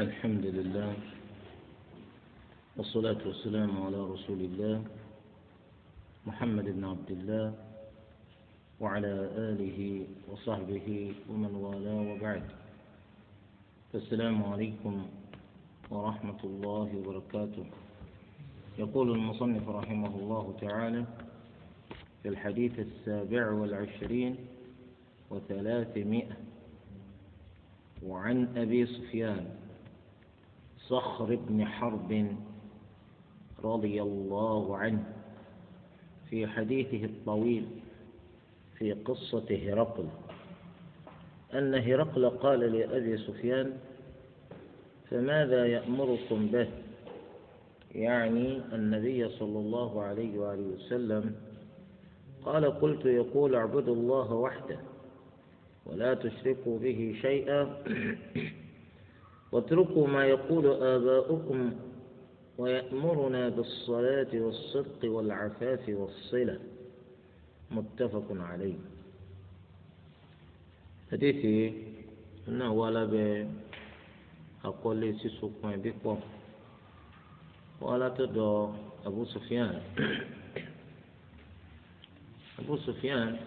الحمد لله والصلاة والسلام على رسول الله محمد بن عبد الله وعلى آله وصحبه ومن والاه وبعد فالسلام عليكم ورحمة الله وبركاته يقول المصنف رحمه الله تعالى في الحديث السابع والعشرين وثلاثمائة وعن أبي سفيان صخر بن حرب رضي الله عنه في حديثه الطويل في قصة هرقل أن هرقل قال لأبي سفيان فماذا يأمركم به يعني النبي صلى الله عليه وآله وسلم قال قلت يقول اعبدوا الله وحده ولا تشركوا به شيئا واتركوا ما يقول آباؤكم ويأمرنا بالصلاة والصدق والعفاف والصلة متفق عليه حديثي أنه ولا ب أقول لي سيسوك ما بكم ولا تدعو أبو سفيان أبو سفيان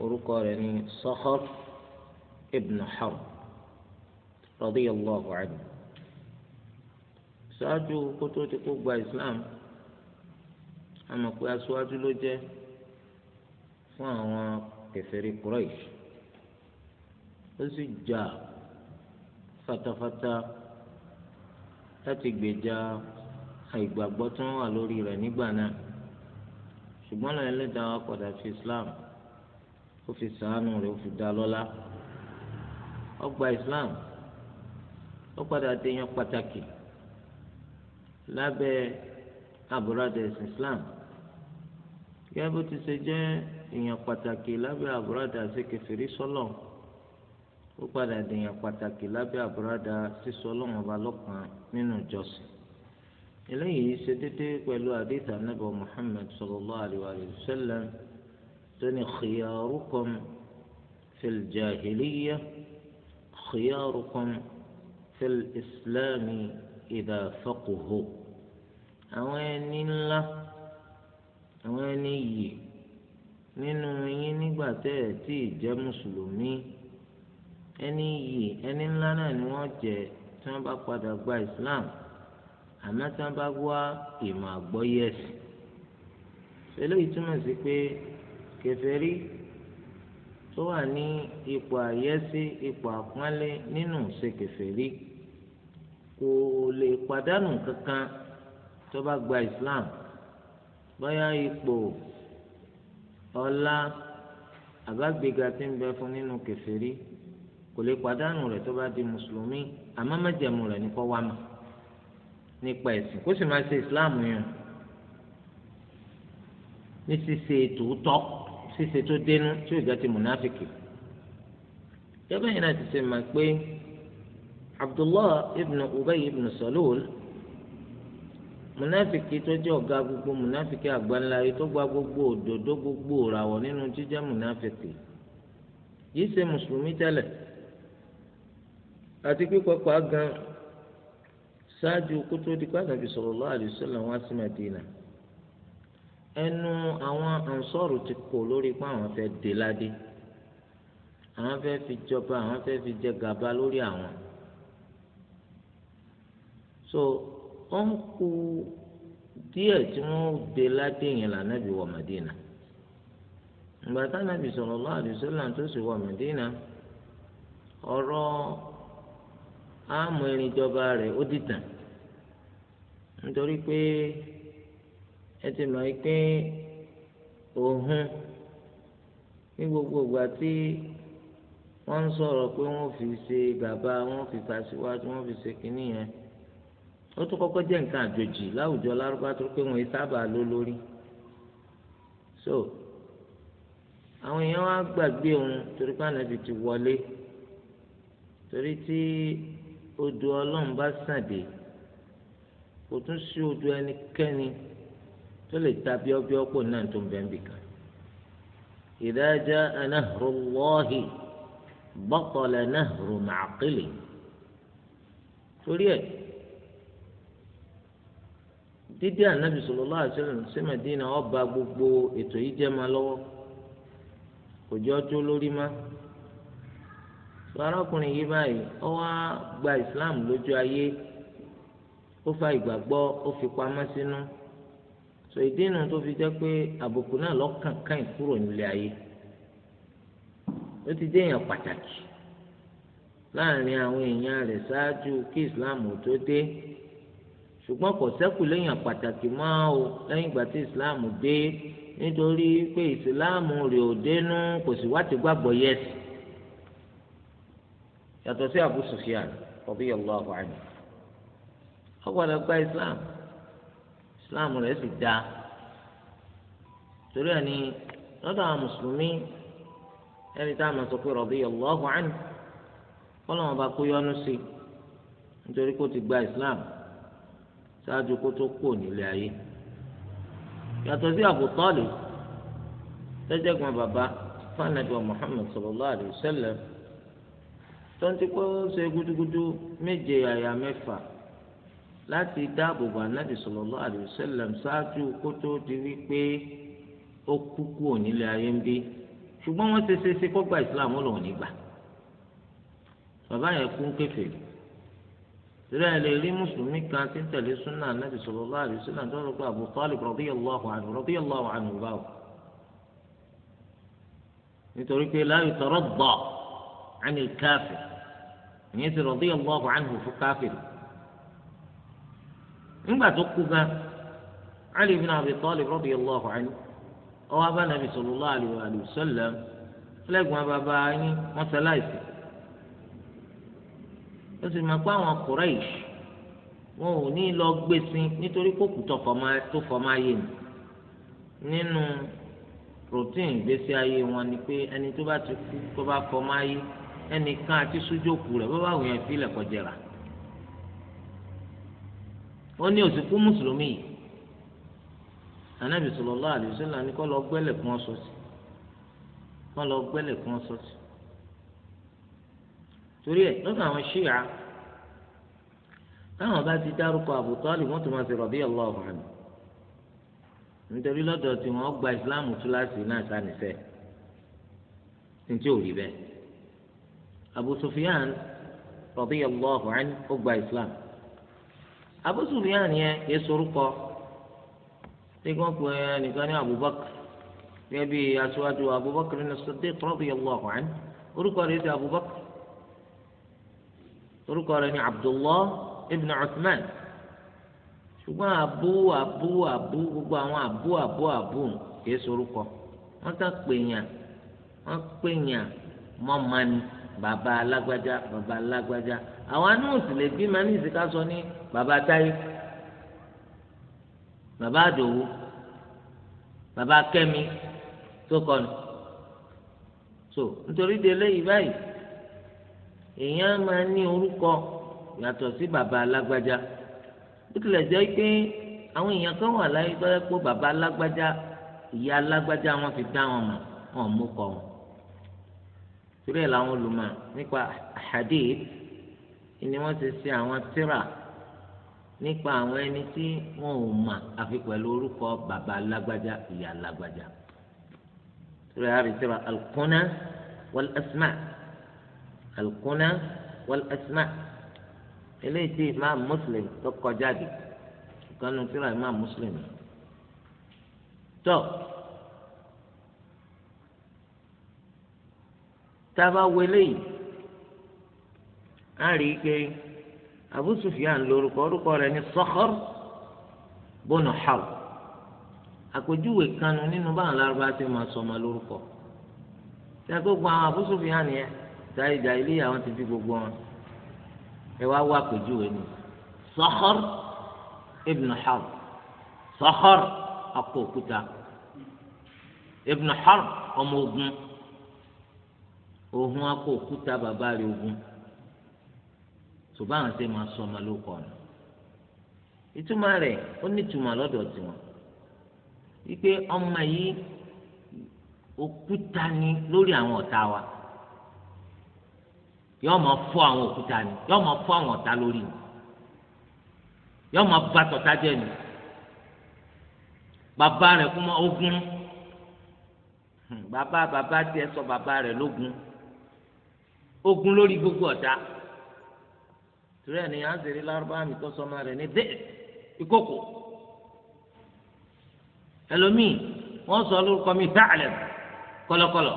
ورقى يعني صخر ابن حرب radiyallahu anhu ṣáájú kótó ti kó gba islam àmọ́ pé aṣáájú ló jẹ́ fún àwọn kèfèrí Quraysh ó sì jà fatafata láti gbèjà àìgbàgbọ́ tí wọ́n wà lórí rẹ̀ nígbà náà ṣùgbọ́n lọ́yìn lẹ́dàá wa padà fi islam ó fi ṣàánú rẹ̀ ó fi dá lọ́lá ó gba islam ó padà déyàn pàtàkì lábẹ́ àbúradà ẹ̀sìn Islam gẹ́gẹ́ bó ti ṣe jẹ́ èèyàn pàtàkì lábẹ́ àbúradà ṣèkèfèrí sọ́lọ̀ ó padà dèèyàn pàtàkì lábẹ́ àbúradà sísọ ọlọ́run ọba lọ́kàn nínú ìjọsìn eléyìí ṣe déédéé pẹ̀lú àdéhùn anábọ̀ Muhammad sallallahu alayhi wa sallam tóní khiyarukum fil jahiliya khiyarukum. في الإسلام إذا فقهوا أوان الله أوان nínú yín nígbà tẹ́ ẹ̀ tí ì jẹ́ mùsùlùmí ẹni yìí ẹni ńlá náà ni wọ́n jẹ́ tí wọ́n bá padà gba islam àmọ́ tí wọ́n bá wá ìmọ̀ àgbọ́yé ẹ̀sìn eléyìí túmọ̀ sí pé kèfèrí tó wà ní ipò àyẹ́sí ipò àpọ́nlé nínú ṣe kèfèrí kò lè pàdánù kankan tó bá gba islam bóyá ipò ọlá àbágbéga tí ń bẹ fún nínú kèfèrí kò lè pàdánù rẹ̀ tó bá di mùsùlùmí àmọ́ májẹ̀mú rẹ̀ ní kó mà nípa ẹ̀sìn kó sì máa ṣe islam yẹn ní ṣíṣe tòótọ́ ṣíṣe tó dénú tí ò jẹ́ ti mùnáfìkì. jẹ́bẹ́yìn náà ti ṣe mà pé abdullah ibn ubay ibn salul munafiki tó jẹ́ ọ̀gá gbogbo munafiki àgbáńláyé tó gba gbogbo òdòdó gbogbo ràwọ̀ nínú jíjẹ́ munafiki yìí ṣe mùsùlùmí tẹ́lẹ̀ àti pípọ́pọ́ gan ṣáájú kótó di pàtàkì sallallahu alaihi wasallam wá sí Madina ẹnu àwọn ansọ́ọ̀rù ti kò lórí pé àwọn fẹ́ dé ládé àwọn fẹ́ fi jọba àwọn fẹ́ fi jẹ gàba lórí àwọn so wọn kú díẹ̀ tí wọ́n de ládé yẹn lànàbí wọ Madina ìgbà tánàbí sallallahu alaihi wasallam tó sì wọ Madina ọ̀rọ̀ àmọ́ ìrìnjọba rẹ̀ ó dìtàn nítorí pé ẹ ti mọ̀ ẹ́ pé òun ní gbogbo ìgbà tí wọ́n ń sọ̀rọ̀ pé wọ́n fi ṣe bàbá wọ́n fi fà síwájú wọ́n fi ṣe kínní yẹn ó tún kọ́kọ́ jẹ́ nǹkan àjòjì láwùjọ lárúbá tó pé wọ́n sábà ló lórí so àwọn èèyàn wá gbàgbé òun torí pé ànábì ti wọlé torí tí odò ọlọ́run bá sàn dé kò tún sí odò ẹnikẹ́ni tó lè ta bíọ́bí ọ̀pọ̀ náà tó ń bẹ́ẹ̀ bì kan. idha jaa nahrullahi batala nahru torí ẹ̀. dídé ànábì sallallahu alaihi wasallam sí ọba gbogbo ètò yìí jẹ́ máa lọ́wọ́ kò jọ tó lórí má arákùnrin yìí báyìí wá gba Islam lójú ayé ó fa ìgbàgbọ́ ó fi pamọ́ sínú sọ ìdí tó fi jẹ́ pé àbùkù náà lọ́kàn káyìn kúrò nílé ayé ó ti dé èèyàn pàtàkì láàrin àwọn èèyàn rẹ̀ ṣáájú kí Islam ò tó ṣùgbọ́n kò sẹ́kù lẹ́yìn pàtàkì mọ́ o lẹ́yìn ìgbà tí islam dé nítorí pé islam rè ò dénú kò sì wá ti gbàgbọ́ yẹ́sì yàtọ̀ sí abu sufyan radiyallahu anhu ọgbọ́dọ̀ gba islam islam rẹ̀ sì dá torí ẹni lọ́dọ̀ àwọn mùsùlùmí ẹni tá a mọ̀ sọ pé radiyallahu anhu kọ́lọ́mọba kó yọ́nú sí nítorí kó ti gba islam ṣáájú kó tó kú nílé ayé yàtọ̀ sí Abu Talib tẹ́jẹ́gbọ́n bàbá fanabi Muhammad sallallahu alayhi wa sallam tonti kó ṣe gudugudu méje àyà mẹ́fà láti dáàbò bò anabi sallallahu alayhi wa sallam ṣáájú kó tó di wípé ó kú kú nílé ayé ń bí ṣùgbọ́n wọ́n ṣe ṣe ṣe kó gba ìsìlámù lòun nígbà bàbá yẹn kú ń torí ẹ lè rí mùsùlùmí kan tí ń tẹ̀lé súnà nàbì sallallahu alaihi wasallam tó rọ pé Abu Talib radiyallahu anhu radiyallahu anhu báwò nítorí pé la yutaradda anil kafir ìyẹn ti radiyallahu anhu fún káfíìn nígbà tó kú gan Ali ibn Abi Talib radiyallahu anhu ọwọ́ abá nàbì sallallahu alaihi wasallam fúlẹ̀gùn ó sì máa pé àwọn Quraish wọn ò ní lọ gbé nítorí kókù tó fọmọ ayé ni nínú protein ìgbésí ayé wọn ni pé ẹni tó bá ti kú tó bá fọmọ ayé ẹnìkan àti sójókù rẹ̀ bó bá wù yẹn fi ilẹ̀kọ̀ jẹrà ó ní òsìkú mùsùlùmí yìí Ànábì sallallahu alaihi wasallam ni kó lọ gbẹ́lẹ̀ kún ọsọ sí kó lọ gbẹ́lẹ̀ kún ọsọ sí torí ẹ̀ lọ́dọ̀ àwọn ṣíyà táwọn bá ti dárúkọ Abu Talib wọ́n tún máa ṣe radiyallahu anhu nítorí lọ́dọ̀ tí wọ́n gba ìsìláàmù túláàsì náà sánífẹ́ ntí ò rí bẹ́ẹ̀ Abu Sufyan radiyallahu anhu ó gba ìsìláàmù Abu Sufyan yẹn kì í sorúkọ tí wọ́n pe nìkan ní Abubakar gẹ́gẹ́ bí aṣáájú Abubakar ní Siddiq radiyallahu anhu orúkọ rẹ̀ orúkọ rẹ̀ ni abdullah ibn usman ṣùgbọ́n abu abu abu gbogbo àwọn abu abu abu kìí sorúkọ wọ́n kàn pèèyàn wọ́n pèèyàn mọ́mọ́ni bàbá alágbájá bàbá alágbájá àwọn anúùsì lè bí màá ní ìsìká sọ ní bàbá táyé bàbá àdòwò bàbá kẹ́mi tó kọ́ni so nítorí délé yìí báyìí èèyàn máa ní orúkọ yàtọ̀ sí bàbá alágbájá bó tilẹ̀ jẹ́ pé àwọn èèyàn kan wà láyé tó yẹ pé bàbá alágbájá ìyá alágbájá wọn fi dá wọn mọ̀ wọn mú kọ wọn. torí ẹ̀ làwọn olùmọ̀ nípa hadith ni wọ́n ti ṣe àwọn tírà nípa àwọn ẹni tí wọn ò mọ̀ àfi pẹ̀lú orúkọ bàbá alágbájá ìyá alágbájá. torí àrí tírà al-kuna wal-asma' alukuna wal asma eléyìí tí imam muslim tó kọjá di kanu tíra imam muslim tó tába wẹlé yìí á rí i pé abu sufyan lórúkọ orúkọ rẹ̀ ní Sakhr bónú Harb àpèjúwe kanu nínú báwọn lárúbá ṣe máa sọ ọmọ tẹ gbogbo àwọn abu sufyan yẹn táyé jàhílíyà wọn ti fi gbogbo wọn ẹ wá wá àpèjúwe ni Sakhar ibn Harb Sakhar akọ òkúta ibn Harb ọmọ ogun ohun akọ òkúta bàbá rẹ̀ ogun ṣùgbọ́n àwọn ṣe máa sọ ọmọ ló kọ̀ ọ̀nà ìtumọ̀ rẹ̀ ó ní ìtumọ̀ lọ́dọ̀ tiwọn wípé ọmọ yìí òkúta ni lórí àwọn ọ̀tá wa yọọ máa fọ́ àwọn òkúta ni yọọ máa fọ́ àwọn ọ̀tá lórí ni yọọ máa ba tọ̀tá jẹ́ ni bàbá rẹ̀ kú mọ́ ogun hmm, bàbá bàbá tiẹ̀ sọ bàbá rẹ̀ lógun ogun lórí gbogbo ọ̀tá torí ẹni à ń zèrè lárúbá mi tó sọmọ rẹ̀ dé ìkókò ẹlòmíì wọ́n sọ lórúkọ mi dáàlẹ kọ̀lọ̀kọ̀lọ̀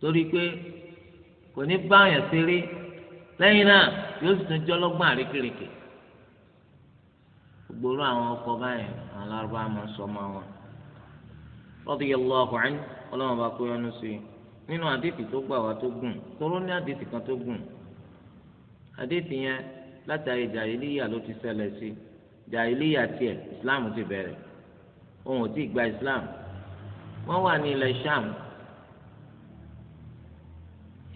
torí pé kò ní bá àyàn ṣeré lẹ́yìn náà yóò sì tún jọ́ lọ́gbọ́n àrékèrèké gbòòrò àwọn ọkọ báyìí àwọn lárúbá máa ń sọ ọmọ wọn radiyallahu anhu ọlọ́run bá kó yọnu sí i nínú àdéhìí tó gbà wá tó gùn tóró ní àdéhìí kan tó gùn àdéhìí yẹn látàrí jàìlíyà ló ti ṣẹlẹ̀ sí jàìlíyà tiẹ̀ islam ti bẹ̀rẹ̀ òun ò tí ì gba islam wọ́n wà ní ilẹ̀ sham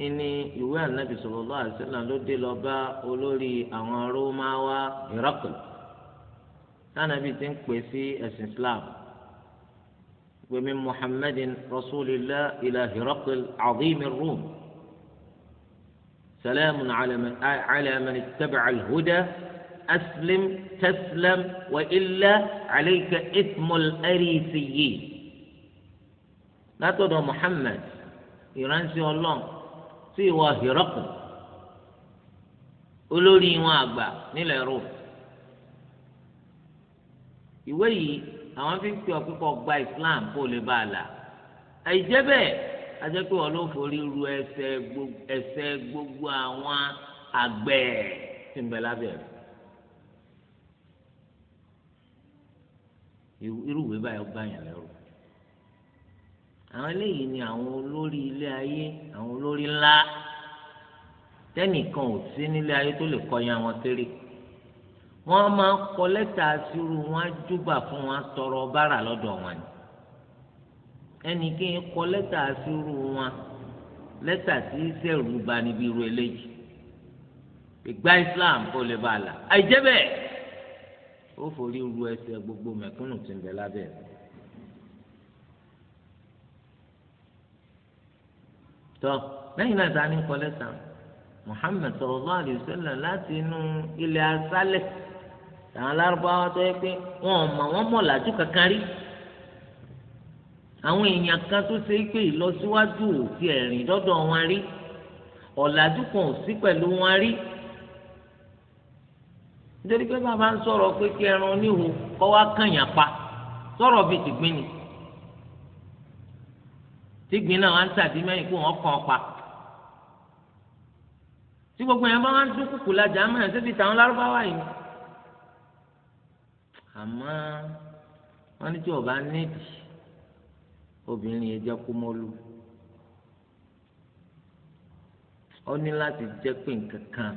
ìní ìwé ànábì sallallahu alaihi wasallam ló dé lọ bá olórí àwọn rómáwá Herakl tánàbì ti ń pè sí ẹ̀sìn Islam gbẹmí Muhammadin rasulillah ila Herakl azimi Rum salamun ala man ittaba'a al-huda aslim taslam wa illa alayka ithmul arisiyyin látọ̀dọ̀ Muhammad ìránṣẹ́ ọlọ́run. sí ìwọ hìrọ́pù olórí wọn àgbà nílẹ̀ rome ìwé yìí àwọn fi ń pè ọ́ pípọ̀ gba islam kó lè bá a là àìjẹ́ bẹ́ẹ̀ ajẹ́ pé wọn ló forí ru ẹsẹ̀ gbogbo àwọn àgbẹ̀ tí ń bẹ lábẹ́ rẹ̀ irú ìwé báyọ̀ báyàn lẹ́rù àwọn eléyìí ni àwọn olórí ilé ayé àwọn olórí ńlá tẹnìkan ò sí nílé ayé tó lè kọyìn àwọn kéré wọn máa ń kọ lẹ́tà sírú wọn á júbà fún wọn tọrọ bára lọ́dọ̀ wọn ni ẹnì kí n kọ lẹ́tà sírú wọn lẹ́tà sí sẹ́rù bá níbi irú eléyìí ìgbà Islam kò lè bá a là àìjẹ́ bẹ́ẹ̀ ó forí ru ẹsẹ̀ gbogbo mẹ̀kúnnù tí ń bẹ lábẹ́ rẹ̀. tọ́ lẹ́yìn náà ta ni ń kọ lẹ́tà Muhammad sallallahu alaihi wasallam láti inú ilẹ̀ asálẹ̀ àwọn alárúbáwá tó yẹ pé wọn ò mọ̀ wọ́n mọ̀ làjú kankan rí àwọn èèyàn kan tó ṣe pé ìlọsíwájú ò ti ẹ̀rìn dọ́dọ̀ wọn rí ọ̀làjú kan ò sí pẹ̀lú wọn rí nítorí pé bàbá ń sọ̀rọ̀ pé kí ẹran oníhò kọ́ wá kànyàn pa sọ̀rọ̀ bíi tìgbìn ni tígbìn náà wá ń tàdí mẹ́yìn kó wọ́n kàn pa tí gbogbo yẹn bá wá ń dúnkùkù lajà mọ́ ẹ̀ síbi táwọn lárúbáwá yìí àmọ́ wọ́n ní tí ọba nídìí obìnrin yẹn jẹ́ kó mọ́lú ó ní láti jẹ́ pé nǹkan kan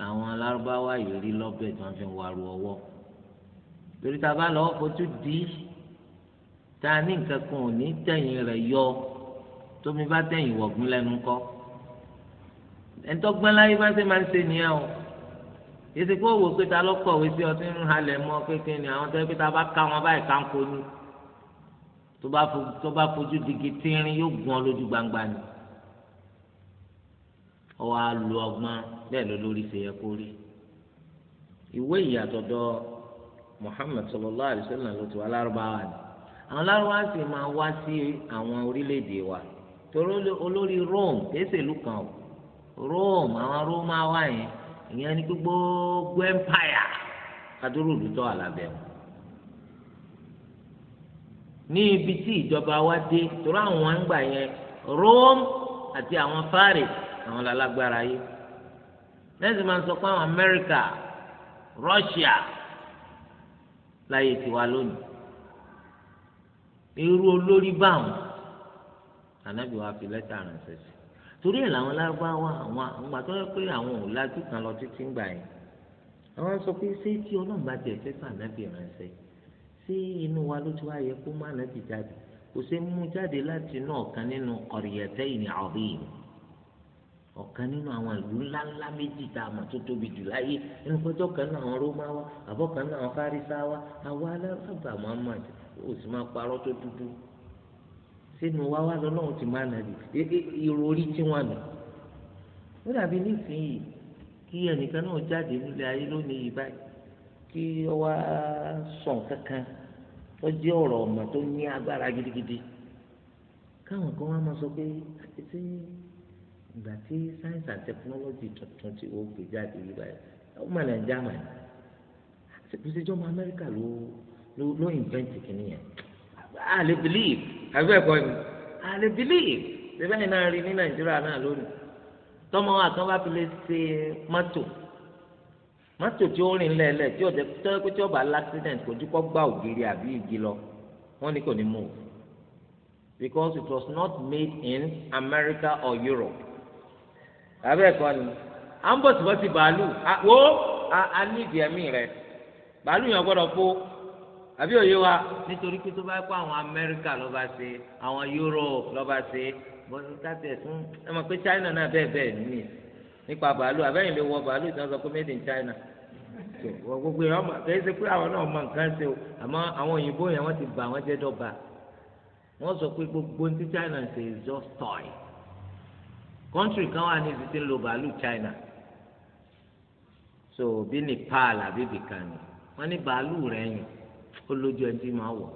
làwọn lárúbáwá yìí rí lọ́bẹ̀ tí wọ́n fi ń waru ọwọ́ torí tá bá lọ́ọ́ fojú dìí tá a ní nǹkan kan ò ní tẹ̀yìn rẹ̀ yọ tómi bá tẹ̀yìn wọ̀gbìn lẹ́nu kọ́ ẹ̀ńtọ́gbọ́n láyé bá ṣe máa ń ṣe nìyẹn o yìí ti pé ta ló kọ̀wé sí ọtí ń halẹ̀ mọ́ kékeré ni àwọn tó yẹ pé ta bá ká wọn báyìí ká ń kojú tó bá fojú digi tínrín yóò gún ọ lójú gbangba ni ọwọ́ á lu ọgbọ́n bẹ́ẹ̀ ló lórí ṣe yẹ kó rí ìwé ìyàtọ̀dọ̀ Muhammad sallallahu alaihi wasallam ló ti wà lárúbáwá ni àwọn lárúbáwá sì máa wá sí àwọn orílẹ̀-èdè wa torí olórí Rome kéésì ìlú kan o Rome àwọn Roma wà yẹn ìyẹn ní gbogbo empire adúrú ìlútọ́ àlàbẹ̀ wọn ní ibi tí ìjọba wa dé torí àwọn ń yẹn Rome àti àwọn Paris àwọn lálágbára yìí lẹ́sìn máa ń sọ pé àwọn Amẹ́ríkà Russia láyé tiwa lónìí irú olórí báwọn ànábì wa fi lẹ́tà ránṣẹ́ sí torí ẹ̀ làwọn lárúbáwá àwọn àgbà tó yẹ pé àwọn ò lajú kan lọ títí ń gbà yẹn àwọn sọ pé ṣé tí ọlọ́run bá tiẹ̀ fẹ́ fà nábì ránṣẹ́ ṣé inú wa ló ti wá yẹ kó má nábì jáde kò ṣe mú jáde láti inú ọ̀kan nínú ọ̀rìyẹ̀tẹ́ ìní ọ̀rìn ọ̀kan nínú àwọn ìlú ńláńlá méjì tá a mọ̀ tó tóbi jù láyé ẹnu kọjọ́ kan náà àwọn rómáwá àbọ̀kan náà àwọn fárísáwá àwa alábàbà Muhammad ó sì máa parọ́ tó dúdú sínú wá wá lọ́lọ́run ti máa nàbì ìròrí tí wọ́n nà ó dàbí nísìnyí kí ẹnìkan náà jáde nílé ayé lónìí yìí báyìí kí ọ wá sàn kankan ó jẹ́ ọrọ ma tó ní agbára gidigidi káwọn kan wá máa sọ pé àti ìgbà tí science and technology tuntun ti ó gbé jáde yìí báyìí ó mà nàìjíríà mà àti kùsìjọ́ ọmọ amẹ́ríkà ló No, invent kìíní here. a lè believe Have you ever heard? a lè believe bẹ́ẹ̀ ni náà rí ní nàìjíríà náà lónìí tọ́mọ wa tán bá fi lè ṣe mọ́tò mọ́tò tí ó rìn lẹ́ẹ̀lẹ́ tí ọ̀jẹ̀ tọ́jú pé tí ọba l'accident kò dúpọ́ gbá ògiri àbí igi lọ wọ́n ní kò ní move because it was not made in America or Europe àbí ẹ̀kọ́ ni à ń bọ̀ síbọ̀ sí bàálù I need ní ìdí ẹ̀mí rẹ̀ bàálù yẹn gbọ́dọ̀ fó àbí òye wa nítorí pé tó bá kó àwọn amẹ́ríkà lọ́ba ṣe àwọn europe lọ́ba ṣe bọ́lá tàbí ẹ̀sùn ẹ mọ̀ pé china náà bẹ́ẹ̀ bẹ́ẹ̀ nìyí nípa bàálù àbẹ́yìn lè wọ bàálù tí wọ́n sọ pé made in china wọ́n gbogbo yẹn ọmọ kẹ́yìn ṣe pé àwọn náà mọ nǹkan ṣe o àmọ́ àwọn òyìnbó yẹn wọ́n ti bà wọ́n jẹ́ dọ́ba wọ́n sọ pé gbogbo ní china ṣe is just toy country kan wà ní ibi tí ń lo bàálù china so bí Nepal àbí bìkan ni wọ́n ní bàálù rẹ̀ yìí ó lójú ẹni tí máa wọ̀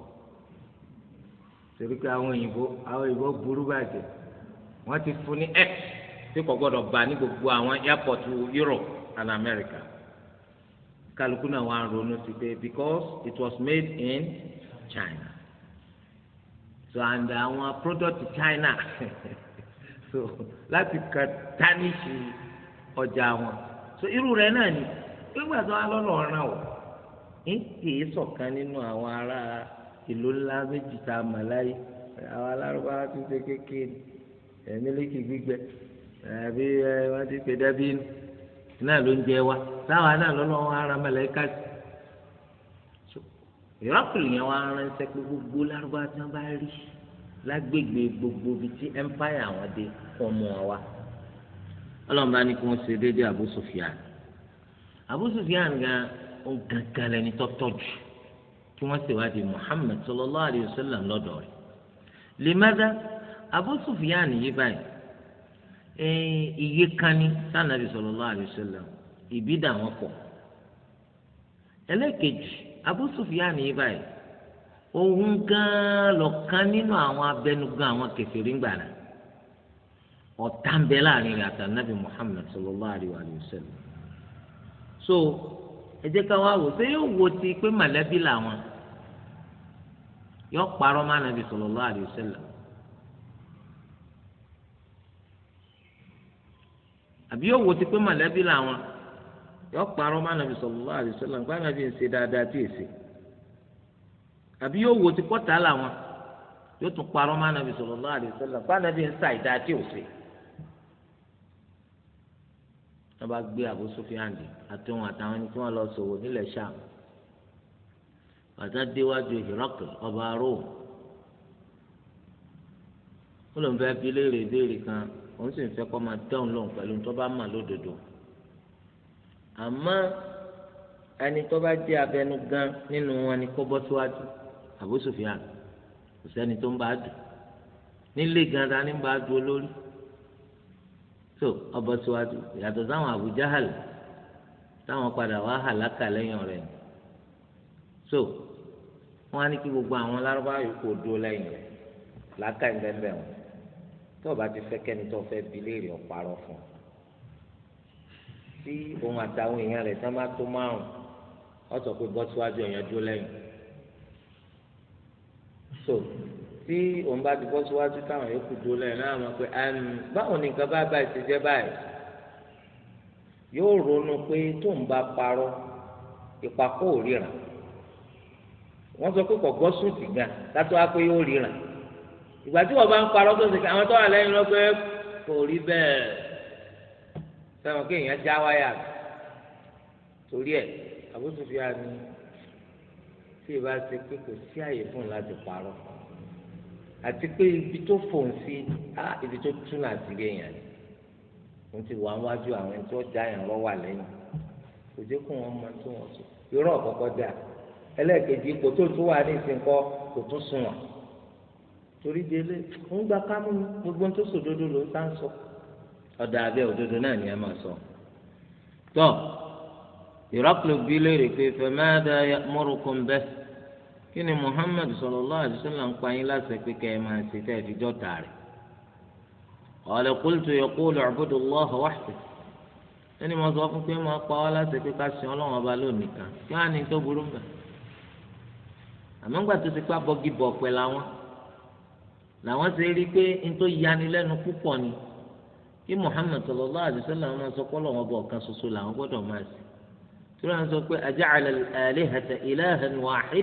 torí pé àwọn òyìnbó àwọn òyìnbó burú bàjẹ́ wọ́n ti fún ní x tí kò gbọ́dọ̀ bá ní gbogbo àwọn airport Europe and America kálukú náà wà ń ronú sí pé because it was made in China so and àwọn product China so láti ka tánìṣì ọjà wọn so irú rẹ̀ náà ni pé gbàdúrà lọ́nà ọ̀ràn o. e hm? sọ̀kan nínú àwọn ará ìlú ńlá méjì tá a mọ̀ láyé àwọn alárúbáwá tún ṣe kékeré mílíkì gbígbẹ àbí wọ́n ti pè dábí náà ló ń jẹ wa táwa náà lọ́lọ́wọ́ ara mọ̀lẹ́ká sí. ìrọ́pìlì yẹn pé gbogbo lárúbáwá tí wọ́n gbogbo bíi ti empire àwọn dé ọmọ wa ọlọ́run bá kí wọ́n ṣe Abu ó gángan lẹni tọ́tọ́ jù kí wọ́n ṣèwádìí Muhammad sallallahu alayhi wa sallam lọ́dọ̀ rẹ̀ lèmẹ́dá Abu Sufyan yìí báyìí iye kani sànàbì sallallahu alayhi wa sallam ìbídà wọn pọ̀ ẹlẹ́ẹ̀kejì Abu Sufyan yìí báyìí òun gan lọ́kàn nínú àwọn abẹnugan àwọn kẹfìrí gbàrà ọ̀tá ń bẹ láàrin rẹ̀ àtànàbì Muhammad sallallahu alayhi wa sallam so ẹ jẹ́ ká wá wò ṣé yóò wo ti pé mọ̀lẹ́bí làwọn yóò parọ́ má nàbì sallallahu alaihi wasallam àbí yóò wo ti pé mọ̀lẹ́bí làwọn yóò parọ́ má nàbì sallallahu alaihi wasallam nípa nàbì ń dáadáa tí èsì àbí yóò wo ti làwọn yóò tún má wọn bá gbé Abu Sufyan dì àtúnwọn àtàwọn ẹni tí wọn lọ sòwò nílẹ̀ Ṣam bàtà déwájú Hirakl ọba Rome ó lóun fẹ́ bi léèrè ìbéèrè kan òun sì ń fẹ́ kó máa dáhùn lóhùn pẹ̀lú tó bá mà lódodo àmọ́ ẹni tó bá jẹ́ abẹnugan nínú wọn ni kó bọ́ síwájú Abu Sufyan kò sẹ́ni tó ń bá dùn nílé gan-an ni ń bá a dùn olórí so ọbọ síwájú yàtọ̀ sáwọn Abu Jahal táwọn padà wá hàlákà lẹ́yìn rẹ̀ so wọ́n á ní kí gbogbo àwọn lárúbáwá yòókù dúró lẹ́yìn rẹ̀ làákà ìbẹ́ẹ̀bẹ́ẹ̀ wọn tó o bá ti fẹ́ kẹ́ni tó o fẹ́ bi léèrè ọ̀parọ̀ fún un tí òun àtàwọn èèyàn rẹ̀ sábà tó márùn ọ sọ pé bọ́ síwájú ẹ̀yàn dúró lẹ́yìn so tí òun bá ti bọ́ síwájú táwọn yòókù dúró lẹ́yìn náà mọ̀ pé báwo ni nǹkan bá báyìí ti jẹ́ báyìí yóò ronú pé tóun bá parọ́ ìpakọ́ ò ríran wọ́n sọ pé kò gbọ́ sùtì gan kátó wá pé yóò ríran ìgbà tí wọ́n bá ń parọ́ tó ń sèké àwọn tó wà lẹ́yìn lọ pé kò rí bẹ́ẹ̀ sẹ́wọ̀n kí èèyàn já wáyà torí ẹ̀ àbúrò tó fi hàn tí ì bá ṣe pé kò sí àyè fún un láti parọ́ fún un àti pé ibi tó fòun sí á ibi tó túnú àtìrí èèyàn ni wọ́n ti wà wájú àwọn ẹni tó já yẹn lọ wà lẹ́yìn kò jẹ́ kó wọn máa tó wọn sùn irọ́ ọ̀kọ́kọ́ dà ẹlẹ́ẹ̀kejì kò tó tún wà ní ìsìnkọ́ kò tún sùn wọn torí délé ń gba kámú gbogbo tó sòdodo ló ń tá ń sọ ọ̀dà abẹ́ òdodo náà ni ẹ máa sọ tọ́ ìrọ́pìlù bí léèrè pé fẹ́mẹ́ẹ́dá mọ́rùkún bẹ́ẹ̀. kí ni Muhammad sallallahu alaihi wasallam ń pa yín láti pé kẹ́ ẹ máa ṣe tẹ́ ẹ fi jọ́ta rẹ̀ ọ̀lẹ́ qultu yaqulu u'budu Allaha wahdahu ẹni mo sọ fún pé máa pa wá láti pé ọba lónìí kan kí wọ́n á ní tó burú àmọ́ ńgbà tó ti pa bọ́gì bọ̀ làwọn làwọn rí i pé n tó yanilẹ́nu púpọ̀ ni kí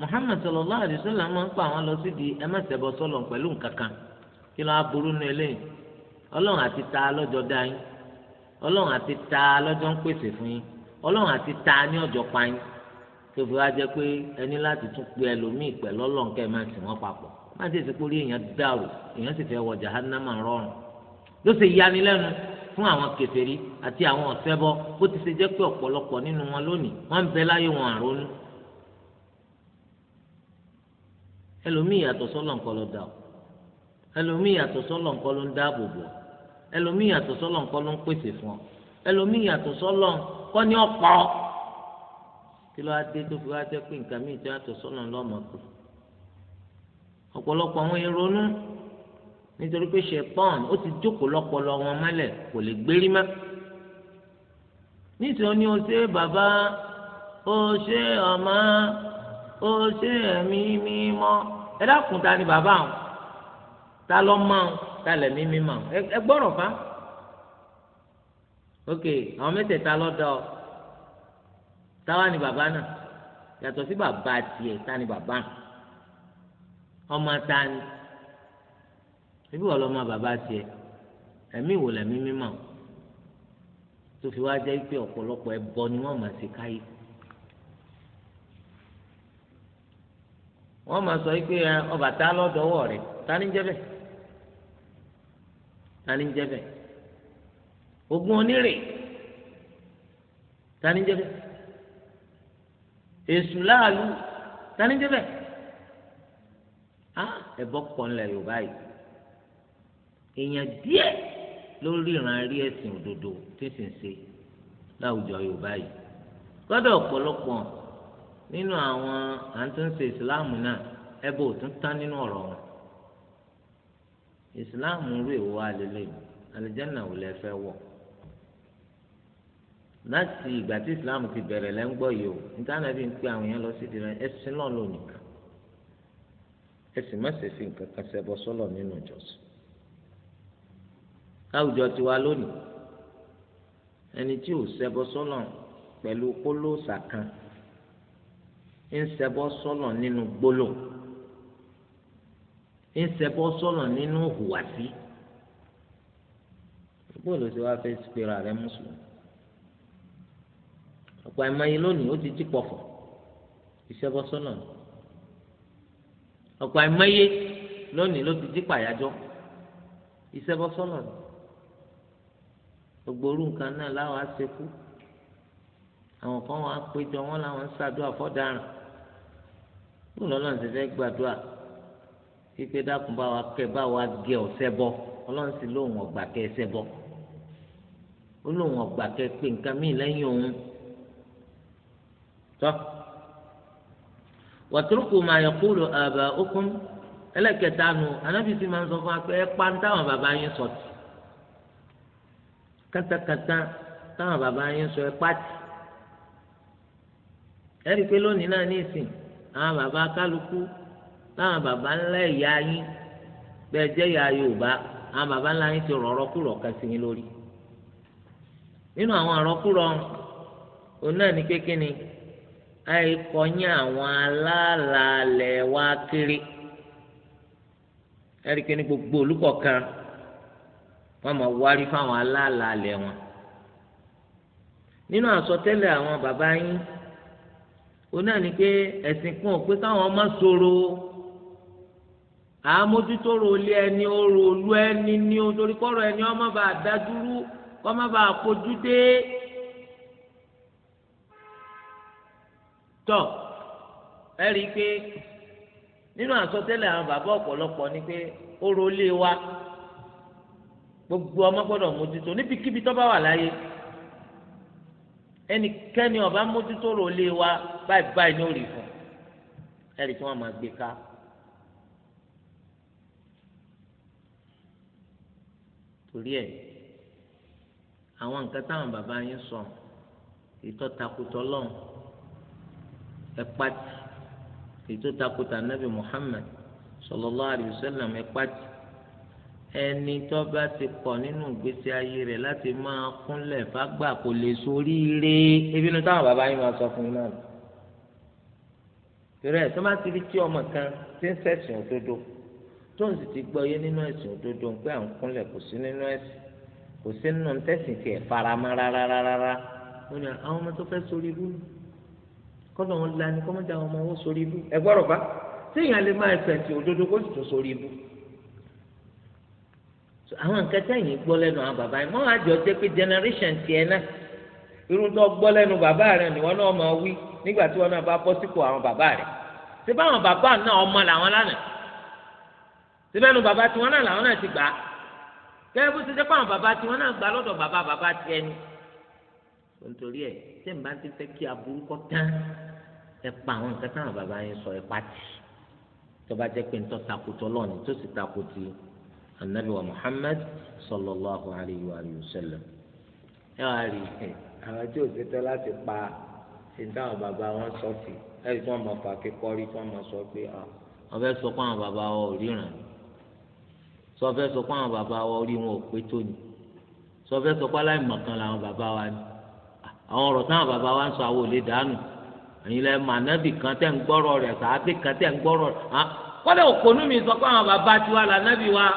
muhammadu sallallahu alayhi wa sallam máa ń pa àwọn lọ sí di ẹ má pẹ̀lú nǹkan kan kí ló á burú nu eléyìí ọlọ́run àti ta lọ́jọ́ dá ọlọrun àti ta ń pèsè fún yín ọlọ́run àti ta ní ọjọ́ pa tó fi wá pé ẹni láti tún pe ẹlòmíì ọlọ́run ti èèyàn dàrú fún àwọn àti àwọn bó ti ṣe pé nínú wọn ẹlòmíì yàtọ̀ sọ́lọ̀ nǹkan ló dà ọ́ ẹlòmíì yàtọ̀ sọ́lọ̀ nǹkan ló ń dáàbò bò ọ́ ẹlòmíì yàtọ̀ sọ́lọ̀ nǹkan ló ń pèsè fún ọ ẹlòmíì yàtọ̀ sọ́lọ̀ kọ́ ni ọ̀pọ̀ kí ló wá dé tó fi wá jẹ́ pé nǹkan míì tó yàtọ̀ sọ́lọ̀ lọ́mọ pé ọ̀pọ̀lọpọ̀ àwọn ìrònú nítorí pé ṣẹpọ́n ó ti jókòó lọ́pọlọ wọn mọ́lẹ̀ kò lè gbérí mọ́ nítorí ó ṣe bàbá ó ṣe ọmọ ó ṣe ẹ̀mí mímọ́ ẹ dákun ta ni bàbá àwọn ta lọ mọ àwọn ta lẹ̀mí mímọ́ ẹ gbọ́rọ̀ fa ok àwọn mẹ́tẹ̀ẹ̀ta lọ́dọ̀ ọ táwa ni bàbá náà yàtọ̀ sí bàbá tiẹ̀ ta ni bàbá ọmọ ta ni ebi wọ́n lọ́mọ bàbá tiẹ̀ ẹ̀mí ìwòlẹ̀mí mímọ́ tó fi wá jẹ́ pé ọ̀pọ̀lọpọ̀ ẹbọ ni wọ́n máa ṣe káyé. wọ́n máa sọ pé Ọbàtálá lọ́dọ̀ọ́wọ́ rẹ̀ ta ni ń jẹ́ bẹ́ẹ̀ ta ni ń jẹ́ bẹ́ẹ̀ Ògún onírè ta ni ń jẹ́ bẹ́ẹ̀ Èṣù láàlú ta ni ń jẹ́ bẹ́ẹ̀ á ah, ẹ̀bọ pọ̀ ńlẹ̀ Yorùbá yìí èèyàn díẹ̀ ló ríran rí ẹ̀sìn òdodo tí sì ń ṣe láwùjọ Yorùbá yìí gbọ́dọ̀ ọ̀pọ̀lọpọ̀ hàn nínú àwọn àtúnṣe ìsìláàmù náà ebe ò tún tán nínú ọrọ wọn ìsìláàmù rú èwo wa lélẹ̀ ò lẹ́ fẹ́ wọ̀ láti ìgbà tí ìsìláàmù ti o ìtànàbí ń pè àwọn èèyàn lọ sí ìdílé ẹ̀sìn náà lónìí kan ẹ̀sìn má ṣe fi nǹkan kan ṣẹbọ sọ́lọ̀ nínú ìjọsìn láwùjọ tiwa lónìí ẹni tí ò ṣẹbọ kan ń ṣẹbọ sọ́lọ̀ nínú gbólò ń ṣẹbọ sọ́lọ̀ nínú hùwàsí bóòlù tí wàá fẹ́ pera rẹ̀ mùsùlùmí ọ̀pọ̀ àìmọye lónìí ó ti jí pọ̀fọ̀ ìṣẹ́bọ sọ́lọ̀ ni ọ̀pọ̀ àìmọye lónìí ló ti jí pàyàjọ́ ìṣẹ́bọ sọ́lọ̀ ni gbogbo orú nǹkan náà láwọn á ṣekú àwọn kan wọn á péjọ wọn làwọn ń ṣàdúrà fọ́daràn kó lọ́lọ́run ti fẹ́ gbàdúrà pípé dákun bá wa kẹ bá wa gé ọ̀sẹ̀ bọ́ ọlọ́run sì lóun ọ̀gbà kẹ ẹsẹ̀ bọ́ ó lóun ọ̀gbà kẹ pé nǹkan míì lẹ́yìn òun tọ́ wàtúrùkù máa yẹ kúrò àbà ókún ẹlẹ́kẹta nu anábì sì máa ń sọ fún wa pé ẹ pa táwọn bàbá yín sọ tì kátàkátà táwọn bàbá yín sọ ẹ pàtì ẹ rí i pé lónìí náà ní ìsìn àwọn bàbá kálukú láwọn bàbá ńlá ìyá yín bẹ́ẹ̀ jẹ́ ìyá Yorùbá àwọn bàbá ńlá yín ti rọ̀rọ̀ kúrọ̀ kan sí yín lórí nínú àwọn àrọ́kúrọ̀ òun náà ní kékeré àìkọyín àwọn alálàálẹ̀ wá kiri ẹ̀ríkẹ́ ní gbogbo olùkọ̀ọ̀kan wọ́n máa wárí fáwọn alálàálẹ̀ wọn nínú àsọtẹ́lẹ̀ àwọn bàbá yín òun náà ni pé ẹ̀sìn kan pé káwọn ọmọ sọ̀rọ̀ àmójútóró ilé ẹni oró olú ẹni ní o torí kọ́rọ̀ ẹni ọmọ bá dádúró kọ́ má bàa kojú dé tọ́ ẹ rí i pé nínú àsọtẹ́lẹ̀ àwọn bàbá ọ̀pọ̀lọpọ̀ ni pé oró ilé wa gbogbo ọmọ gbọ́dọ̀ mójútó níbikíbi tó bá wà láyé ẹnikẹ́ni ọba mójútó rò lé wa báyìí báyìí ní òrì fún ẹ̀rí tí wọ́n máa gbé ká. torí ẹ̀ àwọn nǹkan táwọn bàbá yín sọ ètò takùtọ̀ lọ́hùn ẹ pàtì ètò takùtà nàbì Muhammad sallallahu alaihi wasallam ẹ pàtì ẹni tó bá ti pọ̀ nínú ìgbésí ayé rẹ̀ láti máa kúnlẹ̀ fágbà kò lè sórí ire ebi inú táwọn bàbá yín máa sọ fún yín náà tẹ̀rẹ̀ tó bá ti rí tí ọmọ kan ti ń ṣẹ̀sìn òdodo tó ń sì ti gbọ́ yé nínú ẹ̀sìn òdodo ń pẹ́ à ń kúnlẹ̀ kò sí nínú ẹ̀sìn kò sí nínú tẹ̀sìn tiẹ̀ faramọ́ rárá rárá ó ní àwọn ọmọ tó fẹ́ sórí ibú kọ́nà wọn lani kọ́mọ́dé àwọn ọmọ wọn sórí ibú àwọn nǹkan tẹ̀yìn gbọ́ lẹ́nu àwọn bàbá yìí mọ́ àjọ jẹ́ pé generation tiẹ̀ náà irú tó gbọ́ lẹ́nu bàbá rẹ̀ ni wọ́n náà máa wí nígbà tí wọ́n náà bá bọ́ sípò àwọn bàbá rẹ̀ ṣé báwọn bàbá náà ọmọ làwọn lánàá ṣé bẹ́ẹ̀nu bàbá tiwọn náà làwọn náà ti gbà á kẹ́ẹ́ bó ṣe jẹ́ pé àwọn bàbá tiwọn náà gbà lọ́dọ̀ bàbá bàbá tiẹ̀ ni nítorí ẹ̀ tẹ́ ń bá ti fẹ́ kí aburú kọ́ tán ẹ pa àwọn nǹkan táwọn bàbá yẹn sọ ẹ pàtì tó bá jẹ́ pé ń tọ́ takò tọ́lọ́ọ̀ni tó sì takò anabi wa muhammad sallallahu alayhi wa sallam ẹ wá rí i àwọn tí ò ṣe tán láti pa ìdáhùn bàbá wọn sọ sí ẹ̀rí tí wọ́n mọ̀ fà kékọ́rí tí wọ́n mọ̀ sọ pé ah. ọbẹ̀ sọ pé àwọn bàbá wọn ò ríran sọfẹ́ sọ pé àwọn bàbá wa orí wọn ò pé tó ni sọfẹ́ sọ pé aláìmọ̀kan làwọn bàbá wa ni àwọn ọ̀rọ̀ táwọn bàbá wa ń sọ àwọn ò dànù ẹ̀yin lẹ́ mọ̀ ànábì kan tẹ̀ ń gbọ́rọ̀ rẹ̀ sàábì kan tẹ̀ ń gbọ́rọ̀ rẹ̀ hàn ah, kọ́lẹ̀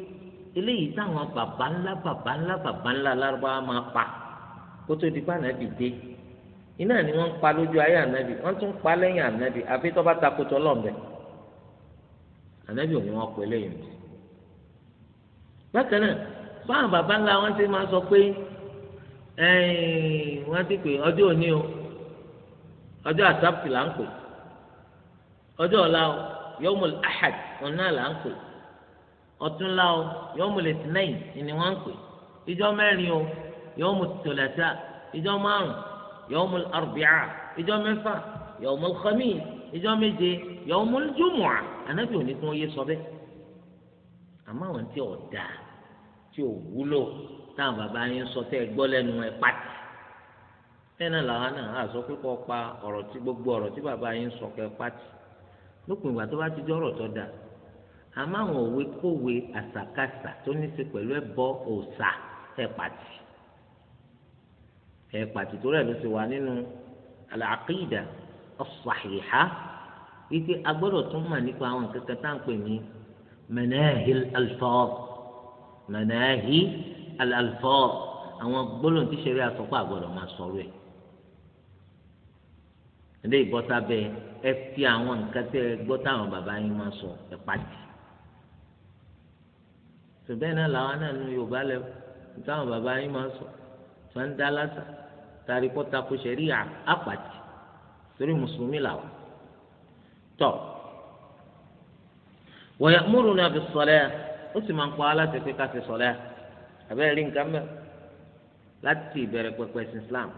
eléyìí táwọn bàbá ńlá bàbá ńlá bàbá ńlá lárúbáwá máa pa kó tó di bá ànábì dé iná ni wọ́n ń pa lójú ayé ànábì wọ́n tún ń pa lẹ́yìn ànábì àfi tó bá takotọ lọ́ọ̀bẹ ànábì òun wọn pè lẹ́yìn mi. bákan náà báwọn bàbá ńlá wọn ti máa sọ pé wọ́n ti pè ọjọ́ òní o ọjọ́ àsáptì là ń pè ọjọ́ ọ̀la o ahad ọ̀nà là ń pè ọ̀túnla o yọmù lẹtìnẹyìn ni wọn ń pè ìjọ mẹ́rin o yọmù tòlẹsà ìjọ márùn yọmù arùbíà ìjọ mẹ́fà yọmù xamí ìjọ méje yọmù jùmùà ànábì òní kí wọn yé sọ bẹ́ẹ̀ àmọ́ àwọn tí ò dáa tí ò wúlò táwọn bàbá yín sọ tẹ ẹ gbọ́ ẹ pàtì bẹ́ẹ̀ náà làwọn náà á sọ pa ọ̀rọ̀ tí gbogbo ọ̀rọ̀ tí bàbá yín sọ kẹ pàtì lópin ìgbà tó bá ti dé ọ̀rọ̀ tó dáa àmọ́ àwọn òwe kòwe àṣàkáṣà tó ní ṣe pẹ̀lú ẹbọ òòṣà ẹpàtì ẹpàtì tó rẹ ló ti wà nínú al-aqida as-sahiha wípé a gbọ́dọ̀ tún mà nípa àwọn nǹkan kan tá à ń pè ní manahi al-alfaz manahi al-alfaz àwọn gbólóhùn tí ṣeré àsọpọ̀ àgbọ̀dọ̀ máa sọ̀rọ̀ ẹ̀ ilé ìbọ́sábẹ́ ẹ fi àwọn nǹkan tẹ́ gbọ́ táwọn bàbá yín máa sọ ẹ tó bẹ́ẹ̀ náà làwọn náà nu yorùbá lẹ́wọ̀ táwọn bàbá yín máa ń sọ tó ń dá lásà tàbí kó takò sẹ̀rí àpàtì torí mùsùlùmí làwọn. tọ́ wọ̀nyẹ múrùn náà fi sọ̀rọ̀ ẹ̀ ó sì máa ń pa aláṣẹ pé ká ti sọ̀rọ̀ ẹ̀ àbẹ́rẹ́ rí nǹkan mẹ́ láti ìbẹ̀rẹ̀ pẹ̀pẹ̀ sí Islam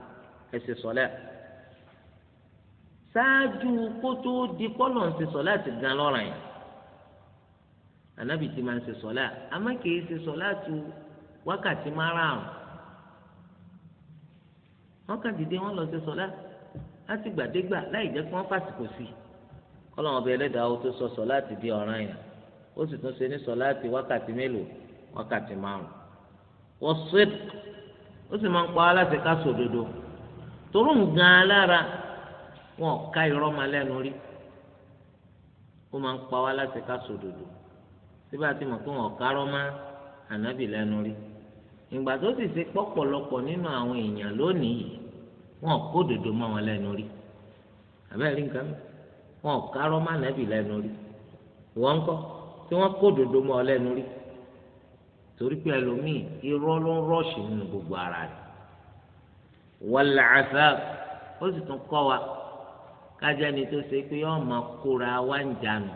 ẹ̀ sọ̀rọ̀ ẹ̀ ṣáájú kó di kọ́lọ̀ ti sọ̀rọ̀ ẹ̀ ti gan lọ́ràn yẹn anabi ti máa ń ṣe sọlá àmọ́ kìí ṣe sọlá tu wákàtí márààrún wọn kàn dìde wọn lọ ṣe sọlá láti gbàdégbà láì jẹ́ kí wọ́n fàsìkò sí kọ́lọ́mọ bẹ ẹlẹ́dàá ó tó sọ sọlá ti di ọ̀ràn yẹn ó sì tún ṣe ní sọlá ti wákàtí mélòó wákàtí márùn wọ́n sèd O sì máa ń pa á láti ká sòdodo torún gan-an wọn ká irọ́ máa lẹ́nu rí ó máa ń pa wá láti ká sòdodo síbà tí mo fún wọn kárọ́ má ànábì lẹ́nu rí ìgbà tó sì ṣe pọ̀pọ̀lọpọ̀ nínú àwọn èèyàn lónìí yìí wọn kó dòdò mọ́ wọn lẹ́nu rí àbẹ́rẹ́ rí nǹkan wọn kárọ́ má ànábì lẹ́nu rí wọ́n ń kọ́ tí wọ́n kó dòdò mọ́ ọ lẹ́nu rí torí pé ẹlòmíì irọ́ ló ń rọ́ọ̀ṣì nínú gbogbo ara rẹ̀ wọlé àṣà ó sì tún kọ́ wa kájẹ́ni tó ṣe pé yọ́ọ́ kóra wá ń jánu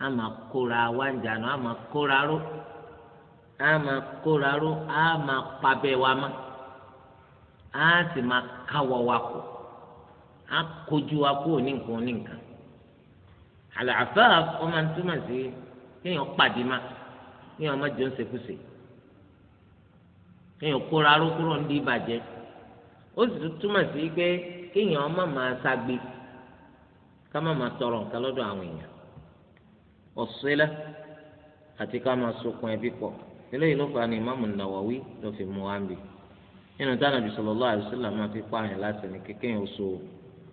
ama kóra wa ń jànú ama kóra ró ama kóra ró ama pabẹ wa ma a sì ma káwọ wa kù a kojú wa kú òní nǹkan òní nǹkan àlàáfà ọmọ ntúmọ̀ sí kéèyàn pàdé ma kéèyàn má jọ ń sekúse kéèyàn kóra ró kúrò ń di ìbàjẹ́ ó sì túmọ̀ sí pé kéèyàn ma máa ka ká ma máa tọrọ nǹkan lọ́dọ̀ àwọn èèyàn. ọ̀sẹ́lẹ̀ àti ká máa sokun ẹbí pọ̀ eléyìí ló fà á ní ìmáàmù Nawawi ló fi mú wa ń bì nínú táwọn àbí sallallahu alaihi wasallam máa fi pààyàn láti ní kékeré oṣù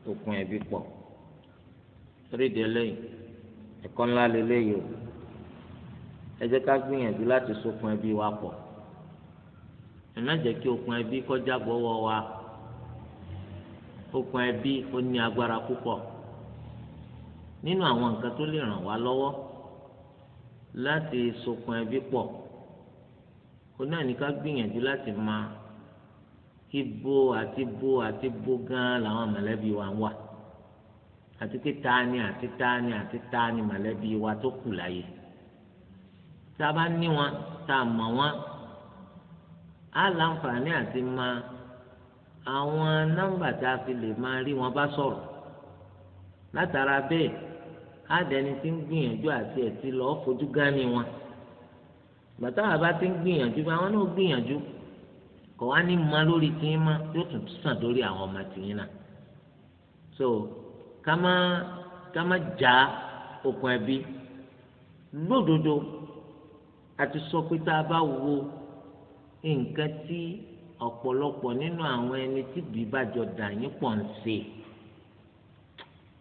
okun ẹbí pọ̀ torí ìdí eléyìí ẹ̀kọ́ ńlá leléyìí o ẹ jẹ́ ká gbìyànjú láti sokun ẹbí wa pọ̀ ẹ má kí okun ẹbí kọjá gbọ́wọ́ wa okun ẹbí ó ní agbára púpọ̀ nínú àwọn nǹkan tó lè ràn wá lọ́wọ́ láti sokùn ẹbí pọ̀ kó náà ní ká gbìyànjú láti ma ibo àti bo àti bo gan làwọn mọ̀lẹ́bí wa ń wà àti pé ta ni àti ta ni àti ta ni mọ̀lẹ́bí wa tó kù láyé tá a bá ní wọn tá a mọ̀ wọn á láǹfààní àti ma àwọn nọ́mbà tá a fi lè máa rí wọn bá sọ̀rọ̀ látara bẹ́ẹ̀ àdẹni tí ń gbìyànjú àti ẹtì lọ fojú gánni wọn bàtà bàbá tí ń gbìyànjú bá wọn náà gbìyànjú kò wá ní ma lórí tìyín má yóò tún sàn lórí àwọn ọmọ tìyín náà so ká má ká má já okùn ẹbí lódodo àti sọ pé tá a bá wo nǹkan tí ọ̀pọ̀lọpọ̀ nínú àwọn ẹni tí bíbájọ dà yín pọ̀ ń ṣe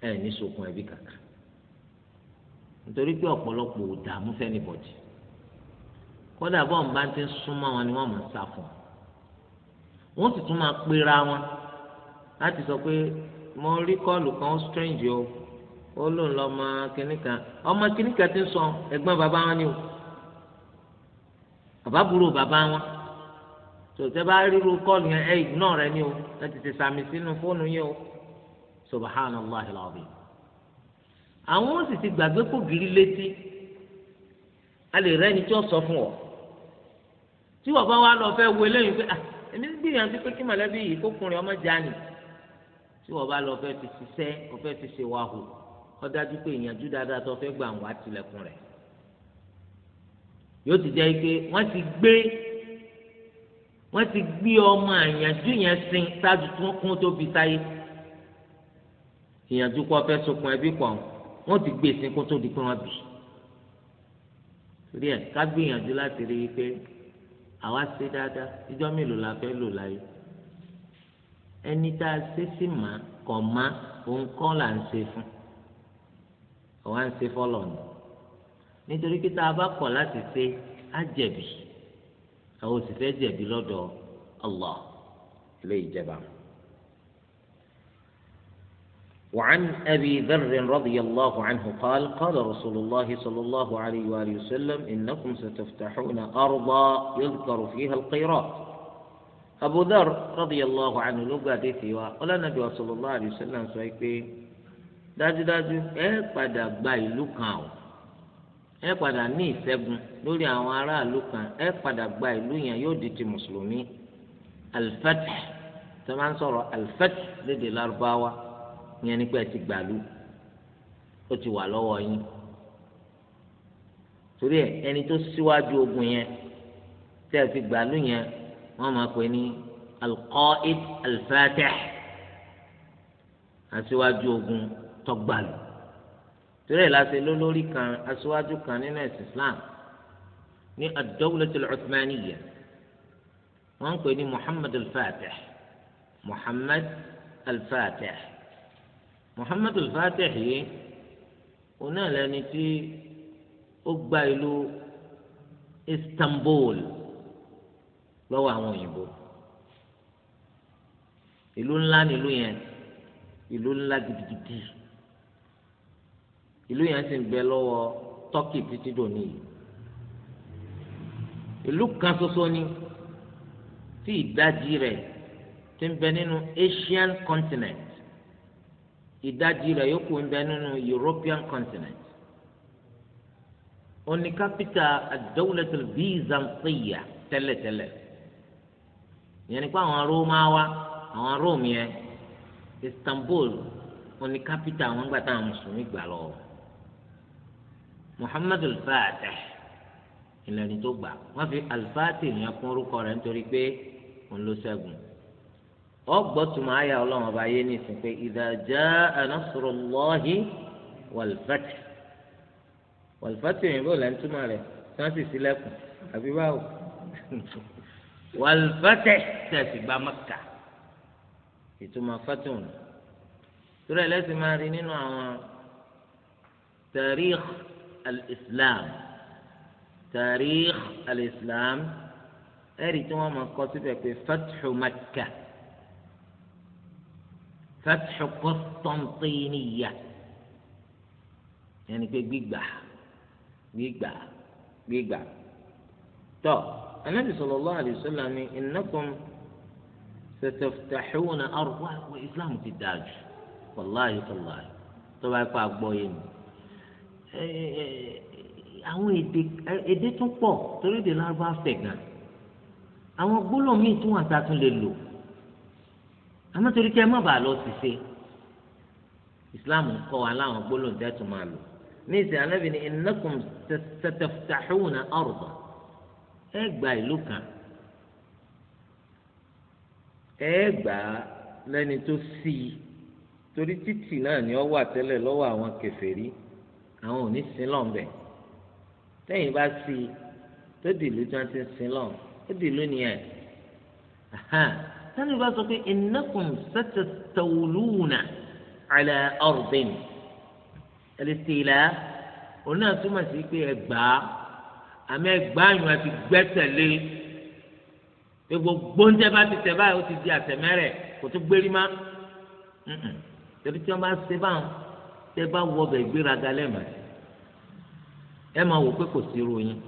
ẹ̀ ní sokùn ẹbí kàkà nítorí pé ọ̀pọ̀lọpọ̀ ò dààmú fẹ́ni bọ̀dì kódà bọ́ọ̀n bá ti ń súnmọ́ wọn ni wọ́n máa ń sá fún un wọ́n sì tún máa pera wọn láti sọ pé mo rí kọ́ọ̀lù kan strange o ó lóun lọ́mọ kìnnìkan ọmọ kìnnìkan ti ń sọ ẹ̀gbọ́n bàbá wọn ni o bàbá burú bàbá wọn tòtẹ́ bá ríru kọ́ọ̀lù yẹn ẹ̀ ignore rẹ ni o ẹ ti ti sàmì sínú fóònù yẹn o subhanallah alazim àwọn ó sì ti gbàgbé kó gírí létí a lè rẹ́ ẹni tí ó sọ fún ọ tí wọ́n bá wá lọ fẹ́ wo eléyìí pé ah, èmi ń gbìyànjú pé kí mọ̀lẹ́bí yìí kó kùnrin ọmọ jáàní tí wọ́n bá lọ fẹ́ fi ṣiṣẹ́ ọ̀fẹ́ fi ṣe wàhù ó dájú pé ìyànjú dáadáa tó fẹ́ gbà ń wá tilẹ̀kùn rẹ̀ yóò ti jẹ́ pé wọ́n ti gbé wọ́n ti gbé ọmọ àyànjú yẹn sin ṣáájú tí wọ́n kún tó fi sáyé ìyànjú kọ́ fẹ́ sokun ẹbí pọ̀ ọ́n wọ́n ti gbé ìsìnkú tó di pé wọ́n bì torí ẹ̀ ká gbìyànjú láti rí i pé àwa ṣe dáadáa ìjọ mélòó la fẹ́ lò láyé ẹni tá a ṣe sí mà kọ̀ má òun kọ́ là ń ṣe fún àwa ń ṣe fọ́lọ̀ ni nítorí pé tá a bá kọ̀ láti ṣe á jẹ̀bi àwọn òṣìṣẹ́ jẹ̀bi lọ́dọ̀ Allah ilé ìjẹba. وعن أبي ذر رضي الله عنه قال قال رسول الله صلى الله عليه وآله وسلم إنكم ستفتحون أرضا يذكر فيها القيراط أبو ذر رضي الله عنه لو قال قال النبي صلى الله عليه وسلم سويكي داجو داجو إيه قد باي كاو إيه padà ني سب لولي عوارا aráàlú إيه ẹ باي gba ìlú yẹn yóò di ti mùsùlùmí alifat tẹ ìyẹn ni pé ẹ ti gbàlú ó ti wà lọ́wọ́ yín torí ẹ ẹni tó síwájú ogun yẹn tẹ́ ẹ fi gbàlú yẹn wọ́n máa pè ní alqaid alfatih aṣíwájú ogun tó gbàlú torí ẹ láti lólórí kan aṣíwájú kan nínú ẹ̀sìn Islam ní ad-dawlati al wọ́n ń pè ní Muhammad al Muhammad al muhammadu fatih yìí òun náà lẹni tí ó gba ìlú istanbul lọ́wọ́ àwọn òyìnbó ìlú ńlá nílùú yẹn ìlú ńlá gidigidi ìlú yẹn sì ń bẹ lọ́wọ́ tọ́kì títí dòní yìí ìlú kan ṣoṣo ni tí ìdajì rẹ̀ ti ń bẹ nínú asian continent ìdajì rẹ̀ yòókù ń bẹ nínú European continent ó ní kápítà ad-dawlatul Byzantiya tẹ́lẹ̀tẹ́lẹ̀ ìyẹn ni pé àwọn Rómáwá àwọn Róòmù yẹn Istanbul ó ní kápítà àwọn gbàtà àwọn mùsùlùmí gbà lọ Muhammadu al-Fatih ìlànà tó gbà wọ́n fi al yẹn kún orúkọ rẹ̀ nítorí pé òun ló ṣẹ́gun ọgbọ́ tuma ayé ọlọ́run ọba yé nìsín pé idha jaa nasrullahi wal fath wal fath òyìnbó lẹ́nu túmọ̀ rẹ̀ tí wọ́n sì sílẹ̀kùn àbí báwo wal fath tẹ̀sí gba Mẹ́kà ìtumọ̀ fatun torí ẹlẹ́sìn máa rí nínú àwọn tarikh al-islam tarikh ẹ̀rí tí wọ́n máa kọ síbẹ̀ pé fathu Mẹ́kà fatḥu Qustantiniya yẹn ni pé gbígbà gbígbà gbígbà tọ anabi sallallahu alayhi wa sallam ni innakum sataftahuna arwa wa islam ti dájú wàláhi wàláhi tó bá pa gbọ́ yẹn ni àwọn èdè èdè tún pọ̀ torí èdè lárúbá fẹ̀ gan àwọn gbólóhùn míì tún wà tá a tún lè lò àmọ́ torí kẹ́ ẹ má bàa lọ ṣìṣe islam ń kọ́ wa láwọn gbólóhùn tẹ́tù máa lò ní ìsìn anábì ní innakum sataftaḥuna arda ẹ gba ìlú kan ẹ gbà á lẹ́ni tó sí i torí títì náà ni ó wà tẹ́lẹ̀ lọ́wọ́ àwọn kèfèrí àwọn ò ní sin lọ́nbẹ̀ tẹ́yìn bá sí i tó dìlú tí wọ́n ti sin lọ́n ó dìlú nìyẹn sani bá sọ pé innakum satastawluna ala ardin ẹlẹsìlá òun náà túmọ̀ sí pé ẹgbà àmì ẹgbà yìí wọn ti gbẹ́sẹ̀lé gbogbo oúnjẹ bá ti tẹ̀ báyìí ó ti di àtẹ̀mẹ́rẹ̀ kò tó gbérí má torí tí wọ́n bá ṣe báwọn tẹ́ bá wọ ọbẹ̀ ìgbéraga lẹ́ẹ̀mà ẹ máa wò pé kò sí ròyìn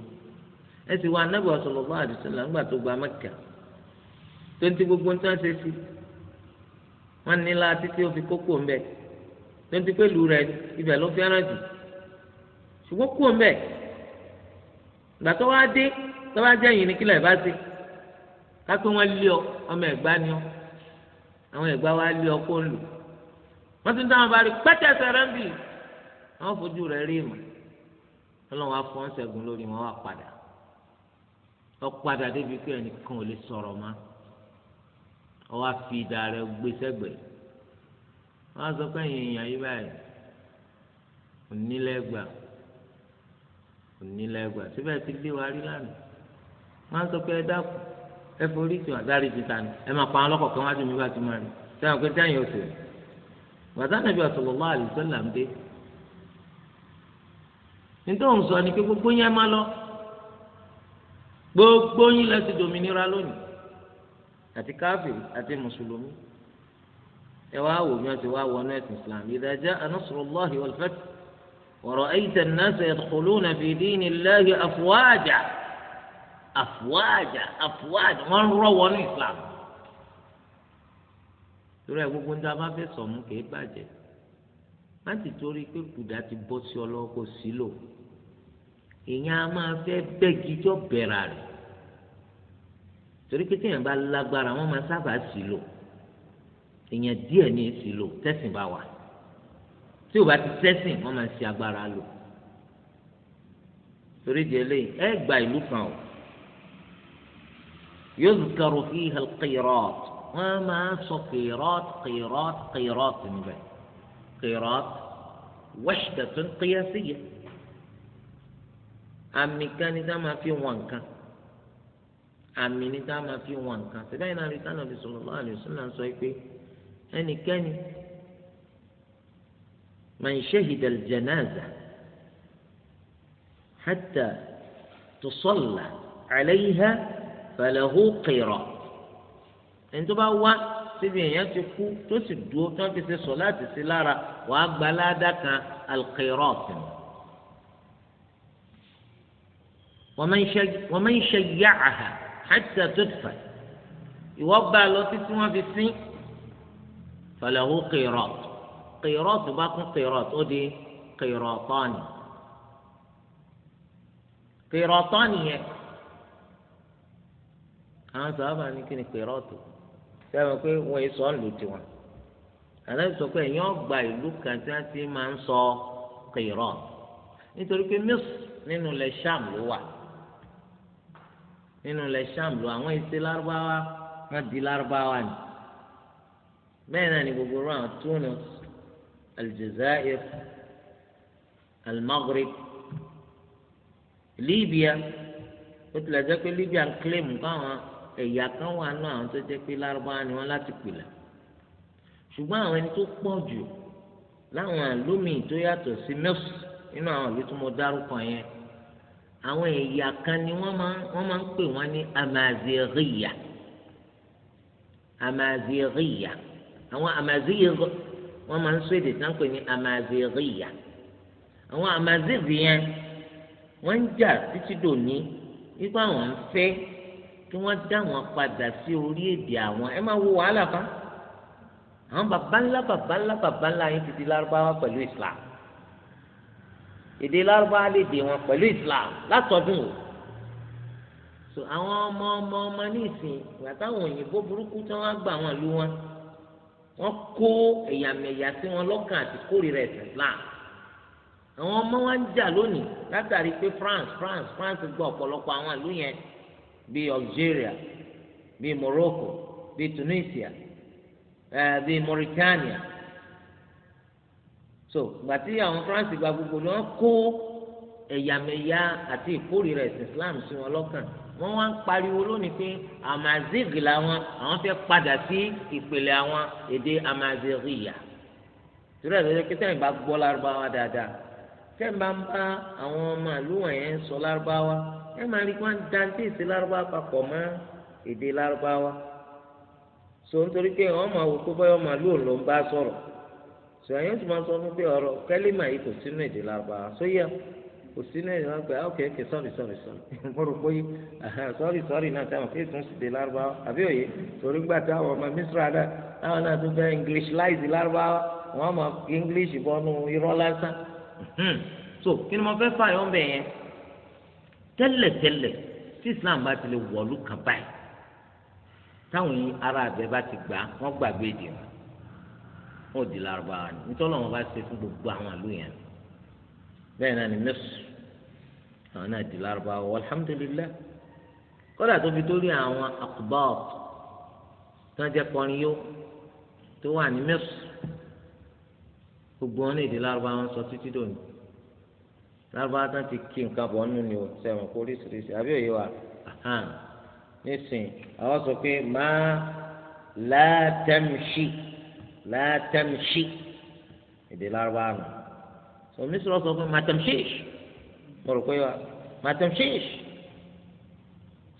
ẹ sì wọ anábì sallallahu alaihi tonti gbogbo ń tán ṣe wọn ní la títí ó fi kókó ńbẹ tonti pé lu rẹ ibẹ̀ ló fẹ́ràn jù ṣùgbọ́n kó ńbẹ ìgbà tó wá dé tó bá jẹ́ yìnyín kílẹ̀ bá ṣe kápẹ́ wọn lé ọ ọmọ ẹ̀gbá ni ọ àwọn ẹ̀gbá wa lé ọ kó ń lò wọ́n ti ń dáhùn bá rí pẹ́tẹ́sẹ̀ rẹ̀ àwọn fojú rẹ̀ rí ìmọ̀ ọlọ́run á fọ́ ń ṣẹ́gun lórí wọn wá padà ọ débi pé ẹnìkan ò lè sọ̀rọ̀ mọ́ ọwọ́ àfi ìdá rẹ̀ gbé sẹ́gbẹ̀ẹ́ wọ́n á sọ pé ẹ̀yìn èèyàn yí báyìí onílẹ̀gbà onílẹ̀gbà síbẹ̀ ti gbé wa rí lánàá wọ́n á sọ pé ẹ dákun ẹ forí tì wá dárí ti ta ni ẹ máa pa àwọn ọlọ́kọ̀ kan wájú mi bá ti máa rí sẹ́wọ̀n pé táyà ọ̀sẹ̀ gbàtà nàbí sallallahu alaihi wasallam dé nítorí òun sọ ni pé gbogbo yẹn má lọ gbogbo yín lẹ́sìn dòmìnira lónìí àti káfíìn àti mùsùlùmí ẹ wá wò mí ọtí wá wọnú ẹsìn islam ìdájá anásùrọláhi wàlfẹt wọrọ ẹyìtẹ nàṣẹ ẹdùkọlùnà fìdíìní láhi àfúwájà àfúwájà àfúwájà wọn ń rọ wọnú islam torí ẹ gbogbo ń dá bá fẹ́ sọmú kì í bàjẹ́ má ti torí pé kùdà ti bọ́ sí ọlọ́wọ́ sílò ìyẹn a máa fẹ́ bẹ́ẹ̀ gíjọ́ bẹ̀rẹ̀ rẹ̀ torí pé téèyàn bá lágbára wọn máa sábà sí lò èèyàn díẹ̀ ní èsì lò tẹ̀sìn bá wà tí ò bá ti tẹ̀sìn wọn máa ṣe agbára lò torí di eléyìí ẹ gba ìlú kan o yuzkaru fiha al-qirat wọn máa sọ qirat qirat qirat níbẹ̀ qirat wahdatun qiyasiyya àmì kan ní sáà máa fi wọn kan. àmì ní tá a máa fi wọn nǹkan síbẹ̀ yìí náà rí sànà bí sallallahu alaihi wasallam sọ pé ẹnikẹ́ni man shahida al-janaza hatta tusalla alayha falahu kẹrọ ẹni tó bá wá síbi èèyàn ti kú tó sì dúró tó ń fi ṣe sọ̀láàtì ṣe lára wàá gba ládàkà aládá kan al-qira ọ̀sìn. ومن شجعها hatta tudfa ìwọ bá a lọ títí wọ́n fi sín falahu qirat qirat tó bá kún qirat ó di qiratani qiratani yẹn àwọn sábà ní kí ni qirat tó sẹ́wọ̀n pé wọ́n yìí sọ ọ́ lù tiwọn àlẹ́ sọ pé èèyàn gba ìlú kan tí wọ́n ti máa ń sọ qirat nítorí pé mẹ́sì nínú ilẹ̀ sham ló wà nínú ilẹ̀ sham lọ àwọn èsì lárúbáwá wọn di lárúbáwá ni bẹ́ẹ̀ náà ni gbogbo rú àwọn Tunis Aljazair Almaghrib Libya ó tilẹ̀ jẹ́ pé Libya ń kílèmù káwọn ẹ̀yà kan wà nù àwọn tó jẹ́ pé lárúbáwá ni wọ́n láti pìlẹ̀ ṣùgbọ́n àwọn ẹni tó pọ̀ jù láwọn àlómi tó yàtọ̀ sí mẹ́fù nínú àwọn ìlú tó mọ dárúkọ yẹn àwọn ẹ̀yà kan ni wọ́n máa wọ́n máa ń pè wọ́n ní amaziriya amaziriya àwọn amaziriya wọ́n máa ń sọ èdè tí pè ní amaziriya àwọn amaziriya yẹn wọ́n ń jà títí dòní wípé àwọn ń fẹ́ kí wọ́n dá wọn padà sí orílẹ̀-èdè àwọn ẹ máa wo wàhálà bá àwọn baba ńlá baba ńlá ti di lárúbáwá pẹ̀lú islam èdè lárúbáwá lè dè wọn pẹ̀lú islam látọdún o so àwọn ọmọ ọmọ ọmọ ní ìsìn ìgbà táwọn òyìnbó burúkú tí wọn gbà wọn lu wọn wọn kó ẹ̀yàmẹ̀yà sí wọn lọ́kàn àti kórìíra ẹ̀sìn islam àwọn ọmọ wa ń jà lónìí látàrí pé france france france gba ọ̀pọ̀lọpọ̀ àwọn ìlú yẹn bíi algeria bíi morocco bíi tunisia eh, bíi mauritania so ìgbà tí àwọn France gba gbogbo ni wọ́n kó ẹ̀yàmẹ̀yà àti ìkórìíra ẹ̀sìn Islam sí wọn lọ́kàn wọ́n wá ń pariwo lónìí pé amazig làwọn àwọn fẹ́ padà sí ìpele àwọn èdè amazigia torí ẹ̀rọ yẹn kí bá gbọ́ lárúbáwá dáadáa tẹ́yìn bá ń bá àwọn ọmọ àlùwọ̀n yẹn sọ lárúbáwá ẹ máa rí wọn dantí sí lárúbáwá papọ̀ mọ́ èdè lárúbáwá so nítorí pé wọ́n máa wò pé báyọ̀ màlúù ló ń bá sọ̀rọ̀ sọ̀yìn tó máa sọ fún pé ọ̀rọ̀ kẹ́límà yìí kò sínú èdè lárúbáwá sóyà kò sínú èdè lárúbáwá ah, ok ok sorry sorry sorry mo rò pé sorry sorry náà táwọn kí ètò ń sì dé lárúbáwá àbí òye torí gbà táwọn ọmọ misra náà táwọn náà tún fẹ́ english láìsí lárúbáwá wọn mọ english bọnu irọ́ lásán hmm. so kí ni mo fẹ́ fà yọ̀ bẹ̀ yẹn tẹ́lẹ̀tẹ́lẹ̀ tí islam bá ti lè wọ̀lú kan báyìí táwọn ará abẹ bá ti gbà wọ́n gbàgbé ìdìbò wọn ò di lárúbáwá ni nítorí wọn bá ṣe fún gbogbo àwọn àlù yẹn bẹ́ẹ̀ náà ni mẹ́sù àwọn náà di lárúbáwá alhamdulilayi kódà tó fi torí àwọn akubọ́ọ̀ tó ń jẹ́ kọrin yó tó wà ní mẹ́sù gbogbo wọn ní èdè lárúbáwá ń sọ títí dòní lárúbáwá tán ti kí nǹkan bọ̀ nínú ni o sẹ́wọ̀n kó oríṣiríṣi àbí òye wa nísìnyí àwọn sọ pé máa látẹ̀mṣì la tamshi èdè lárúbá nù sọmi sọ̀rọ̀ sọ fún ma tamshish mo rò pé wa ma tamshish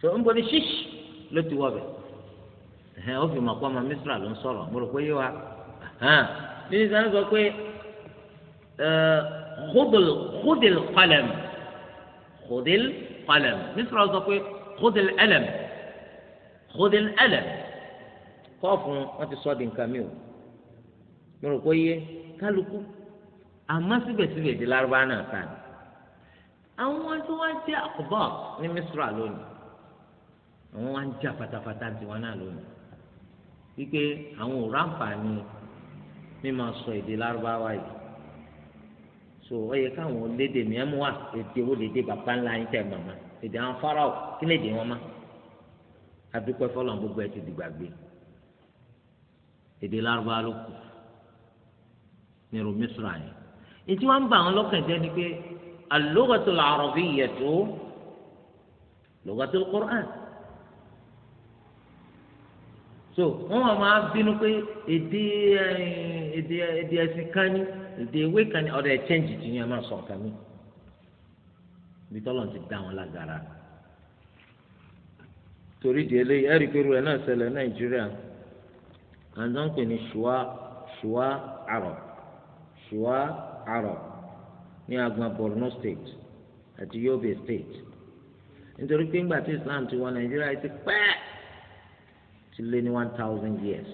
sọ ń bọ̀dé shish ló ti wọ̀ bẹ̀ ẹ̀hẹ́n ó fi mọ̀ pé ọmọ misra ló ń sọ̀rọ̀ mo rò pé yé wa mínísítà ń sọ pé khudil qalam khudil qalam misra sọ pé khudil alam khudil alam kọ́ọ̀fù wọn ti sọ di nǹkan mi o mo rò pé yé kálukú àmọ́ síbẹ̀síbẹ̀ di lárúbá náà ta ni àwọn tó wá jẹ́ àkùbọ̀ ní misra lónìí àwọn wá ń jà fatafata tiwọn náà lónìí wípé àwọn ò ráǹfààní mímọ̀ sọ èdè lárúbáwá yìí so ó yẹ káwọn léde mìíràn wà èdè wo léde bàbá ńlá yín tẹ màmá èdè àwọn fáráò kí léde wọn má adúpẹ́ fọlọ́n gbogbo ẹ ti dìgbà gbé èdè lárúbáwá ló kù nírú misra yẹn ètí wọn ń bà wọn lọ́kàn jẹ́ ni pé al-lughatul arabiyyatu lughatul Qur'an so wọn wà máa bínú pé èdè eh, èdè èdè ẹsìn kan ní èdè ìwé kan ní ọdọ ẹchẹǹjì tí yẹn máa sọ nǹkan mi bí tọ́lọ̀ ti dá wọn lágara torí di eléyìí ẹ̀rí pé irú náà ṣẹlẹ̀ Nàìjíríà àǹtọ́ǹpẹ̀ ní ṣùwà ṣùwà Arab. Shua Arọ ní agbọn Borno state àti Yobe state nítorí pé ńgbà tí Islam ti wọ Nàìjíríà ti pẹ́ ti lé ní one thousand years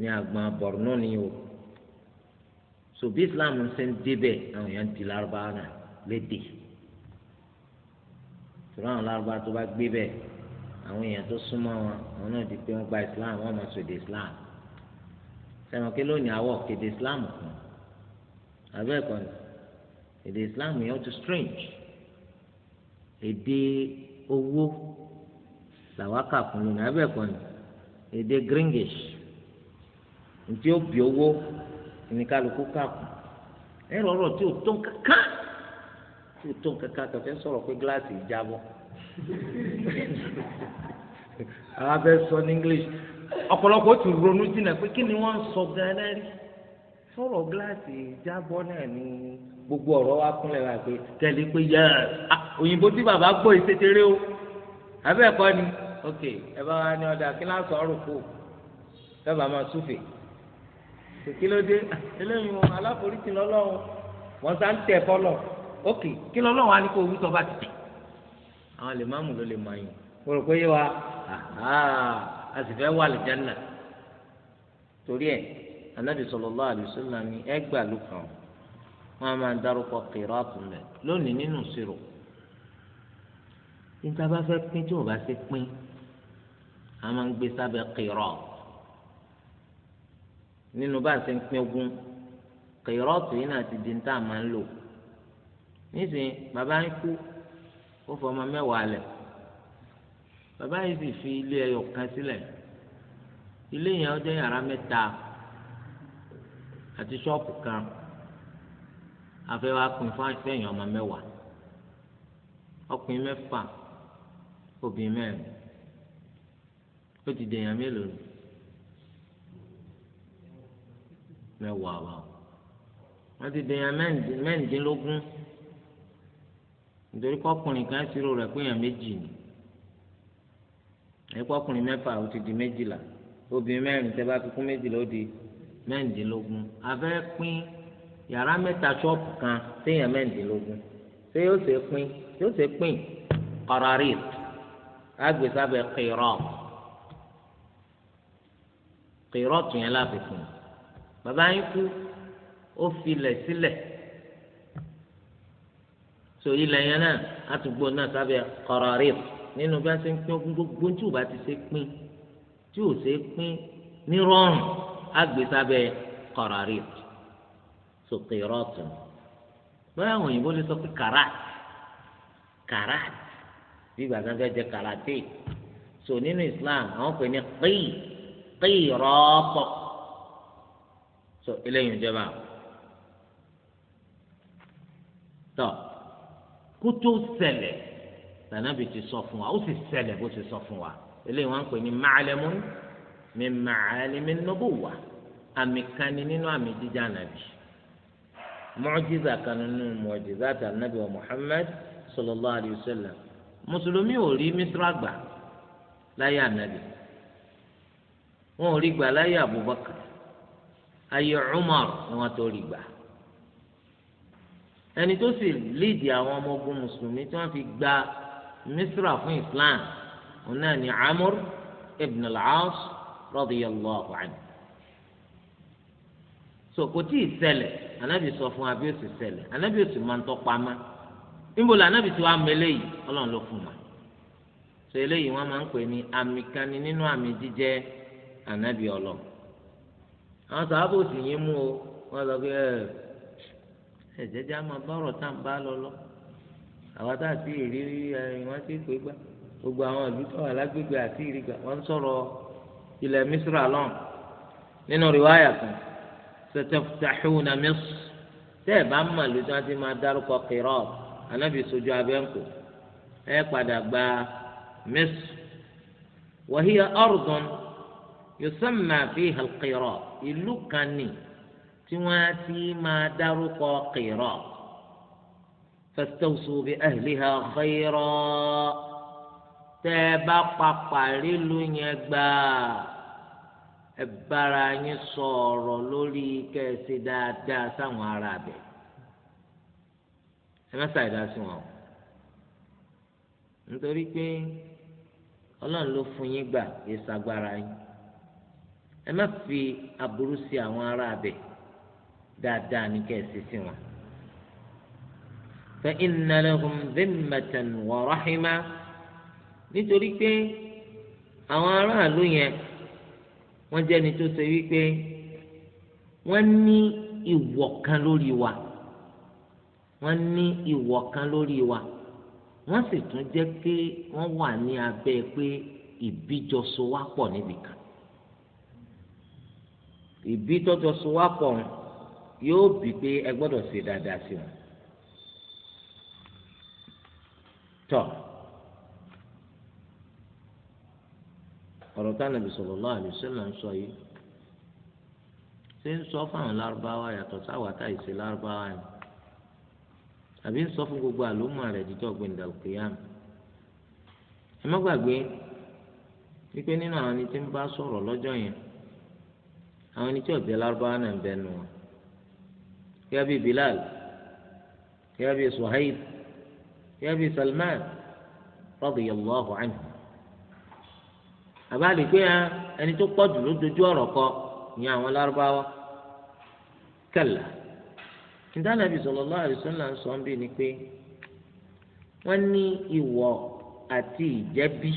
ní agbọn Borno ni o so bí Islam ń ṣe ń débẹ̀ àwọn èèyàn di lárúbáwá náà lédè ìṣòro àwọn lárúbáwá tó bá gbé bẹ́ẹ̀ àwọn èèyàn tó súnmọ́ wọn àwọn náà di pé wọ́n gba Islam wọ́n máa sọ Islam sẹ́wọ̀n kí lónìí àwọ̀ kéde islam kan abẹ́ ẹ̀kọ́ ni èdè islam yẹn ó ti strange èdè owó làwákà fún lónìí abẹ́ ẹ̀kọ́ ni èdè gringish ntí ó bí owó ní kálukú kàkùn ẹ̀rọ ọ̀rọ̀ tí ò tó kankan tí ò tó kankan kẹfẹ́ sọ̀rọ̀ pé gíláàsì ìjábọ̀ àwọn abẹ́ sọ ní english ọ̀pọ̀lọpọ̀ ó ti ronú jìnnà pé kí ni wọ́n ń sọ gan-an rí sọ̀rọ̀ gíláàsì jábọ́ náà ni gbogbo ọ̀rọ̀ wa kúnlẹ̀ wá pé tẹ̀lé pé yẹ ah, òyìnbó tí bàbá gbọ́ ìṣètèrè o abẹ́ ẹ̀kọ́ ni ok ẹ bá wa ní ọ̀dà kí láǹsọ̀ ọ̀rùn kù dábàá máa súfè kí ló dé ah, eléyìí wọn aláforíjì lọ́lọ́run wọn sá ń tẹ̀ fọlọ́ ok kí lọ́lọ́run á ní kó wí tó bá ti tẹ̀ àwọn lè má mú ló lè máa yàn mo rò pé yé wa a sì fẹ́ wà lìjánà torí ẹ̀ anabi sallallahu alaihi wasallam ni ẹ gbà ló kàn wọn a máa dárúkọ kìrọ àtúnlẹ lónìí nínú sírò títa bá fẹ́ pín tí ò bá ṣe pín a máa ń gbé sábẹ́ kìrọ nínú bá a ṣe ń pín ogún kìrọ tòun náà ti di ní máa ń lò nísìnyí bàbá ń kú ó fọ mẹ́wàá lẹ̀ bàbá yìí sì fi ilé ẹyọ kan sílẹ̀ ilé yẹn ó jẹ́ yàrá mẹ́ta àti ṣọ́ọ̀pù kan afẹ́ wa pín fún àtẹ̀yìn ọmọ mẹ́wàá ọkùnrin mẹ́fà obìnrin mẹ́rin ó ti dèèyàn mélòó ni mẹ́wàá wa wọ́n ti dèèyàn mẹ́rìndínlógún nítorí kọ́kùnrin kan ṣírò rẹ̀ pé èèyàn méjì ni ẹ̀kọ́ ọkùnrin mẹ́fà ó ti di méjìlá obìnrin mẹ́rin tẹ́ bá fi kún méjìlá ó di mẹ́rìndínlógún abẹ́ pín yàrá mẹ́ta ṣọ́ọ̀pù kan séèyàn mẹ́rìndínlógún ṣé yóò ṣe pín yóò ṣe pín kọ̀rọ̀rì àgbèsábẹ̀ kìrọ̀ kìrọ̀ tún yẹn láfikún bàbá yín kú ó filẹ̀ sílẹ̀ so ilẹ̀ yẹn náà àtúgbò náà sábẹ̀ kọ̀rọ̀rì. So, nínú bí wọ́n ṣe ń pín ogún gbogbo tí ò bá ti ṣe pín tí ò ṣe pín ní rọrùn àgbésábẹ kọ̀rọ̀rì sókè rọ́ọ̀tún báyà àwọn òyìnbó lè sọ pé karat karat bí ìgbà kan fẹ́ jẹ karate so nínú Islam àwọn pè ní qi qi rọ́ọ̀pọ̀ so eléyìí ń jẹ báwọn tọ kótó tànàbì ti sọ fún wa ó sì ṣẹlẹ̀ bó ti sọ fún wa eléyìí wọ́n ń pè ní màálẹ́mú mi màálẹ́mí nọ́bù wà àmì kan ni nínú àmì jíjà ànàbì mọ́jíza kan nínú mọ́jíza tànàbì wa Muhammad sallallahu alayhi wa sallam mùsùlùmí ò rí mísírà gbà láyé ànàbì wọn ò rí gbà láyé Abubakar ayé Umar ni wọn tó rí gbà ẹni tó sì lídìí àwọn ọmọ ogun mùsùlùmí tí wọn fi gba misra fún islam òun náà ni amur ibn al-aas radiyallahu anhu so kò tí ì ṣẹlẹ̀ anabi sọ fún abi ó sì ṣẹlẹ̀ anabi ó sì máa ń tọpa ma níbo la anabi ti wá mẹlẹ yìí Ọlọ́run ló fún wa so eléyìí wọn máa ń pè ní àmì kan nínú àmì jíjẹ anabi Ọlọ́run àwọn sàábò sì yín mú o wọn sọ pé ẹ ẹ jẹjẹ á máa tá à ń bá lọ lọ àwọn tá à sí ìrírí wọn ti pè gbà gbogbo àwọn ìlú tó wà lágbègbè àti ìrìgbà wọn sọ̀rọ̀ ilẹ̀ misra lọ́n nínú rìwáyà kan sataftahuna misr tẹ́ ẹ̀ bá ń mọ̀ lójú wọn ti máa dárúkọ Qirat anábì sojú abẹ́ǹkò ẹ padà gba misr wa hiya ardun yusamma fiha ìlú kan ní tí wọ́n ti máa dárúkọ Qirat. فاستوصوا بأهلها خيرا تبقى قليل يقبى ẹbára yín sọ̀rọ̀ lórí kẹ́sì dáadáa sáwọn ará bẹ̀. ẹ má ṣàìdá sí wọn. nítorí pé ọlọ́run ló fún yín gbà yé sagbára yín. ẹ má fi aburú sí àwọn ará bẹ̀ dáadáa ní kẹ́sì sí wọn. فإن لهم ذمة ورحمة nítorí pé àwọn aráàlú yẹn wọ́n jẹ́ ẹni tó ṣe wípé wọ́n ní kan lori wa wọ́n kan wa sì tún jẹ́ pé wọ́n wà ní abẹ́ pé ìbíjọsọ wa pọ̀ níbìkan ìbí tọ́jọsọ wa pọ̀ yóò bí pé ẹ gbọ́dọ̀ ṣe dáadáa sí tọ tá nàbì ń sọ yìí ṣé ń sọ fáwọn lárúbáwá yàtọ̀ sáwà tá ìṣe lárúbáwá ni àbí ń sọ fún gbogbo àlómà rẹ̀ ẹ má gbàgbé wípé nínú àwọn ẹni tí ń bá yẹn àwọn ẹni tí lárúbáwá Bilal yẹbi Salman radiyallahu anhu àbá lè pé ẹni tó pọ̀ jù ló dojú ọ̀rọ̀ kọ ní àwọn lárúbáwá kẹlà ìdánilẹ́bi sallallahu alaihi wasallam ń sọ ń bì ní pé wọ́n ní ìwọ̀ àti ìjẹ́bí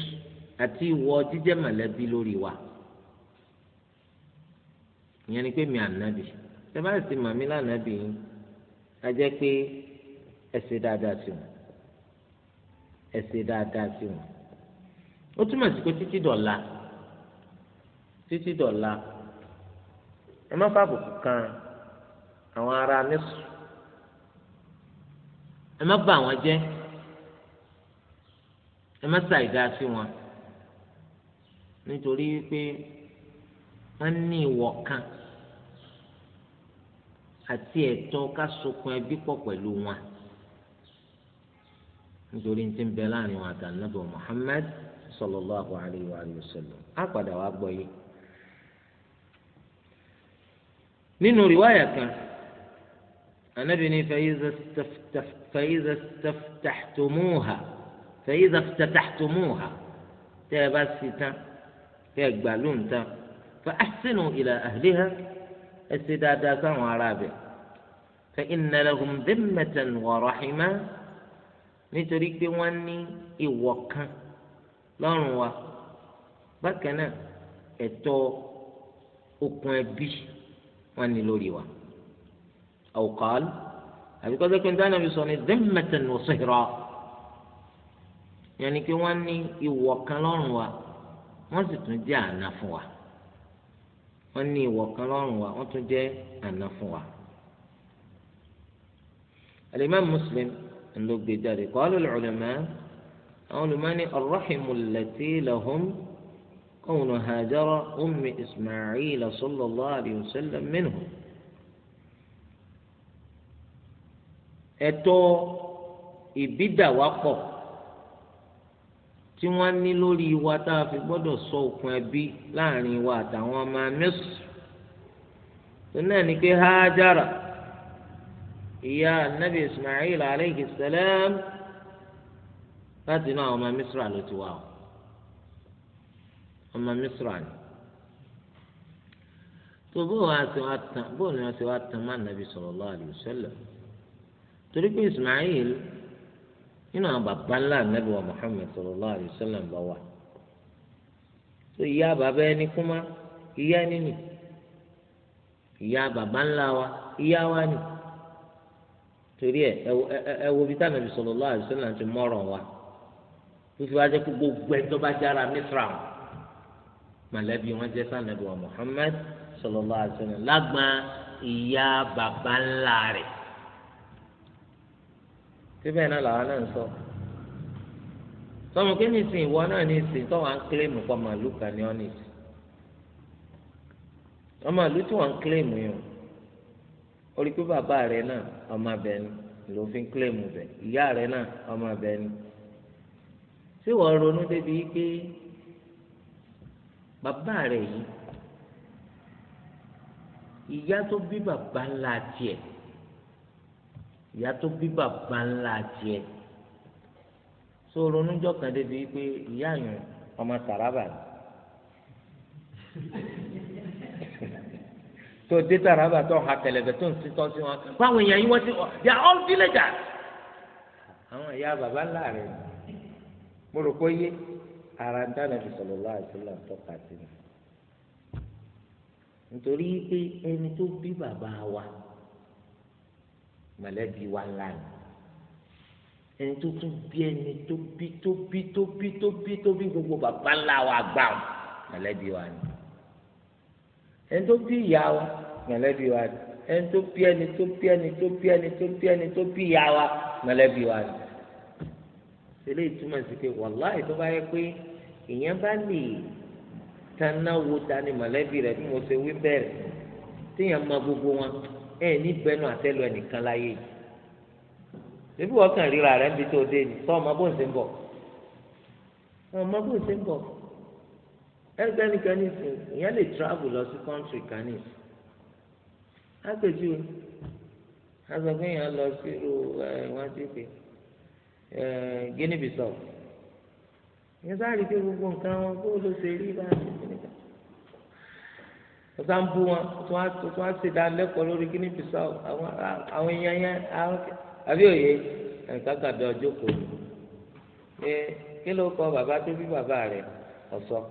àti ìwọ̀ jíjẹ́ mọ̀lẹ́bí lórí wa ìyẹn ni pé mi ànábì ṣe bá sì màmí lánàbì yín a pé ẹ dáadáa sí wọn ẹ ṣe dáadáa sí wọn ó túmọ̀ sí pé títí dọ̀la títí dọ̀la ẹ má fàbùkù kan àwọn ará nísù ẹ má bà wọ́n jẹ́ ẹ má ṣàìdá sí wọn nítorí pé wọ́n ní ìwọ̀ kan àti ẹ̀tọ́ ká sokun ẹbí pọ̀ pẹ̀lú wọn. nítorí ní ti ń bẹ láàrin wọn àtàlẹ́ nàbọ̀ Muhammad sallallahu alayhi wa sallam á padà wá gbọ́ yìí. nínú rìwáyà kan anabi ni fàyíza taftahtumuha fàyíza taftahtumuha tẹ́ ẹ bá sì tán tẹ́ ẹ gbà lóhùn tán fa asinu ila ahliha ẹ ṣe dáadáa sáwọn ará fa inna lahum dimmatan wa rahima. nítorí pé wọ́n ní ìwọ̀ kan lọ́rùn wa bákan náà ẹ̀tọ́ okùn ẹbí wọ́n ní lórí wa àwòkọ́l àbíkọ́sẹ́ pé nítorí àbí sọ ni zimmatan wa sihra yẹn ni pé wọ́n ní ìwọ̀ kan lọ́rùn wa wọ́n sì tún jẹ́ àná fún wa wọ́n ní ìwọ̀ kan lọ́rùn wa wọ́n tún jẹ́ àná fún wa. al Muslim ló gbé jáde qalu al-ulama àwọn olùmọ́ni ar-rahimu allati lahum qawlu hajara ummi isma'il sallallahu alayhi wa sallam minhum. ẹ̀tọ́ ìbídàwápọ̀ tí wọ́n ní lórí wa tá a fi gbọ́dọ̀ sọ òkun ẹbí láàrin wa àtàwọn ọmọ mẹ́sùn tó náà ní pé hájára ìyá anabi ismail aleyhi salam láti inú àwọn ọmọ misra ló ti wá o ọmọ misra ni tó bóun àti wọn tán bóun ni wọn ti wá tán má nàbí sallallahu alaihi wasallam torí pé ismail nínú àwọn bàbá ńlá nàbí wa muhammed sallallahu alaihi wasallam bá wà tó ìyá bàbá ẹni kúmá ìyá nínú ìyá bàbá ńlá wa ìyá wa nínú torí ẹ ẹ wo bí táwọn ẹbí sọlọ lọ àdìsọ náà ti mọràn wa fífi wá jẹ kó gbogbo ẹ tó bá jára mísírà mọ̀lẹ́bí wọn jẹ sànàbí wa Muhammad sọlọ lọ àdìsọ náà lágbọn ìyá bàbá ńlá rẹ̀ síbẹ̀ náà làwọn náà ń sọ sọmọ kí ni ìsìn ìwọ náà ní ìsìn tó wà ń kílèmù pa màlúù kan ní ọ́nìsì ọmọ ìlú tí ń kílèmù yìí orí pé bàbá rẹ náà ọmọ abẹ ni ló fi ń kílèmù bẹ ìyá rẹ náà ọmọ abẹ ni ṣé wọ́n ronú débi pé bàbá rẹ yìí ìyá tó bí bàbá ńlá tiẹ̀ ìyá tó bí bàbá ńlá tiẹ̀ ṣó ronú jọkàn débi pé ìyá yẹn ọmọ Taraba ni tó dé Taraba tó ha kẹlẹbẹ tó ń ti tọ́ sí wọn báwọn èèyàn yìí wọ́n ti they are all villagers. àwọn ìyá bàbá ńlá rẹ̀ mo rò pé yé ara ń dáná fi sọ̀rọ̀ lọ́wọ́ àti lọ́wọ́ tó kà sí mi. nítorí pé ẹni tó bí bàbá wa mọ̀lẹ́bí wa ńlá ni ẹni tó tún bí ẹni tó bí tó bí tó bí tó bí tó bí gbogbo bàbá ńlá wa gbà mọ̀lẹ́bí wa ni ẹni tó bí ìyá wa mọ̀lẹ́bí wa ni ẹni tó bí ẹni tó bí ẹni tó bí ẹni tó bí ẹni tó bí ìyá wa mọ̀lẹ́bí wa ni. sẹ́lẹ̀ ìtumọ̀ sí pé wàláì tó bá yẹ pé ìyẹn bá lè tanná wo ni mọ̀lẹ́bí rẹ̀ bí mo ṣe wí bẹ̀rẹ̀ téèyàn mọ gbogbo wọn ẹ̀ ní bẹnu àtẹ́lu ẹnìkan láyé yìí. ṣébí wọ́n kàn ríra rẹ̀ níbi tó dé ni sọ ọmọ bó ń ṣe ń bọ̀ ọmọ bó ń ṣe ń bọ̀ ẹgbẹ́ nìkan ní ìsìn ìyẹn lè travel lọ sí country kan ní ìsìn ágbèjú azọgbìn yẹn lọ sí irú wọn ti pè Guinea Bissau ìyẹn sáré pé gbogbo nǹkan wọn kó ló ṣe rí bá ọsà ń bú wọn tó wá ṣe dánilẹ́kọ̀ọ́ lórí Guinea Bissau àwọn èèyàn yẹn àbí òye nǹkan kàbí ọjọ́ kò ní kí ló kọ bàbá tó bí bàbá rẹ̀ ọ̀sọ́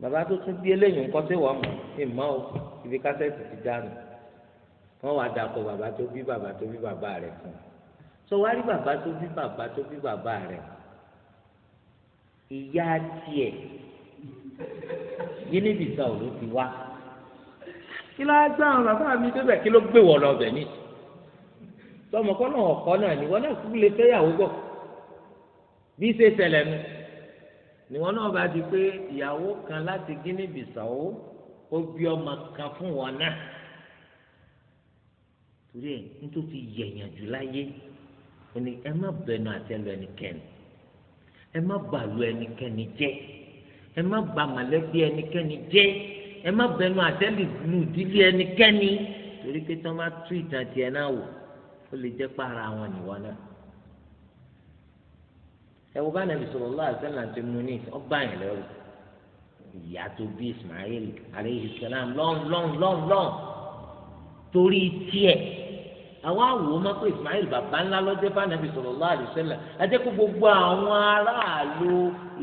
bàbá tó tún bí eléyìí nǹkan sí wọ́n mọ̀ ìmọ̀ o ibi kásẹ̀tì ti dànù wọ́n wàá dàpọ̀ bàbá tó bí bàbá tó bí bàbá rẹ̀ fún un sọ wá rí bàbá tó bí bàbá tó bí bàbá rẹ̀ ìyá tiẹ̀ yín níbi ìta ò ló ti wá kí ló á gbá àwọn bàbá mi débẹ̀ kí ló gbé wọ̀ lọ bẹ̀ ní tọmọkọ náà ọkọ náà ni wọn náà kú lè fẹ́yàwó gbọ́ bí ṣe ṣẹlẹ̀ nu ni wọn náà bá di pé ìyàwó kan láti Guinea Bissau ó bí ọmọ kan fún wọn náà torí ẹ nítorí yẹ̀yàn jù láyé ẹni ẹ má bẹnu àtẹ́lu ẹnikẹ́ni ẹ má bàlù ẹnikẹ́ni jẹ́ ẹ má bà mọ̀lẹ́bí ẹnikẹ́ni jẹ́ ẹ má bẹnu àtẹ́lu ìdílé ẹnikẹ́ni torí pé tí wọ́n bá tú ìtàn tiẹ̀ náà wò ó lè jẹ́ pààrà àwọn nìwọ náà. ẹ wo bá nàbì sallallahu alaihi wasallam ti mú ní ọgbà yẹn lẹ́rù ìyá tó bí Ismail alayhi salam lọn lọn lọn torí tiẹ̀ àwọn àwò máa pé Ismail bàbá ńlá lọ́jọ́ bá nàbì sallallahu alaihi wasallam ajẹ́ kó gbogbo àwọn aráàlú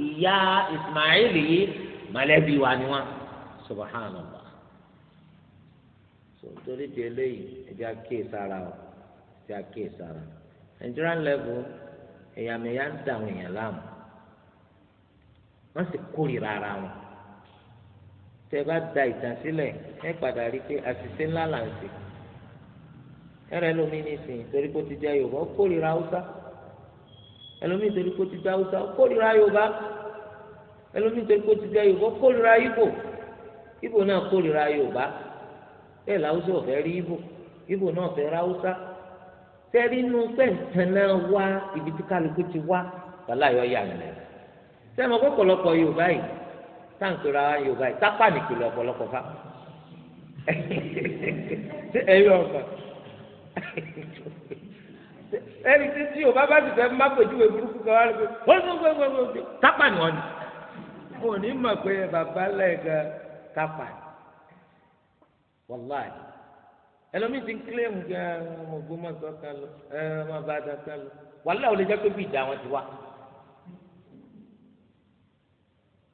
ìyá Ismail yìí wa ni torí Nigerian level. ẹ̀yàmẹ̀yà ń da àwọn èèyàn láàmú wọ́n sì kórìíra ara wọn tẹ́ bá da ìtàn sílẹ̀ ẹ padà rí i pé àṣìṣe ńlá là ń ṣe ẹrẹ lómi nísìnyí torí kó ti jẹ Yorùbá ó kórìíra Haúsá ẹlòmíì torí kó ti jẹ Haúsá ó kórìíra Yorùbá ẹlòmíì torí kó ti jẹ Yorùbá ó kórìíra Ìgbò Ìgbò náà kórìíra Yorùbá bẹ́ẹ̀ làwùsọ ọ̀fẹ́ rí Ìgbò Ìgbò náà fẹ́ ra Haúsá tẹ́rí inú pẹ̀ntàn náà wá ibi tí kálukú ti wá wàhálà yọ yà nílẹ̀ sẹ́mi ọ̀pọ̀lọpọ̀ yorùbá yìí táǹkìrà yorùbá yìí sápà nìkìlẹ̀ ọ̀pọ̀lọpọ̀ fa ẹ̀yọ ọ̀fà ẹni tí tí yorùbá bá ti fẹ́ má pèjúwe burúkú kan wá lóko gbogbogbogbogbò sápà ni wọ́n ni òní mọ̀ pé bàbá lẹ́ẹ̀kan sápà wàláyìí ẹlòmíì ti ń kílẹ̀mù kí ẹ ọmọ Ògbómọ̀ṣọ́ kan lọ ẹ ọmọ Ìbàdàn kan lọ wàhálà olè jẹ́ pé bí ìdá wọn ti wá.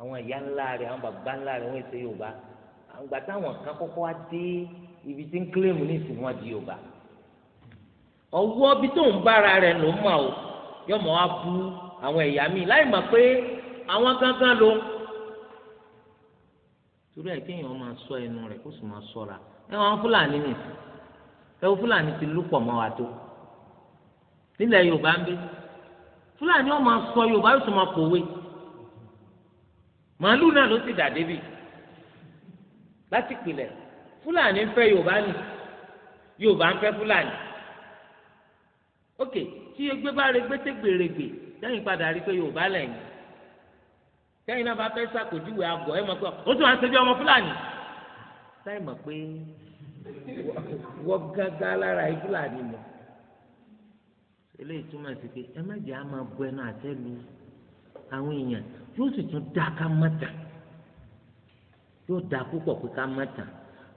àwọn ìyá ńlá rẹ̀ àwọn bàbá ńlá rẹ̀ wọ́n ṣe Yorùbá àgbà táwọn kan kọ́kọ́ wá dé ibi tí ń kílẹ̀mù ní ìsìn wọn di Yorùbá. ọwọ́ bí tó ń bára rẹ̀ ló mọ̀ ọ́ yọmọ wa bú àwọn ẹ̀yà míì láì mọ̀ pé àwọn gángan ló ń torí ẹ̀ kéèyàn máa sọ ẹnu rẹ̀ kó sì máa sọ́ra ẹ̀ wọ́n fúlàní nìsín ẹwọ fúlàní ti lúpọ̀ mọ́ wa tó nílẹ̀ yorùbá ń bí fúlàní ọmọ sọ yorùbá yóò tún máa pòwe màálù náà ló ti dà débi láti pilẹ̀ fúlàní ń fẹ́ yorùbá nì yorùbá ń fẹ́ fúlàní ok tí egbe bá re gbé tégbèrègbè sẹ́yìn padà rí pé yorùbá lẹ́yìn sẹ́yìn náà bá fẹ́ sàkójúwe àgọ́ ẹ̀ mọ̀ pé ó tún wá ṣe bí ọmọ fúlàní sẹ́yìn mọ̀ pé wọ́n gángan lára yìí fúlàní lọ. eléyìí túmọ̀ sí pé ẹ má jẹ́ àmọ́ bu ẹnu àtẹ́ lu àwọn èèyàn yóò sì tún dá ká má tàn yóò dá púpọ̀ pé ká má tàn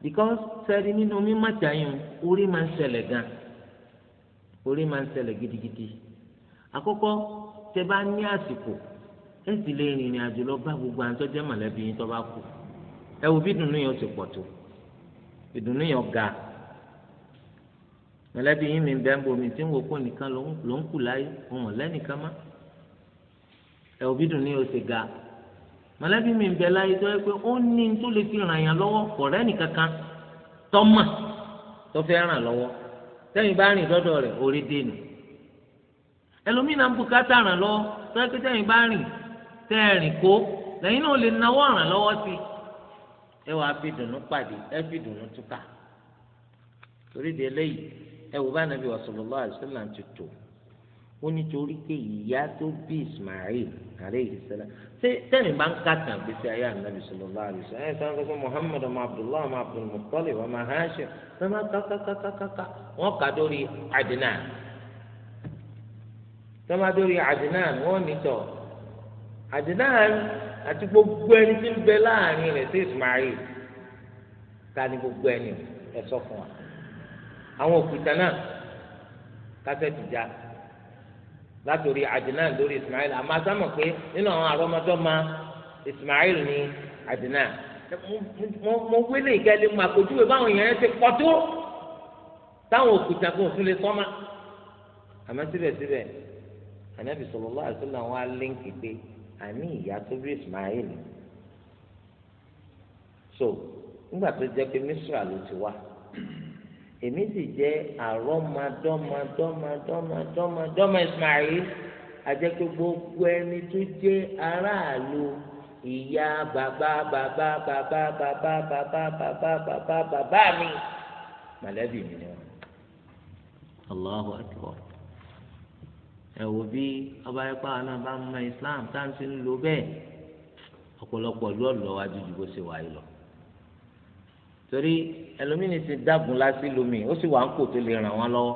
because sẹ́ẹ̀rí nínú mi má tàn yín orí máa ń ṣẹlẹ̀ gan orí máa ń ṣẹlẹ̀ gidigidi àkọ́kọ́ tẹ bá ní àsìkò ẹ sì lè rìnrìn àjò lọ bá gbogbo àwọn tó jẹ́ mọ̀lẹ́bí yín tó bá kù ẹ wo bí dùnú yẹn ó ti pọ̀ tó ìdùnnú yẹn ga mọ̀lẹ́bí yín mi ń ń bomi tí ń wo kó nìkan ló ń kù láyé òun lẹ́nìkan má ẹ òbí dùnnú yẹn ó ga mọ̀lẹ́bí mi bẹ láyé tó yẹ pé ó ní tó lè fi ràn yàn lọ́wọ́ ọ̀rẹ́ tọ́mà tó fẹ́ ràn lọ́wọ́ tẹ́yìn bá rìn rẹ̀ orí ẹ wàá fi dùnú pàdé ẹ fi dùnú túkà torí de eléyìí ẹ wò bá nàbí ti tò ó nítorí pé ìyá tó bí Ismail alayhi ṣé tẹ́mi bá ń kàtàn gbèsè ayé ànábì sallallahu alaihi ẹ sọ pé Muhammad ọmọ Abdullah ọmọ Abdul ọmọ ma ṣe máa wọn kà dórí wọn nìtọ àti gbogbo ẹni tí ń bẹ láàrin rẹ̀ sí Ismail ká ní gbogbo ẹni ẹ sọ fún wa àwọn òkúta náà kásẹ̀tì já látòrí Adnan lórí Ismail àmọ́ asámọ̀ pé nínú àwọn àrọ́mọdọ́mọ Ismail ní Adnan mo wílé ìkẹ́lẹ́ mu àpèjúwe báwọn èèyàn ti pọ̀ tó táwọn òkúta kò tún lè àmọ́ síbẹ̀síbẹ̀ Ànábì àní ìyá tó bí Ismail so nígbà tó jẹ́ pé Misra ló ti wá èmi sì jẹ́ àrọ́mọdọ́mọdọ́mọdọ́mọdọ́mọ Ismail ajẹ́pẹ́ gbogbo ẹni tó jẹ́ aráàlú ìyá bàbá bàbá bàbá bàbá bàbá bàbá bàbá bàbá mi mọ̀lẹ́bí mi ni wọn. Allahu akbar. ẹ̀wò bí ọba ẹ̀pá wa náà bá ń mọ islam táǹsì ń lo bẹ́ẹ̀ ọ̀pọ̀lọpọ̀ ló lọ wá ju ju bó ṣe wáyé lọ. torí ẹlòmíní ti dágun lásì lómi ó sì wà ń kò tó lè ràn wọ́n lọ́wọ́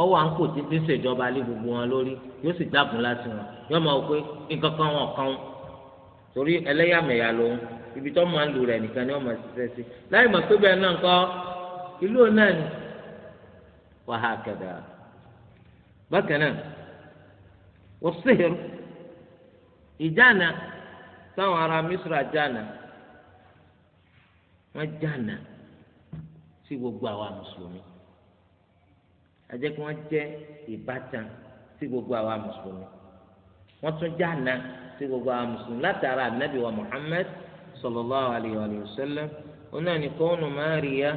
ó wà ń kò tí tí ń ṣèjọba lé gbogbo wọn lórí yóò sì dágun lásì wọn yóò máa pé nǹkan kan wọn kan torí ẹlẹ́yàmẹ̀yà lòun ibi tó máa ń lù rẹ̀ nìkan ni wọ́n máa ṣiṣẹ́ sí láì mọ̀ pé bẹ́ẹ̀ náà kọ́ ìlú náà ni wàhálà kẹ̀dà bákan náà والصهر ìjànà táwọn ará Misra jànà wọ́n jànà sí gbogbo àwa mùsùlùmí ajẹ́ kí wọ́n jẹ́ ìbátan sí gbogbo àwa mùsùlùmí wọ́n tún jànà sí gbogbo àwa mùsùlùmí látara anabi wa Muhammad sallallahu alayhi wa sallam onáni kọ́ọ̀nù Mariya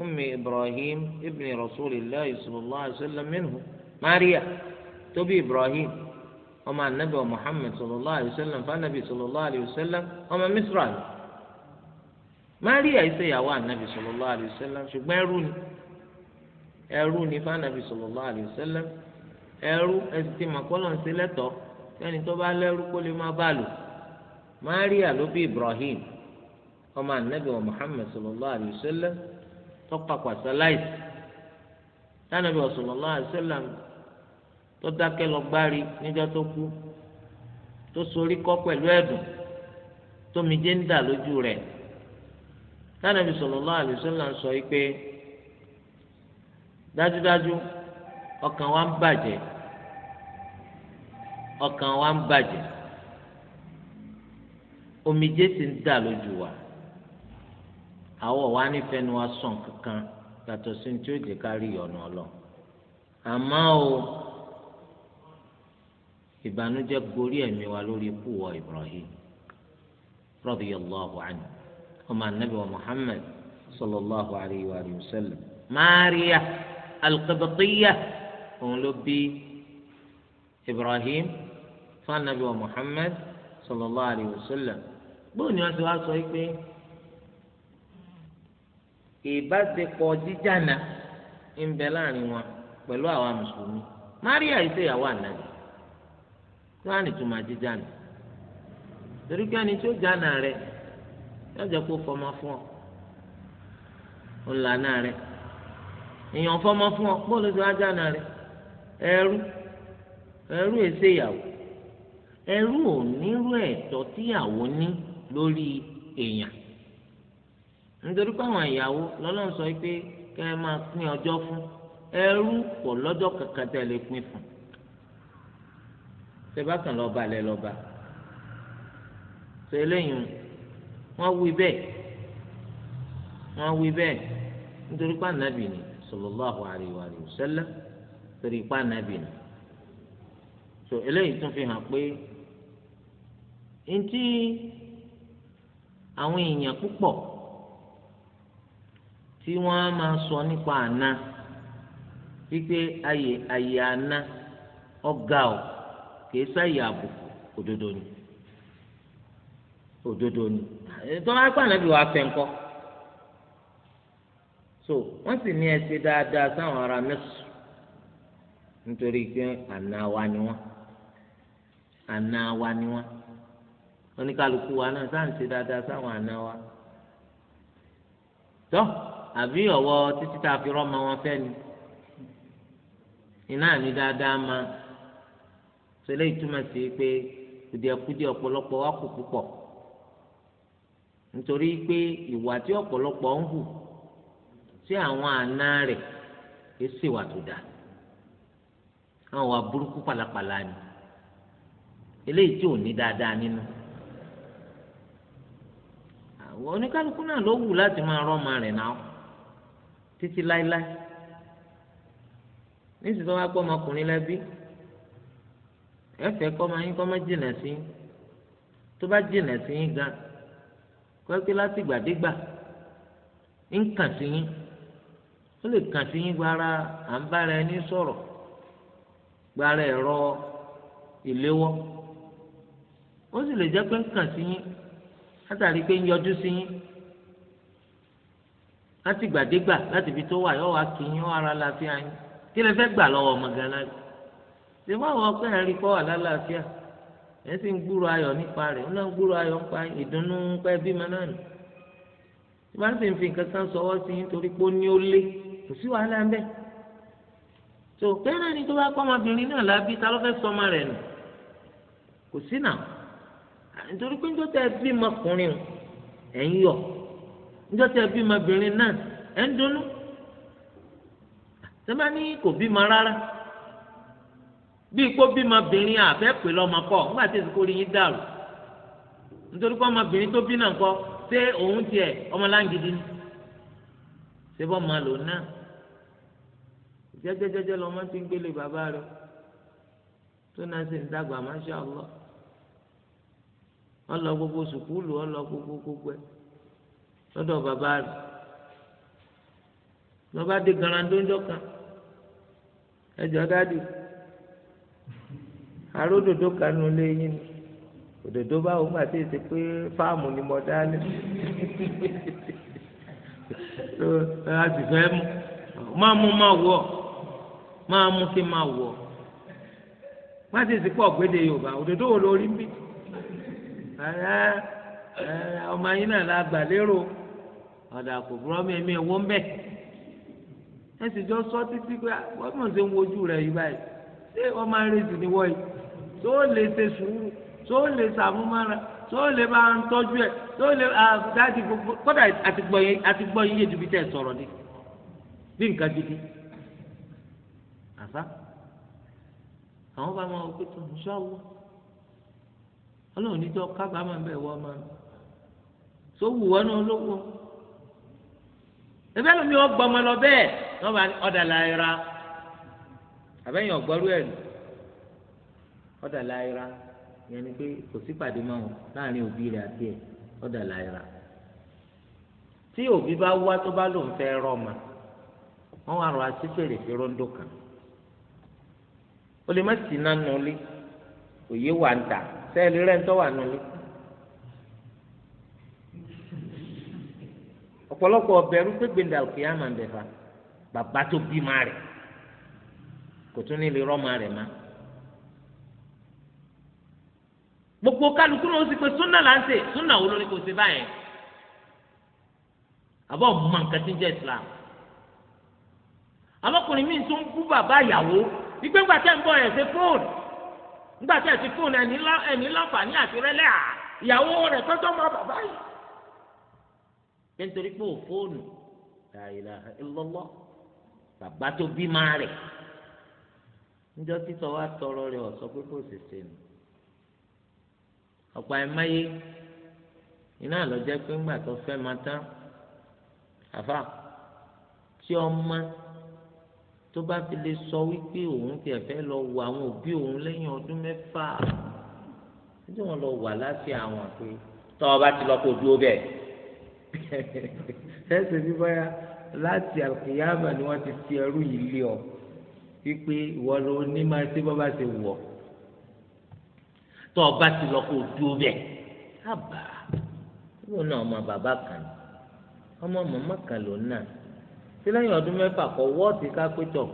ummi Ibrahim ibn rasulillah tóbi ibrahim ọmọ anabi muhammed sallallahu alayhi wa sallam fanabi sallallahu alayhi wa sallam ọmọ misra ni maria ìṣèyàwó anabi sallallahu alayhi wa sallam ṣùgbọ́n ẹrú ni ẹrú ni fanabi sallallahu alayhi wa sallam ẹrú ẹsìtì màkọ́lọ̀ ń ṣe lẹ́tọ̀ọ́ sẹ́ni tó bá lẹ́rú kó lè má bá lò maria ló bí ibrahim ọmọ anabi muhammed sallallahu alayhi wa sallam tọ́pọ̀ àpàṣẹ láìsí sallallahu alayhi wa sallam. tó dákẹ́ lọ gbárí níjọ́ tó kú tó sorí kọ́ pẹ̀lú ẹ̀dùn tómijé ń dà lójú rẹ̀ tánàbí sallallahu alaihi sọ pé dájúdájú ọkàn wa ń bàjẹ́ ọkàn wa ń bàjẹ́ ti ń dà lójú wa àwọ̀ wa nífẹ̀ẹ́ ni wa ìbànújẹ́ gorí ẹ̀mí wa lórí ikú wọ Ibrahim radiyallahu anhu ọmọ anabi wa Muhammad sallallahu alayhi wa sallam Mariya al-Qibtiyya òun ló bí Ibrahim fún anabi wa Muhammad sallallahu alayhi wa sallam bóun ni wọn ti wá sọ pé ìbáṣepọ̀ jíjànà ń bẹ láàrin wọn pẹ̀lú àwa mùsùlùmí Mariya yìí ṣèyàwó ànábì. wọ́n á ní tó máa jíjà nù torí pé ẹni tó jànà rẹ yóò jẹ́ kó fọmọ fún ọ rẹ èèyàn fọmọ fún ọ bó ló ti wá jànà rẹ ẹrú ẹrú èsè ìyàwó ẹrú ò nírú tíyàwó ní lórí èèyàn nítorí pé àwọn ìyàwó sọ pé ẹ máa pín fún ẹrú kò lọ́jọ́ kankan lè pín fún un. sẹbákan lọba lẹ lọba sọ eléyìí wọn wí bẹ́ẹ̀ wọn wí bẹ́ẹ̀ nítorí ni wa torí pé ànábì ni sọ eléyìí tún fi hàn pé ntí àwọn èèyàn púpọ̀ tí wọ́n á máa sọ nípa àná wípé ayé ayé àná ọ̀gá kìí sáyè àbùkù òdodo ni òdodo ni tọ́lá ẹ̀kọ́ ànábì wàá fẹ́ ńkọ́ so wọ́n sì ní ẹsẹ̀ dáadáa sáwọn ará mẹ́sù nítorí pé àna wa ni wọ́n àná wa ni wọ́n oníkálukú wa náà sáà ń ṣe dáadáa sáwọn àna wa tọ́ àbí ọ̀wọ́ títí tá a fi ma wọn fẹ́ ni iná ní dáadáa máa. sọlẹ́ ìtumọ̀ sí pé kùdìẹ̀kudìẹ ọ̀pọ̀lọpọ̀ wà kù púpọ̀ nítorí pé ìwà tí ọpọlọpọ ń hù tí àwọn àna rẹ̀ kì í wà tó dáa àwọn wà burúkú pàlàpàlà ni eléyìí tí ò ní dáadáa nínú àwọn oníkálukú náà ló wù láti máa rọ́ọ̀mà rẹ̀ náà títí láéláé wọn gbọ́ ọmọkùnrin lẹ́bí. ẹfẹ kọ́mọ yín kọ́mọ jìnà sí yín tó bá jìnà sí yín gan kọ́kí láti gbàdégbà ń kàn sí yín ó lè kàn sí yín gbára à ń bára ẹni sọ̀rọ̀ gbára ẹ̀rọ ìléwọ́ ó sì lè jẹ́ pé ń kàn sí yín látàrí pé ń yọjú sí yín láti gbàdégbà láti fi tó wà yọ wá kí yín ó ara la fi hàn kí lè fẹ́ gbà lọ́wọ́ ọmọ gan láti ṣé báwo ọpẹ́ ẹ̀ rí kọ́ wà lálàáfíà ẹ̀ sì ń gbúrò ayọ̀ nípa rẹ̀ ńlá ń gbúrò ayọ̀ nípa ìdùnnú pé bímọ náà nù tí bá sì ń fi nǹkan kan sọwọ́ sí nítorí pé ó ní ó lé kò sí wàhálà ń bẹ̀ tó bẹ́ẹ̀ náà ni tó bá kọ́ ọmọbìnrin náà lábí ta ló fẹ́ sọ ọmọ rẹ̀ nù kò sí nà nítorí pé níjọ́ tẹ́ ẹ bí ọmọkùnrin ẹ̀ ń yọ̀ níjọ́ tẹ́ ẹ bí náà ẹ̀ ń dunnú tẹ́ bá ní kò bímọ rárá bí kó bímọbìnrin àfẹ́ pè lọ́mọ pọ̀ nígbà tí èsìkò rí yín dàrú nítorí pé ọmọbìnrin tó bí náà kọ́ ṣé òun tiẹ̀ ọmọláǹgidi ni ṣé bọ́ máa lò náà jẹ́jẹ́jẹ́jẹ́ lọ́mọ ti ń gbélé bàbá rẹ̀ tó náà sì ń dàgbà masha Allah ọlọ gbogbo sùkúlù ọlọ gbogbo gbogbo ẹ lọ́dọ̀ bàbá rẹ̀ lọ́ba dé garandó ńjọ́ kan ẹjọ́ dáàdì. E aródòdó kanu lé yín ni òdòdó bá gbà tí èsì pé fáàmù ni mo dá lé a sì fẹ́ mu máa mú máa wọ̀ máa mú kí máa wọ̀ má sì sí pọ̀ gbéde Yorùbá òdòdó wo lórí ń ọmọ yín náà la gbà lérò ọ̀dà kò mi bẹ̀ ẹ sì jọ sọ títí pé wọ́n mọ̀ sí ń wojú rẹ̀ yìí báyìí tó lè ṣe sùúrù tó lè ṣàmúmára tó lè bá ń tọ́jú ẹ̀ tó lè dáàdì gbogbo kódà àtìgbọ́ yín yé dubi tẹ̀ sọ̀rọ̀ ni bí nǹkan gidi àbá àwọn bá máa wọ́pẹ́ tó ń ṣọ́wọ́ ọlọ́run níjọ́ kábàámà bẹ́ẹ̀ wọ́n máa sówù wọn náà lówó ẹgbẹ́ lómi ọgbọ́n ọmọ lọ bẹ́ẹ̀ wọ́n bá ọ̀dà láyé ra àbẹ́yìn ọ̀gbọ́rú ẹ̀ lò ọ̀dà láìra ìyẹn ni pé kò sí pàdé mọ́ wọn láàrin òbí rẹ̀ àti ẹ̀ ọ̀dà láìra tí òbí bá wá tó bá lòun fẹ́ rọ́ ọmọ wọn wá rọ así fèrèsé rọ́ńdò kan o lè má sì náà nulí òye wà ń tà sẹ́ẹ̀lì rẹ̀ ń tọ́ wà nulí. ọ̀pọ̀lọpọ̀ ọ̀bẹ̀rù pé gbẹ̀ndà òkè àmàǹdẹ̀fà bàbá tó bí má rẹ̀ kò tún ní lè rọ́ ọmọ má. gbogbo kálukú ló ń sè pé súnà là ń sè súnà wo ló ní kò ṣe báyẹn àbọ̀ mọ nǹkan tí ń jẹ́ islam àbọ̀kùnrin míì tó ń bú bàbá ìyàwó ìgbé ńgbà tẹ̀ ń bọ̀ ẹ̀ ṣe fóònù ńgbà tẹ̀ ti fóònù ẹ̀ní láǹfààní àti rẹ́lẹ́ à ìyàwó rẹ̀ tọ́jọ́ mọ bàbá yìí pé nítorí pé ò fóònù la ilaha illallah bàbá tó bí máa rẹ̀ níjọ́ títọ́ wa tọrọ rẹ̀ ọ̀sọ́ pé kò sì ṣe ọ̀pọ̀ àìmáyé iná àlọ́jẹ́ pé ńgbà tó fẹ́ máa tán àfà tí ọmọ tó bá fi lè sọ wípé òun tiẹ̀ fẹ́ lọ wo àwọn òbí òun lẹ́yìn ọdún mẹ́fà tí wọ́n lọ wà láti àwọn pé tọ́ ọ bá ti lọ kó dúró bẹ́ẹ̀ ẹsẹ̀ bí báyà láti àkìyàmà ni wọ́n ti fi ẹrú yìí lé ọ wípé ìwọ ló ní máa ṣe bọ́ bá ṣe wù tó o bá ti lọ kó o dúró bẹ́ẹ̀ àbá lóun náà ọmọ bàbá kan ọmọ màmá kan lòun náà tí lẹ́yìn ọdún mẹ́fà kọ wọ́ọ̀tì kápẹ́tọ̀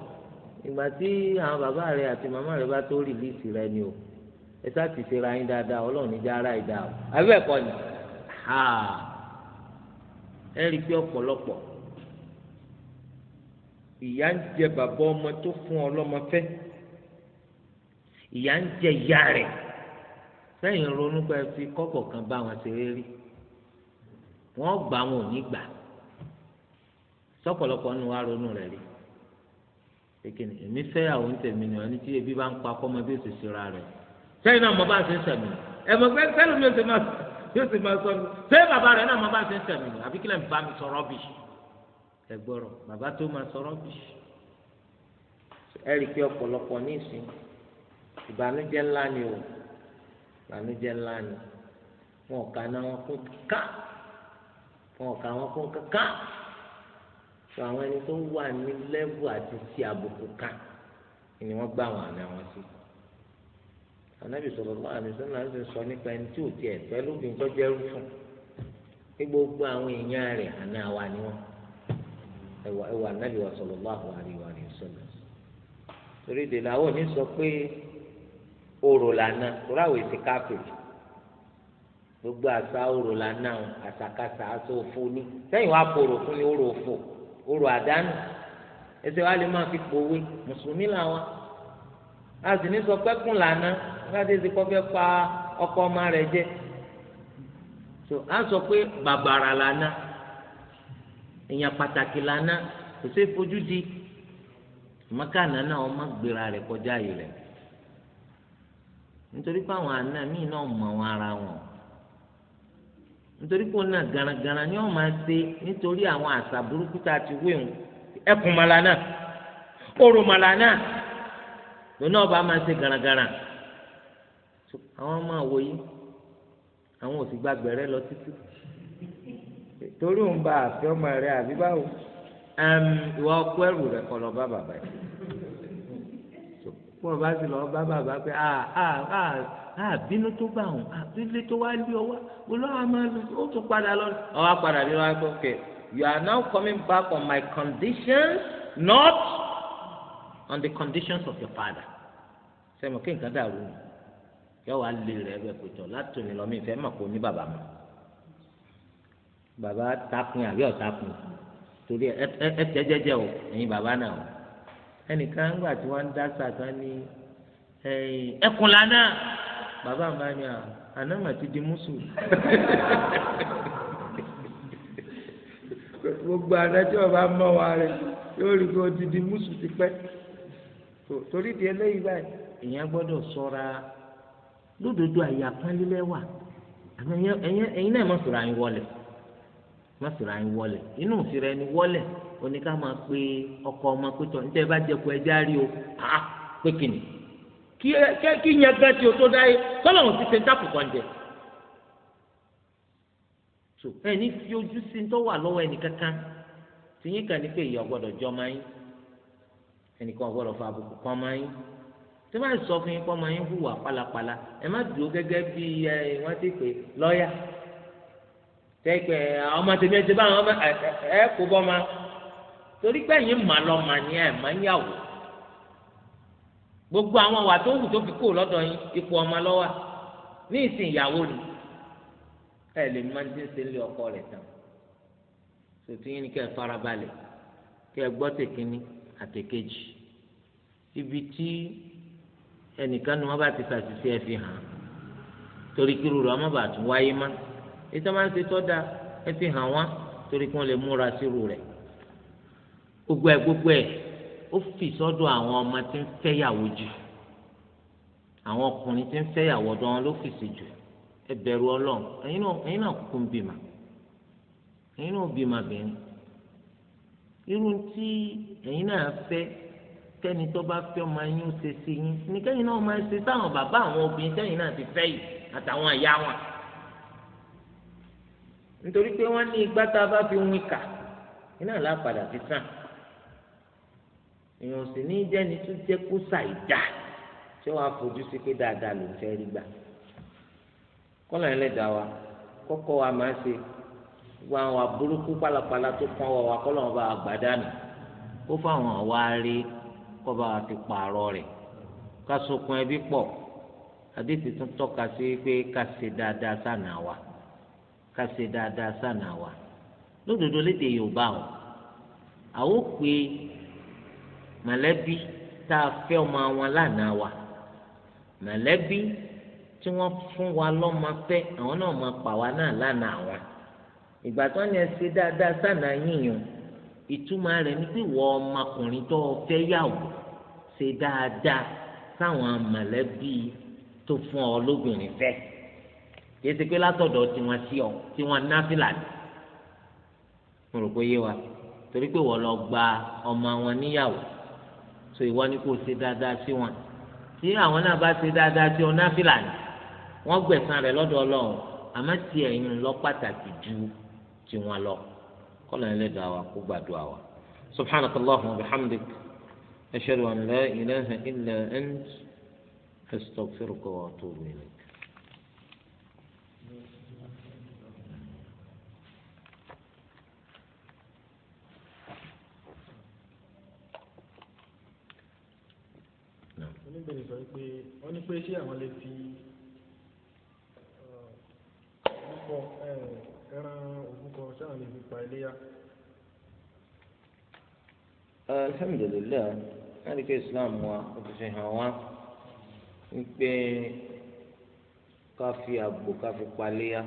ìgbà tí àwọn bàbá rẹ àti màmá rẹ bá tó rìlíìsì rẹ ni o ẹ sá ti ṣe ra yín dáadáa ọlọ́run níjà ara ìdá o àbẹ́ ẹ̀kọ́ ni ẹ rí i pé ọ̀pọ̀lọpọ̀ ìyá ń jẹ bàbá ọmọ tó fún ọ lọ́mọ fẹ́ ìyá ń jẹ ìyá rẹ̀ sẹ́yìn ronú pé fi kọ́bọ̀ kan bá wọn ṣeré rí wọ́n gbà wọn ò ní gbà sọ́pọ̀lọpọ̀ nu wa ronú rẹ̀ rí èkìní èmi fẹ́yàwó ń tẹ̀mí ni wọn ní tí ebi bá ń pa kọ́mọ bí èsì ṣera rẹ̀ sẹ́yìn náà mo bá ṣe ń sẹ̀mí ẹ̀mọ́ pé sẹ́lẹ̀ mi ò ṣe máa yóò ṣe máa sọ mi ṣé bàbá rẹ̀ náà mo bá ṣe ń sẹ̀mí àbí kílẹ̀ ń bá mi sọ rọ́bìṣì ẹ gbọ́rọ̀ bàbá tó máa sọ rọ́bìṣì ẹ rí i pé ọ̀pọ̀lọpọ̀ ní ìsìn ìbànújẹ́ ńlá ni o ìbànújẹ́ ńlá ni wọn kà náà wọn kún ká wọn kà wọn kún ká sọ àwọn ẹni tó wà ní lẹ́bù àti ti àbùkù ká ni wọ́n gbà wọn àná wọn sí. ànábì sọ̀rọ̀ lọ́wọ́ àmì sọ́nà ló ti sọ nípa ẹni tí ò tiẹ̀ pẹ̀lú kí n tọ́ jẹ́rú fún ní gbogbo àwọn èèyàn rẹ̀ àná wa ni wọ́n ẹwà ànábì wa sọ̀rọ̀ lọ́wọ́ àwọn àríwá rẹ̀ sọ̀rọ̀ torí dèlà àwọn ò ní sọ pé. oro lana tura awo esi kafiri gbogbo asa oro lana o asakasa asa ofu ni sẹyìn wa poro fun ni oro ofu oro adanu ẹsẹ wa le ma fi musulmi la wa azini sọ pẹkun lana wíwájú ẹsẹ kọfẹ pa ọkọ ọma rẹ so a sọ pé babara lana èèyàn pàtàkì lana kò sí fojú di maka nana ọma gbera rẹ kọjá yìí nítorí pé àwọn àna míì náà mọ àwọn ara wọn nítorí pé òun náà garagara ni wọn máa ṣe nítorí àwọn àṣà burúkú tá a ti wéhùn ẹkùn màlà náà kóró màlà náà lónà ọba máa ṣe garagara àwọn ọmọ àwòyí àwọn ò sì gbàgbẹrẹ lọ títí torí òun bá àfẹ́ ọmọ rẹ àbí báwo ìwà ọkọ ẹrù rẹ kọ lọ bá bàbá yìí wọn bá sì lọ bá bàbá pé a a a a bínú tó bá òun àbílẹ̀ tó wá lé ọwá olóhùn àmọ́ ó tún padà lọ ọwá padà lé wá pé you are now coming back on my conditions not on the conditions of your father sẹ́mi kí nǹkan dàrú ni yọ wá lé rẹ̀ ẹgbẹ́ pẹ̀tọ́ látò ní lọ́mí ìfẹ́ mọ̀ kó ní bàbá mọ́ bàbá takùn àbí ọ̀takùn torí ẹ ẹ tẹ́ jẹ́jẹ́ o ẹ̀yin bàbá náà ẹnìkan ńgbà tí wọ́n ń dá sàkà ní ẹkùnlá náà bàbá mi ni ànámà ti di gbogbo adájọ́ bá mọ̀ wá rẹ̀ yóò rí kó ti di mùsùlùmí ti pẹ́ torí di eléyìí báyìí èèyàn gbọ́dọ̀ ṣọ́ra lódodo àyè àpánlélẹ́ wà ẹ̀yin náà má sọ̀rọ̀ àyìn wọlé má sọ̀rọ̀ àyìn wọlé inú rẹ ni wọlé. oníkà máa pe ọkọ ọmọ pẹtọ níta ẹ bá jẹ kó ẹjá rí o àá pé kìnnì kí kí yẹn gan tí o tó dá yé tọ́lọ̀ wọn ti ṣe ń dàpọ̀ kan jẹ. so ẹni fi ojú sí tó wà lọ́wọ́ ẹnì kankan tìyín kan ní pé ìyá ọgbọ́dọ̀ jọ máa yín ẹnìkan ọgbọ́dọ̀ fa àbùkù kan máa yín tí wọ́n sọ fún yín pọ́ máa yín hùwà pálapàla ẹ má dúró gẹ́gẹ́ bí ẹ wọ́n ti pè lọ́ọ̀yà tẹ́ pẹ́ ọmọ tèmi ẹ ti bá àwọn ọmọ ẹ kó bọ́ máa torí pé ẹ̀yin mà lọ mà ní ẹ̀ mà ń yàwó gbogbo àwọn wà tó wù tó fi kó lọ́dọ̀ yín ipò ọmọ lọ́wọ́ ní ìsìn ìyàwó ni ẹ lè má ti ń ṣe lé ọkọ rẹ̀ tán sòtú yín ni kẹ́ ẹ farabalẹ̀ kẹ́ ẹ gbọ́ tèkínní àtèkejì ibi tí ẹnìkan ni wọ́n bá ti ṣàṣìṣe ẹ fi hàn torí kí rúurú ọmọ bàtún wáyé má ètò máa ń ṣe tọ́ da ẹ fi hàn wọ́n torí kí wọ́n lè múra sí rú rẹ̀ gbogbo ẹ gbogbo ẹ ó fi sọ́dọ̀ àwọn ọmọ tí ń fẹ́yàwó jù àwọn ọkùnrin tí ń fẹ́yàwó ọ̀dọ̀ wọn ló fìsì jù ẹ bẹ̀rù Ọlọ́run ẹ̀yin náà ẹ̀yin náà kúkú ń bímọ ẹ̀yin náà bímọ bẹ̀rẹ̀ irú tí ẹ̀yin náà fẹ́ kẹ́ni tó bá fẹ́ ọmọ yín ó ṣe sí yín ní kẹ́yin náà máa ṣe sáwọn bàbá àwọn obìnrin tẹ́yin náà ti fẹ́ yìí àtàwọn ìyá wọn nítorí pé wọ́n ní igbá tá a bá fi wín kà iná làá padà fi sàn èèyàn sì ní jẹ́ni tó jẹ́ kó ṣàìdá tí wọ́n á fojú sí pé dáadáa ló ń fẹ́ rí gbà kọ́nà ẹlẹ́dàá wa kọ́kọ́ wa máa ṣe gbogbo àwọn aburúkú pálapàla tó kàn wá wa kọ́nà wọn bá wa gbà dànù kó fáwọn àwa rí kó bá wa ti pààrọ̀ rẹ̀ ká sokun ẹbí pọ̀ àdéhùn tún tọ́ka sí pé ká ṣe dáadáa sànà wa ká ṣe dáadáa sànà wa lódodo lédè Yorùbá o àwọn ò pé mọ̀lẹ́bí tá a fẹ́ ọmọ wọn lánàá wa mọ̀lẹ́bí tí wọ́n fún wa lọ́mọ fẹ́ àwọn náà máa pa wá náà lánàá wọn ìgbà tó ní ẹ ṣe dáadáa sànà yíyan ìtumọ̀ rẹ̀ ní pé ìwọ ọmọkùnrin tó fẹ́ yàwó ṣe dáadáa sáwọn mọ̀lẹ́bí tó fún ọ lóbìnrin fẹ́ kìí ṣe pé látọ̀dọ̀ tiwọn sí ọ tiwọn náfìlà ni mo rò pé yé wa torí pé wọ́n lọ gba ọmọ wọn níyàwó so ìwọ ni kò ṣe dáadáa sí wọn tí àwọn náà bá ṣe dáadáa sí ọ náfìlà ni wọ́n gbẹ̀san rẹ̀ lọ́dọ̀ Ọlọ́run àmọ́ tí ẹ̀yin lọ pàtàkì ju tiwọn lọ kọlọ yẹn lè dùn àwa kó gbàdúrà wa subhanaka allahumma wa bihamdik ashhadu an la ilaha illa ant astaghfiruka wa atubu ilayk. oníbèrè sọ pé wọ́n ní pé ṣé àwọn lè fi orúkọ ẹran orúkọ ṣé àwọn lè fi pa iléyà. alhamdulilayi láti islam wa ó ti fi hàn wá wípé ká fi àgbò ká fi pa iléyà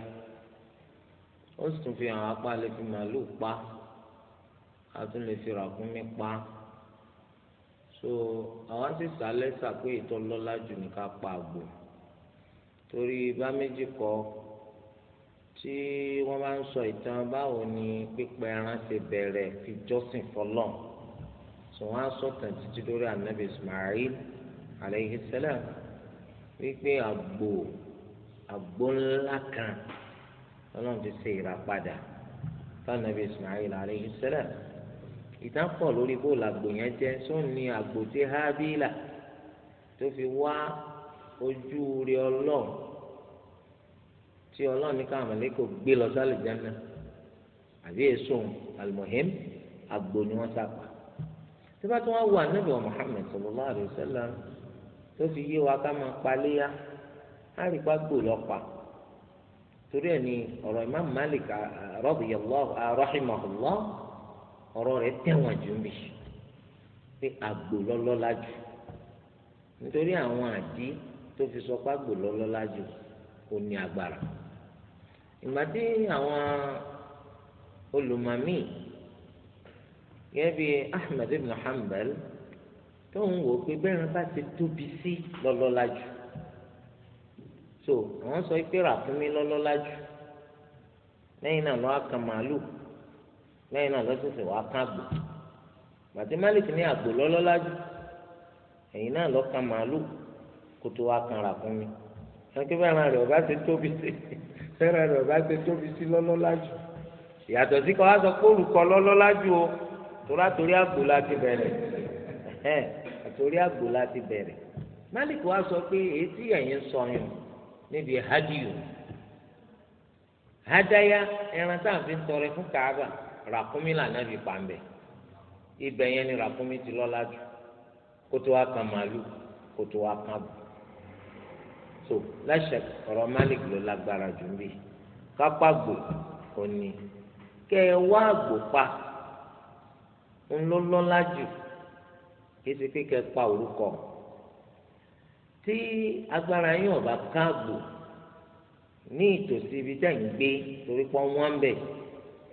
ó sì tún fi hàn apá lè fi màálù pa a tún lè fi ràkúnmí pa so àwọn sì sálẹ̀ sàpé ìtọ́lọ́lá jù ní ká pa àgbò torí bá méjì kọ tí wọ́n bá ń sọ ìtàn báwo ni pípa ẹran ṣe bẹ̀rẹ̀ fi jọ́sìn fọlọ́n so wọ́n á sọ̀tàn títí lórí anabi Ismail alayhi salam wípé àgbò àgbò ńlá kan ọlọ́run ti ṣe ìràpadà fún anabi Ismail alayhi salam ìdápọ̀ lórí bó làgbò yẹn jẹ́ sóní àgbò tí hábílà tó fi wá ojú rí ọlọ́run tí ọlọ́run ní káwọn mọ̀lẹ́kọ̀ gbé lọ sálẹ̀ jẹ́nà àbí èso àlùmọ̀hìm àgbò ni wọ́n sàpà tí bá tí wọ́n wà níbi wa Muhammad sallallahu alaihi wasallam tó fi yé wa ká máa paléyà á rí gbàgbò lọ́pàá torí ẹ̀ ni ọ̀rọ̀ Imam Malik radiyallahu rahimahullah ọ̀rọ̀ rẹ̀ tẹ̀wọ̀n jù mí pé àgbò lọ́lọ́lá jù nítorí àwọn àdí tó fi sọ pé àgbò lọ́lọ́lá jù kò ní agbára ìgbà tí àwọn olùmọ̀mí gẹ́gẹ́ bí Ahmed ibn Hanbal tó wò pé bẹ́ẹ̀rẹ̀ bá ti tóbi sí lọ́lọ́lá jù so àwọn sọ pé ràfúnmi lọ́lọ́lá jù lẹ́yìn náà lọ́wọ́ kan màálù lẹ́yìn náà lọ́sẹ̀sẹ̀ wàá kán àgbò màtí málìkì ní àgbò lọ́lọ́lájú ẹ̀yìn náà lọ́ọ́ kan màálù kó tó wàá kan ràkúnmí ẹ̀kẹ́ fẹ́ràn rẹ̀ ọba ṣe tóbi sí fẹ́ràn rẹ̀ ọba ṣe tóbi sí lọ́lọ́lájú ìyàtọ̀ sí kọ́ wá sọ pé olùkọ́ lọ́lọ́lájú o tóra torí àgbò la ti bẹ̀rẹ̀ ẹ̀ torí àgbò la ti bẹ̀rẹ̀ málìkì wá sọ pé èyí tí ẹ̀yin sọ yẹn níbi hádìyò hádáyà ẹran tá à ń fi tọrẹ fún kàába ràkúnmí lànàbì pàmbẹ ibẹ̀ yẹn ni ràkúnmí ti lọ́lá jù kótó wa kan màálù kótó wa kan bù so láṣẹ ọ̀rọ̀ malik ló lágbára jù ń bì kápá gbò òní kẹ ẹ wá àgbò pa ńlọlọlá jù kéṣe pé kẹ pa orúkọ tí agbára yín ọba ká àgbò ní ìtòsí ibi tẹ̀ ń gbé torí pé wọ́n bẹ̀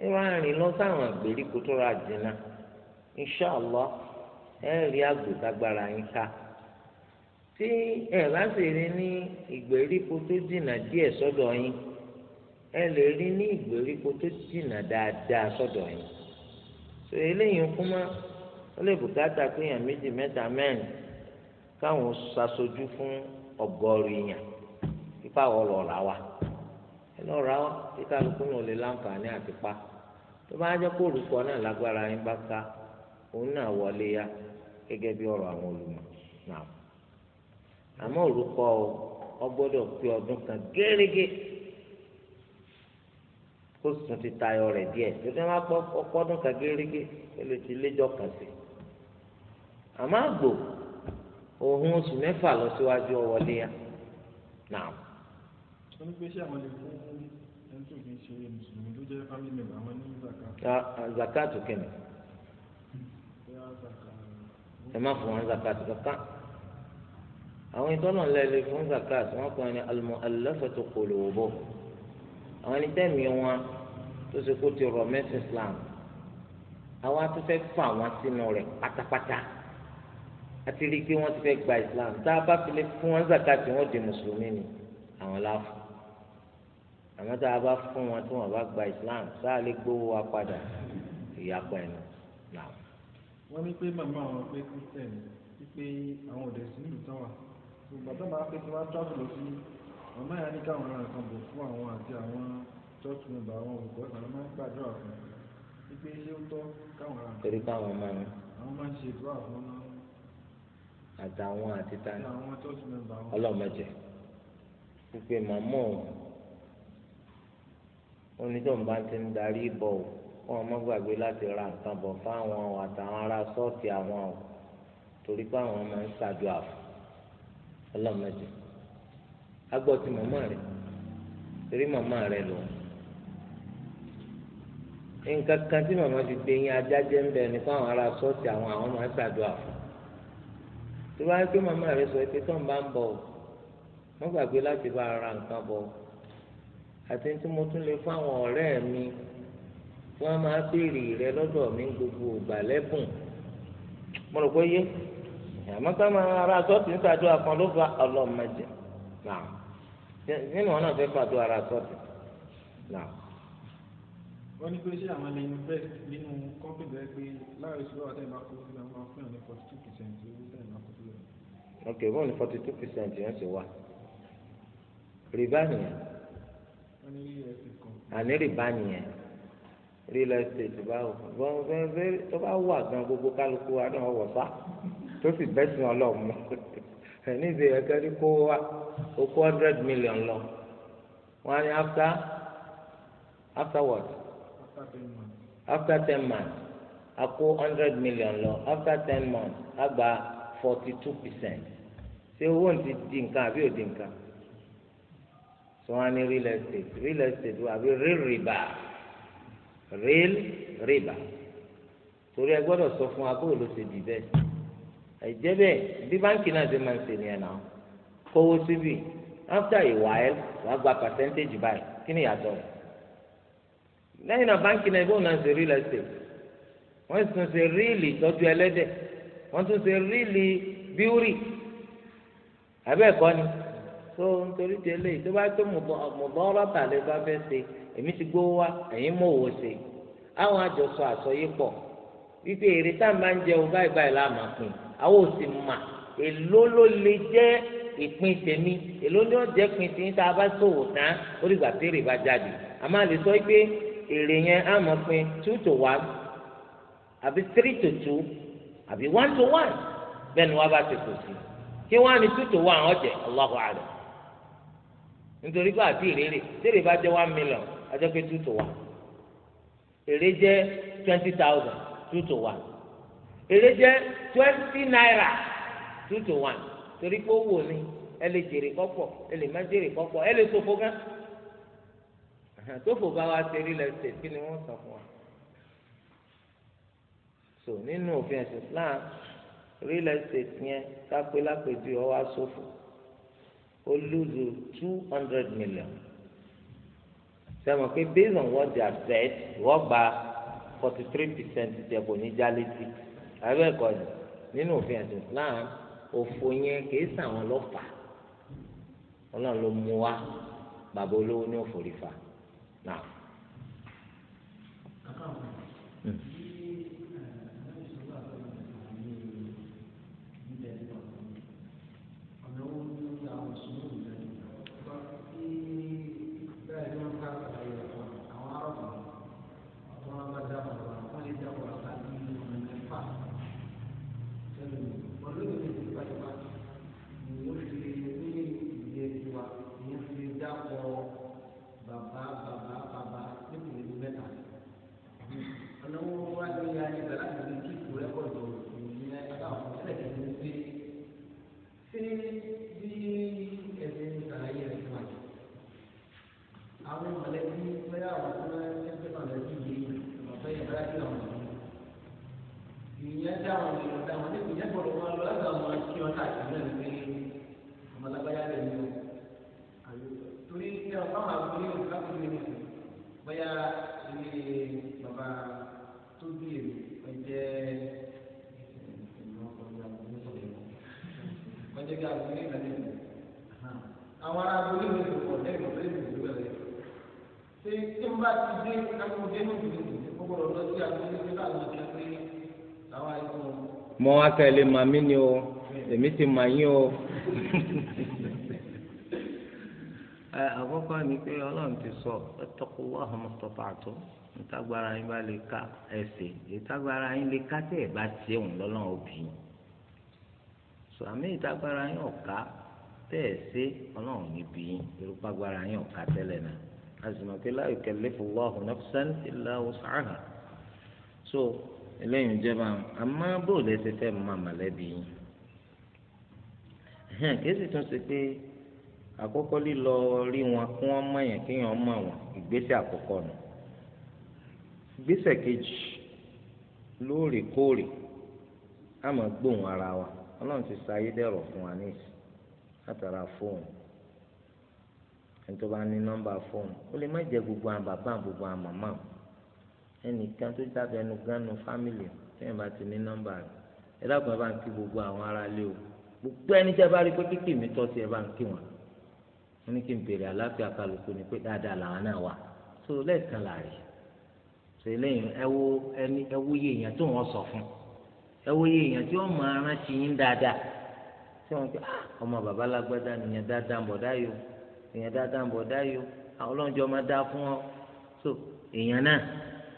iwa wá rìn lọ sáwọn àgbèríko tó ra jìnnà inṣàlá ẹ rí gbara yín ká tí ẹ bá sì rí ní ìgbèríko tó jìnnà díẹ̀ sọ́dọ̀ yín ẹ lè rí ní ìgbèríko tó jìnnà dáadáa sọ́dọ̀ yín sọ eléyìí kú mọ́ ó lè bùkátà pé èèyàn méjì mẹ́ta mẹ́rin káwọn ṣàṣojú fún ọgọ́rin èèyàn pípa wa ẹ tó bá jẹ́ kó orúkọ náà lágbára yín bá ká òun náà wọlé ya gẹ́gẹ́ bí ọ̀rọ̀ àwọn olùmọ̀ náà àmọ́ orúkọ ọ pé ọdún kan gẹ́rẹ́gẹ́ kó sùn ti tayọ rẹ̀ díẹ̀ tó dé máa kọ́ ọdún kan gẹ́rẹ́gẹ́ ó ti léjọ́ kan sí àmọ́ àgbò ya náà. ẹni tó kì í ṣe mùsùlùmí tó jẹ́ family zakat. zakat kẹ́mi ẹ má fún wọn zakat kankan àwọn ìtọ́nà lẹ́lẹ́ fún zakat wọn kàn ní al-mu'allafatu qulubuhum àwọn ẹni tẹ́mi wọn tó ṣe kó ti rọ mẹ́sìn Islam àwọn tó fẹ́ fà wọn sínú rẹ̀ pátápátá àti rí i pé wọ́n ti fẹ́ gba Islam tá a bá fi lè fún wọn zakat wọn di mùsùlùmí ni àwọn láàfù àmọ́ tá a bá fún wọn tí wọ́n bá gba islam sáà lè gbowó wa padà ìyapa ẹnu náà. wọ́n ní pé màmá àwọn pé christian pé àwọn òde sí nílùú tán wà ìgbà tó máa pé kí wọ́n travel lọ sí màmá yẹn ní káwọn ọ̀ràn kan bò fún àwọn àti àwọn church member àwọn olùkọ́ àwọn máa ń gbàdúrà fún un pé ṣé ó tọ́ káwọn ọ̀ràn torí káwọn máa ń. àwọn máa ń ṣe ìdúrà fún wọn àtàwọn àti tani ọlọ́mọdé pípé màmá òun oníjọba bá ti ń darí bọ̀ o wọn láti ra nǹkan bọ̀ fáwọn àtàwọn ará ṣọ́ọ̀ṣì àwọn o torí pé àwọn máa ń ṣàdúrà fún ọlọ́mọdé ti màmá rẹ̀ torí màmá rẹ̀ lọ. nǹkan kan tí màmá fi gbé yín ajá jẹ́ ń bẹ̀ ní fáwọn ará àwọn àwọn máa ń ṣàdúrà màmá rẹ̀ sọ pé tó ń bá ń láti bá ara nǹkan bọ̀ àti tí mo tún lè fún àwọn ọ̀rẹ́ mi tí wọ́n máa béèrè rẹ lọ́dọ̀ mi gbogbo ìgbà lẹ́bùn mo rò pé yé àmọ́ ká máa ara sọ́ọ̀tì nípa àdúrà kan ló fa ọlọ́mọdé náà nínú wọn náà fẹ́ fàdúrà ara sọ́ọ̀tì náà. wọ́n ní pé ṣé àwọn lè invest nínú company rẹ pé láàrin ìṣúná àti ìmọ̀ àkókò máa fún ìyàn ní forty two percent owó tẹ̀ ìmọ̀ àkókò ok wọ́n ní forty two percent yẹn ti wá rìbá nìyẹn àní rìbá nìyẹn real estate báwo gbọ̀ngbọ̀ngbẹ́ tó bá wà gan gbogbo kálukú wa náà wọ̀ sá tó sì bẹ́sìn ọlọ́mú ẹni ìṣe ẹ̀kẹ́ ní kó wa ó kó hundred million lọ wọ́n á after after what after ten months a kó hundred million lọ after ten months a gba forty two percent ṣé owó ń ti di nǹkan àbí ò di nǹkan tí wọ́n á real estate real estate àbí real riba real riba torí ẹ gbọ́dọ̀ sọ fún wa bóyá ló ṣe dì bẹ́ẹ̀ àìjẹ́ bẹ́ẹ̀ bí báńkì náà ṣe máa ń ṣe nìyẹn náà kówó síbi after a while wàá gba percentage báyìí kí ni ìyàtọ̀ rẹ̀ lẹ́yìn náà báńkì náà ìbọn náà ṣe real estate wọ́n tún ṣe real ìtọ́jú ẹlẹ́dẹ̀ wọ́n tún ṣe real bíúrì abẹ́ẹ̀kọ́ ni tó nítorí tí eléyìí tó bá tó mùdọ́rọ́bà lè bá fẹ́ ṣe èmi ti gbówó wá ẹ̀yin mọ̀ òwò ṣe àwọn àjọsọ àsọyé pọ̀ wípé èrè tá à ń bá ń jẹun báyìí báyìí la máa pín àwọn ò sì mà èló ló lè jẹ́ ìpín tèmi èló ni ó jẹ́ pín tèmi tá a bá ṣòwò tán ó dìgbà tí èrè bá jáde àmọ́ àlè sọ pé èrè yẹn á máa pín two to one àbí three to two àbí one to one bẹ́ẹ̀ ni wọ́n bá ti kù sí kí wọ́n á ní two to one ọ̀jẹ̀ Allahu a'lam nítorí pé àti èrè rè tèrè bá jẹ́ one million ajẹ́ pé two to one èrè jẹ́ twenty thousand two to one èrè jẹ́ twenty naira two to one torí pé owó ni ẹ lè jèrè kọ́pọ̀ ẹ lè má jèrè kọ́pọ̀ ẹ lè ṣòfò gan tófò bá wa ṣe rí lẹ́sẹ̀ kí ni wọ́n sọ fún wa so nínú òfin ẹ̀sìn Islam real estate yẹn kápẹ́ lápẹ́jù ọ wá ṣòfò. So, ó lose two hundred million sẹ́wọ̀n pé based on what they have said wọ́n gba forty three percent ìjẹ̀bù ní jálẹ́tì abẹ́ẹ̀kọ́ ni nínú òfin ẹ̀sìn Islam òfò yẹn kìí sàwọn lọ́fà ọlọ́run ló mú wa bàbá olówó ní òfòrífà náà. kan ẹ lè mà mí ni o èmi ti mà yín o. àkọ́kọ́ ni pé ọlọ́run ti sọ ẹtọ́kọ wà ọmọtọ́fà tó ìtagbára yín bá lè ká ẹsẹ̀ ìtagbára yín lè ká tẹ̀ bá tiẹ̀ ń lọ́lọ́run òbí sàmì ìtagbára yín ọ̀ká tẹ̀ ṣe ọlọ́run níbí ìrúpagbára yín ọ̀ká tẹ́lẹ̀ náà azùmọ̀kẹ́lá ìkẹlẹ́fọ̀wọ́ ọ̀hún náà sẹ́ńtì lọ́wọ́ sàáhà so eléyìí ń jẹba àmọ́ bóòlù ẹsẹ fẹ́ mọ àmàlẹ́bí yín kéésì tún ṣe pé àkọ́kọ́ lílọ rí wọn kí wọ́n mọ̀ yẹn kí wọ́n mọ̀ wọn ìgbésẹ̀ àkọ́kọ́ nù ìgbésẹ̀ kejì lóòrèkóòrè a gbóhùn ara wa ọlọ́run ti sa ayé dẹ̀rọ̀ fún wa níìsì látara fóònù ẹni tó bá ní nọ́mbà fóònù ó lè má jẹ gbogbo àwọn bàbá gbogbo àwọn màmá wọn ẹnìkan tó jáde ẹnu ganu fámìlì tẹ́yìn bá ti ní nọ́mbà rẹ̀ ẹ dákun ẹ bá ń kí gbogbo àwọn ará lé o gbogbo ẹni tẹ́ bá rí pé kíkì mi tọ́ sí ẹ bá ń kí wọn wọn ní kí n béèrè àlàáfíà kálukú ni pé dáadáa làwọn náà wà so lẹ́ẹ̀kan láàrin so eléyìí ẹ wo ẹni ẹ wo iye èèyàn tó wọn sọ fún ẹ wo iye èèyàn tí wọn máa rántí yín dáadáa tí wọn pe ah, ọmọ bàbá lágbádá nìyẹn dáadáa ń bọ̀ dáyò nìyẹn dáadáa ń bọ̀ dáyò àwọn ọlọ́njọ́ máa dá fún ọ so èèyàn náà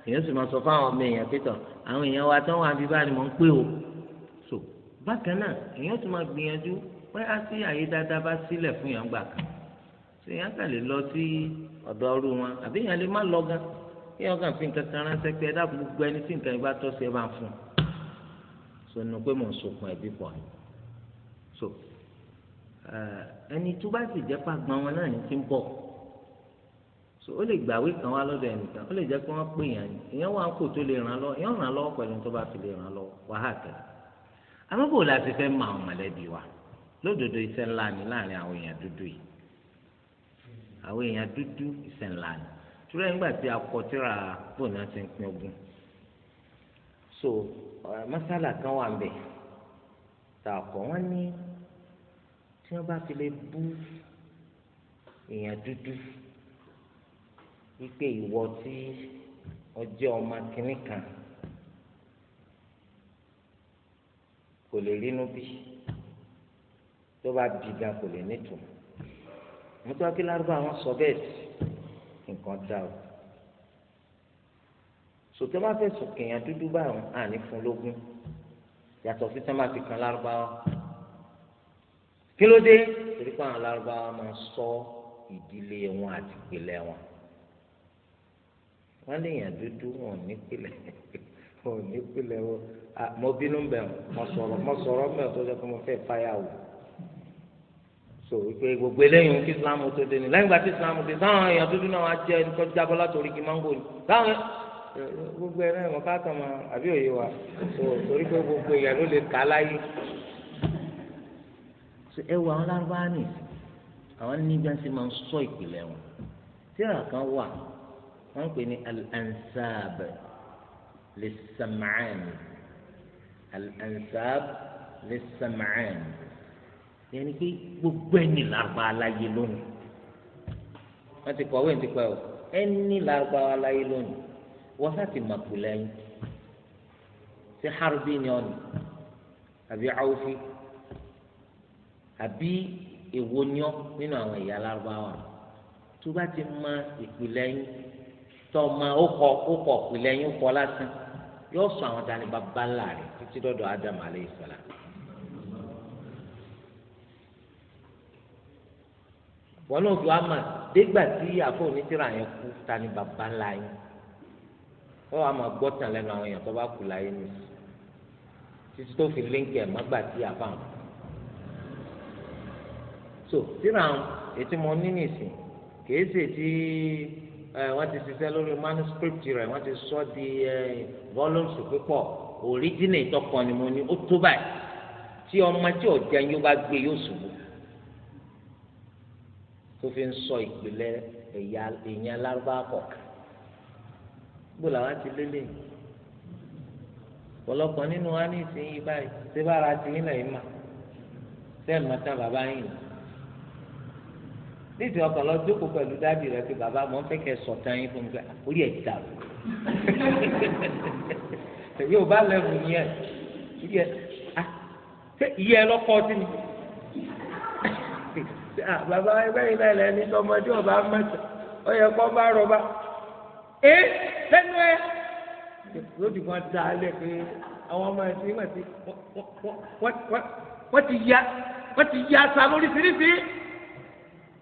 èèyàn sì máa sọ fáwọn ọmọ èèyàn pétọ àwọn èèyàn wa tán wà bí báyìí ni ń pè o so bákan náà èèyàn sì máa gbìyànjú pé á sí àyè dáadáa bá sílẹ̀ fún yàn gbà kan so èèyàn kà lè lọ sí ọ̀dọ̀ ọrú wọn àbí èèyàn lè má lọ gan kí wọn kàn fi nǹkan kan ránṣẹ́ pé ẹ dáàbò gbogbo ẹni tí nǹkan ìbá tọ́ sí ẹ bá ń fún un so nu pé mò ń sokun ẹbí pọ̀ ni so ẹni tó bá sì jẹ́ pàgbọ́n wọn náà ní ti ń bọ̀ so ó lè gbàwé kan wá lọ́dọ̀ ẹnìkan ó lè jẹ́ pé wọ́n pè yàn ní èèyàn wà ń kò tó lè ràn lọ́wọ́ èèyàn ràn lọ́wọ́ pẹ̀lú tó bá fi lè ràn lọ́wọ́ wàhálà ti fẹ́ mọ̀lẹ́bí wa lódodo iṣẹ́ ńlá ni láàrin àwọn èèyàn dúdú yìí àwọn èèyàn dúdú iṣẹ́ ńlá ni túrẹ́ nígbà a ti ń pín so mọ́sálà kan wà ń ta tá kọ ní tí bá fi lè bú èèyàn wípé ìwọ tí ọjọ́ ọmọ kìnnì kan kò lè rínú bí tó bá bí gan kò lè nítumọ̀ mọtò akílárúbá àwọn sọ bẹ́ẹ̀ sí nǹkan dá o sòtẹ́ bá fẹ́ sùn kèèyàn dúdú báwọn àní fún lógún yàtọ̀ sí tẹ́ bá ti kan lárúbáwá kí ló dé torí pé àwọn lárúbáwá máa sọ ìdílé wọn àti ìpìlẹ̀ wọn wọ́n léèyàn dúdú wọn ò ní pilẹ̀ wọn ò ní pilẹ̀ wọn mo bínú bẹ̀ mo sọ̀rọ̀ mo sọ̀rọ̀ bẹ̀ tó jẹ́ pé mo fẹ́ fáyà wò so wípé gbogbo eléyìí kí islam tó dé ni lẹ́yìn ìgbà tí islam dé sáwọn èèyàn dúdú náà wá jẹ́ ẹni tó jábọ́ látòrí kí mángò ni sáwọn gbogbo ẹ̀rọ ìwọ̀n ká kàn àbí òye wa so torí pé gbogbo èèyàn ló lè kà á láyé. ẹ wo àwọn lárúbáwá nì àwọn níbi ẹni tí máa ń sọ ìpìlẹ̀ wọn tíra kan wà wọ́n pè ní al-ansab lis-sam'ani al-ansab lis-sam'ani yẹni pé gbogbo ẹni làgbà aláyé lónìí wọ́n ti kọ̀wé ti pẹ́ o ẹni làgbà aláyé lónìí wọ́n sá ti màkù lẹ́yìn sí harbi ni ọ̀nì àbí awufi àbí èwo nínú àwọn ìyá lárúbáwá tó bá ti mọ ìpìlẹ̀ tọmọ ọkọ ọkọ pìlẹ̀ yín kọ lásán yóò sọ àwọn tani bàbá ńlá rẹ̀ títí dọ́dọ̀ Adam aleyhi salam. wọn náà fi wá mà dégbà tí àfọ onítìrà yẹn kú tani bàbá ńlá yín wọn wá mà gbọ́ tàn lẹ́nu àwọn èèyàn tó bá kú láyé nìyí títí tó fi líǹkì ẹ̀ mọ́gbà tí àfọ àwọn. so tíra ètí mo ní nìsín kèé sè tí. Eh, wọ́n ti ṣiṣẹ́ lórí manuscript rẹ̀ wọ́n ti sọ di eh, volumes pípọ̀ original ìtọ́kọ ni mo ní ó tó báyìí tí ọmọ tí ò jẹun yóò bá gbé yóò ṣubú tó fi ń sọ ìpìlẹ̀ èèyàn lárúbá kọ̀ọ̀kan gbọ́dọ̀ làwọn ti lélẹ̀ ọ̀pọ̀lọpọ̀ nínú wa ní ìsinyìí báyìí ṣé bára ti ń lẹ̀ yín mà sẹ́ẹ̀ mọ́ta bàbá yìí nà níìsì ọkàn lọ jókòó pẹ̀lú dáàbì rẹ pé bàbá mo ń fẹ́ kẹ́ sọ̀tàn yín fún mi pé orí ẹ̀ dà o yóò bá lẹ́bù yẹn yẹ ah ṣé ìyẹ́ ẹ lọ́kọ́ sí ni ah, bàbá ẹgbẹ́ yìí náà lẹ́ni tọmọdé ọba mẹ́ta ó yẹ kó bá rọba ẹ lẹ́nu ẹ lójú kan dá a lẹ pé àwọn ọmọ ẹ ti wọ́n ti ya wọ́n ti ya sa lóríṣiríṣi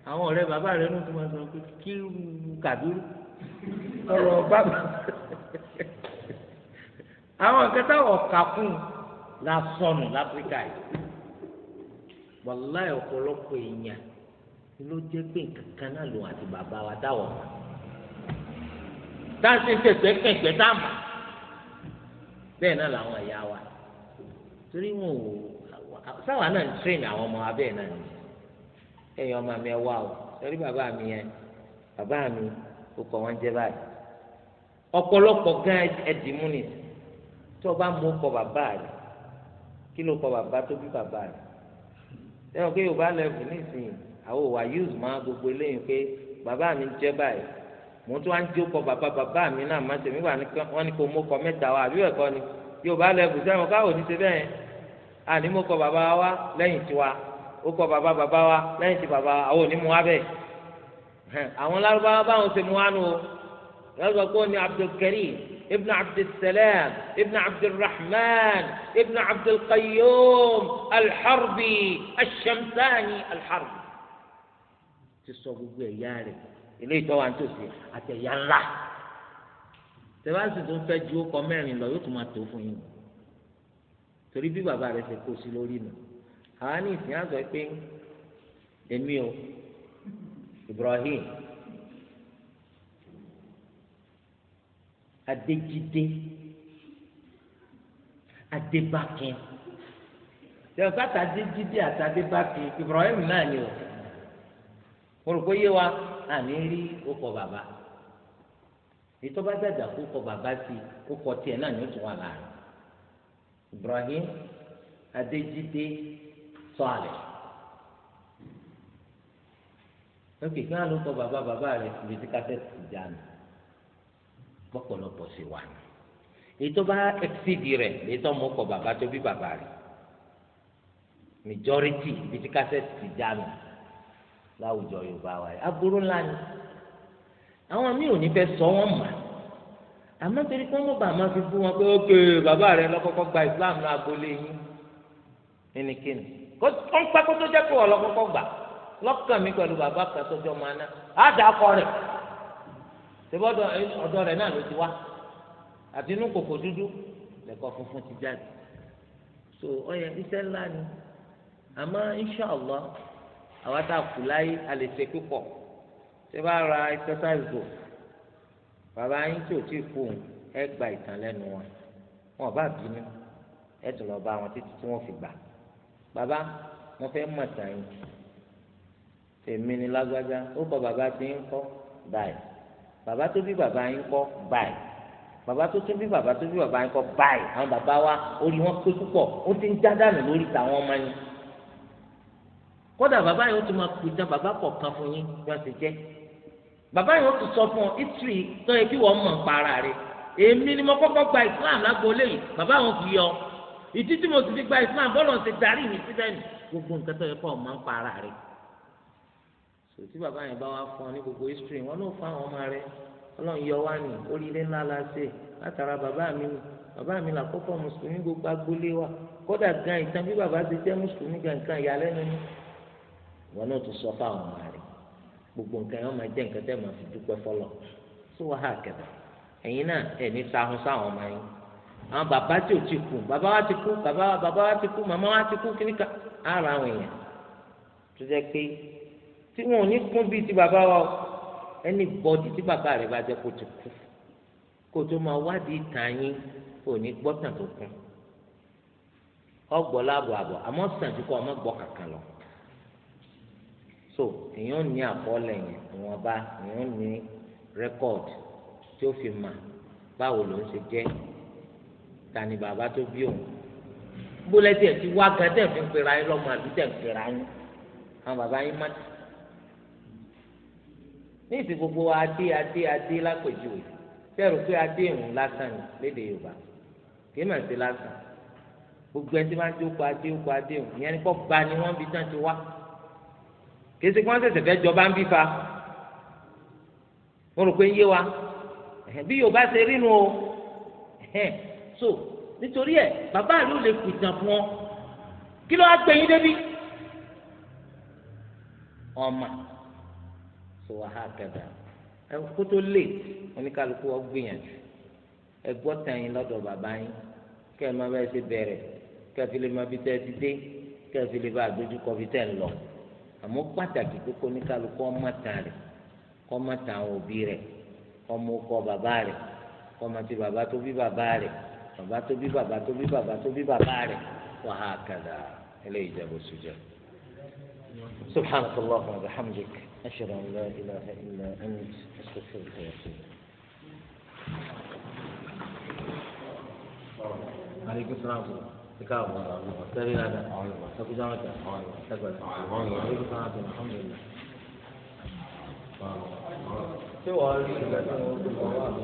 àwọn ọ̀rẹ́ bàbá rẹ̀ nù tó máa sọ pé kí kàdúrú ọ̀rọ̀ bàbá àwọn kẹta ọ̀kàkùn la sọnù láfíríkà yìí wàláì ọ̀pọ̀lọpọ̀ èèyàn ló jẹ́ pé nǹkan kan náà lòun àti bàbá wa dáwọ̀ mọ́ táàsì fẹ̀fẹ̀ kẹ̀kẹ́ tá a mọ̀ bẹ́ẹ̀ náà làwọn ẹ̀yà wa torí wọn ò sáwà náà ń tírìn àwọn ọmọ wa náà nìyẹn ẹ̀yin ọmọ mi ẹ wá o sọrí bàbá mi yẹn bàbá mi ó kọ wọn jẹ báyìí ọ̀pọ̀lọpọ̀ gan ẹdì mú ni tí ọba mú kọ bàbá rẹ kí ló kọ bàbá tó bí bàbá rẹ sẹ́wọ̀n pé yorùbá lẹ́bù nísìnyí àwọn òwà yóò máa gbogbo eléyìí pé bàbá mi jẹ́ báyìí mo tún wá ń jókòó bàbá bàbá mi náà má ṣe mí wà wọn ni kò mú kọ mẹ́ta wa àbí ẹ̀kọ́ ni yorùbá lẹ́bù sẹ́wọ̀n káwọn ò ní ṣe bẹ́ẹ̀ àní mo kọ bàbá wa lẹ́yìn tiwa ó kọ bàbá bàbá wa lẹ́yìn tí bàbá àwọn òní mu wá bẹ́ẹ̀ àwọn lárúbáwá báwọn ṣe mu wá nù lọ́sọ̀ kó ní abdulkarim ibn abdulsalam ibn abdulrahman ibn abdulqayyum alḥarbi aṣamsani alḥarbi ti sọ gbogbo ẹ̀yà rẹ̀ ilé ìtọ́wà ń tòsí àtẹ̀yà ńlá tẹ́lásì tó ń fẹ́ ju ó kọ mẹ́rin lọ yóò tún máa tó fún yín torí bí bàbá rẹ̀ ṣe kó sí lórí nù àwọn ní ìsìn àzọ pé èmi o Ibrahim Adéjídé Adébákin tẹ̀wọ́n Adéjídé àti Adébákin Ibrahim náà ni o mo rò pé yé wa àní rí okọ bàbá ètò bá dàgbà kó kọ bàbá sí kó kọ tiẹ̀ náà ni ó tún wà láàrin Ibrahim Adéjídé sọ́ọ̀lẹ̀ lókè kí wọ́n ló kọ bàbá bàbá rẹ̀ ibi tí kásẹ̀tì ti já nù pọ̀pọ̀lọpọ̀ sí wa èyí tó bá ẹ̀sìdì rẹ̀ èyí tó mú kọ bàbá tó bí bàbá rẹ̀ majority ibi tí kásẹ̀tì ti já nù láwùjọ yorùbá wa yìí aburú ńlá ni àwọn míì ò ní fẹ́ sọ wọ́n mà àmọ́ torí kí wọ́n mọ̀ bá a máa fi bú wọn pé ókè bàbá rẹ̀ lọ́kọ́kọ́ gba ìsìláàmù náà agbolé yín nínú kó ń pẹ́ kó tó jẹ́ pé wọ́n lọ kọ́kọ́ gbà lọ́kàn mi pẹ̀lú bàbá kan tó jọ máa ná á dà á kọ rẹ̀ tẹ́bọ́dọ̀ ọ̀dọ́ rẹ̀ náà ló ti wá àti inú kòkò dúdú lẹ́kọ̀ọ́ funfun ti jáde so ọyẹ iṣẹ́ ńlá ni àmọ́ inṣàlá àwa tá a kù láyé a lè ṣe púpọ̀ tẹ́ bá ra exercise bò bàbá yín tí ò tí ì kú òun ẹ gba ìtàn lẹ́nu wọn wọn ò bá bínú ẹ tún lọ bá wọn títí tí wọ́n fi gbà. Baba, mo fẹ́ mọ̀ tàn yín tèmi ni lágbájá ó kọ bàbá tí ń kọ́ báyìí bàbá tó bí bàbá yín kọ́ báyìí bàbá tó tún bí Baba tó bí bàbá yín kọ́ báyìí àwọn bàbá wa orí wọn pé púpọ̀ ó ti ń já dànù lórí tàwọn ọmọ yín kódà bàbá yìí ó ti máa pìtàn bàbá kọ̀ọ̀kan fún yín bí wọ́n ti jẹ́ bàbá yìí ó ti sọ fún ọ ìtìrì tó yẹ kí wọ́n mọ̀ ń para rẹ̀ èmi ni mo kọ́kọ́ gba ìsìlámù lágbo lẹ́yìn bàbá wọn fi yọ ìdí tí mo sì fi gba islam bọ́lọ̀ ti darí mi síbẹ̀ ni gbogbo nǹkan tó yẹ kọ́ ọ̀ma ń pa ara rẹ̀ sò tí bàbá yẹn bá wá fún ọ ní gbogbo history wọn ló fún àwọn ọmọ rẹ ọlọ́run yọ wá ní oríire ńlá la ṣe látara bàbá mi ni bàbá mi là kọ́kọ́ mùsùlùmí gbogbo agboolé wa kódà gan ìtàn bí bàbá ti jẹ́ mùsùlùmí gan nǹkan ìyàlẹ́nu ni wọn náà tún sọ fáwọn ọmọ rẹ gbogbo nǹkan yẹn máa jẹ́ nǹkan tẹ́ máa fi dúpẹ́ fọlọ́ tó wàhálà kẹta ẹ̀yin náà ẹ̀ ní sáhùn sáwọn ọmọ yẹn àwọn bàbá tí ò ti kú bàbá wa ti kú bàbá bàbá wa ti kú màmá wa ti kú kíníkà ara àwọn èèyàn tó jẹ́ pé tí wọn ò ní kún bíi ti bàbá wa ẹni bọ́dì tí bàbá rẹ̀ bá jẹ́ kó ti kú kó tó máa wádìí ìtàn yín ní gbọ́tàn tó kún ọgbọ́ láàbọ̀ àbọ̀ àmọ́ sàn ju kọ́ ọmọ gbọ́ kankan lọ so èèyàn ní àkọọ́lẹ̀ yẹn ìwọ̀nba èèyàn ní rẹ́kọ̀d tí ó fi mà báwo ló ń ṣe jẹ́ tani bàbá tó bí òun bólẹ́tì ẹ̀ ti wá gan tẹ̀ fi ń pera yín lọ́mọ àbí tẹ̀ ń pera yín àwọn bàbá yín má ti. ní ìsìn gbogbo adé adé adé lápèjúwe sẹ́rù pé adé ìhùn lásán ni léde Yorùbá kì í mà sí lásán gbogbo ẹni tí wọ́n kọ adé kọ adé ìhùn ìyẹn ni kò gba ni wọ́n fi tán ti wá kì í ṣe kí wọ́n ṣẹ̀ṣẹ̀ fẹ́ jọba ń bí fa mo rò pé ń yé wa bí Yorùbá ṣe rí nu o so nítorí ẹ bàbá rẹ ò lè kù ìtàn fún ọ kí ló wá gbé yín débi ọmọ so wà á kẹta ẹ kó tó lè oníkálukú ọ gbìyànjú ẹ gbọ́ tẹ̀yìn lọ́dọ̀ bàbá yín kẹ́ ẹ má bẹ́ẹ̀ ṣe bẹ̀rẹ̀ kẹ́ ẹ fi lè má bí tẹ́ ẹ ti dé kẹ́ ẹ fi lè bá àdójúkọ bí tẹ́ ẹ lọ àmọ́ pàtàkì kókó oníkálukú ọmọ tàn rẹ̀ kọ́ mọ́ tàn òbí rẹ̀ ọmọ ọkọ bàbá rẹ̀ ọmọ ti bàbá tó bí bàbá rẹ̀. bàbá tó bí bàbá tó bí bàbá tó bí bàbá rẹ̀ wà á kàdà eléyìí jẹ́ bó sùjẹ́. سبحانك اللهم وبحمدك أشهد أن لا إله إلا أنت أستغفرك وأتوب عليكم السلام ورحمة الله الله سري هذا تكو جامعة تكبر عليكم السلام الحمد لله سوى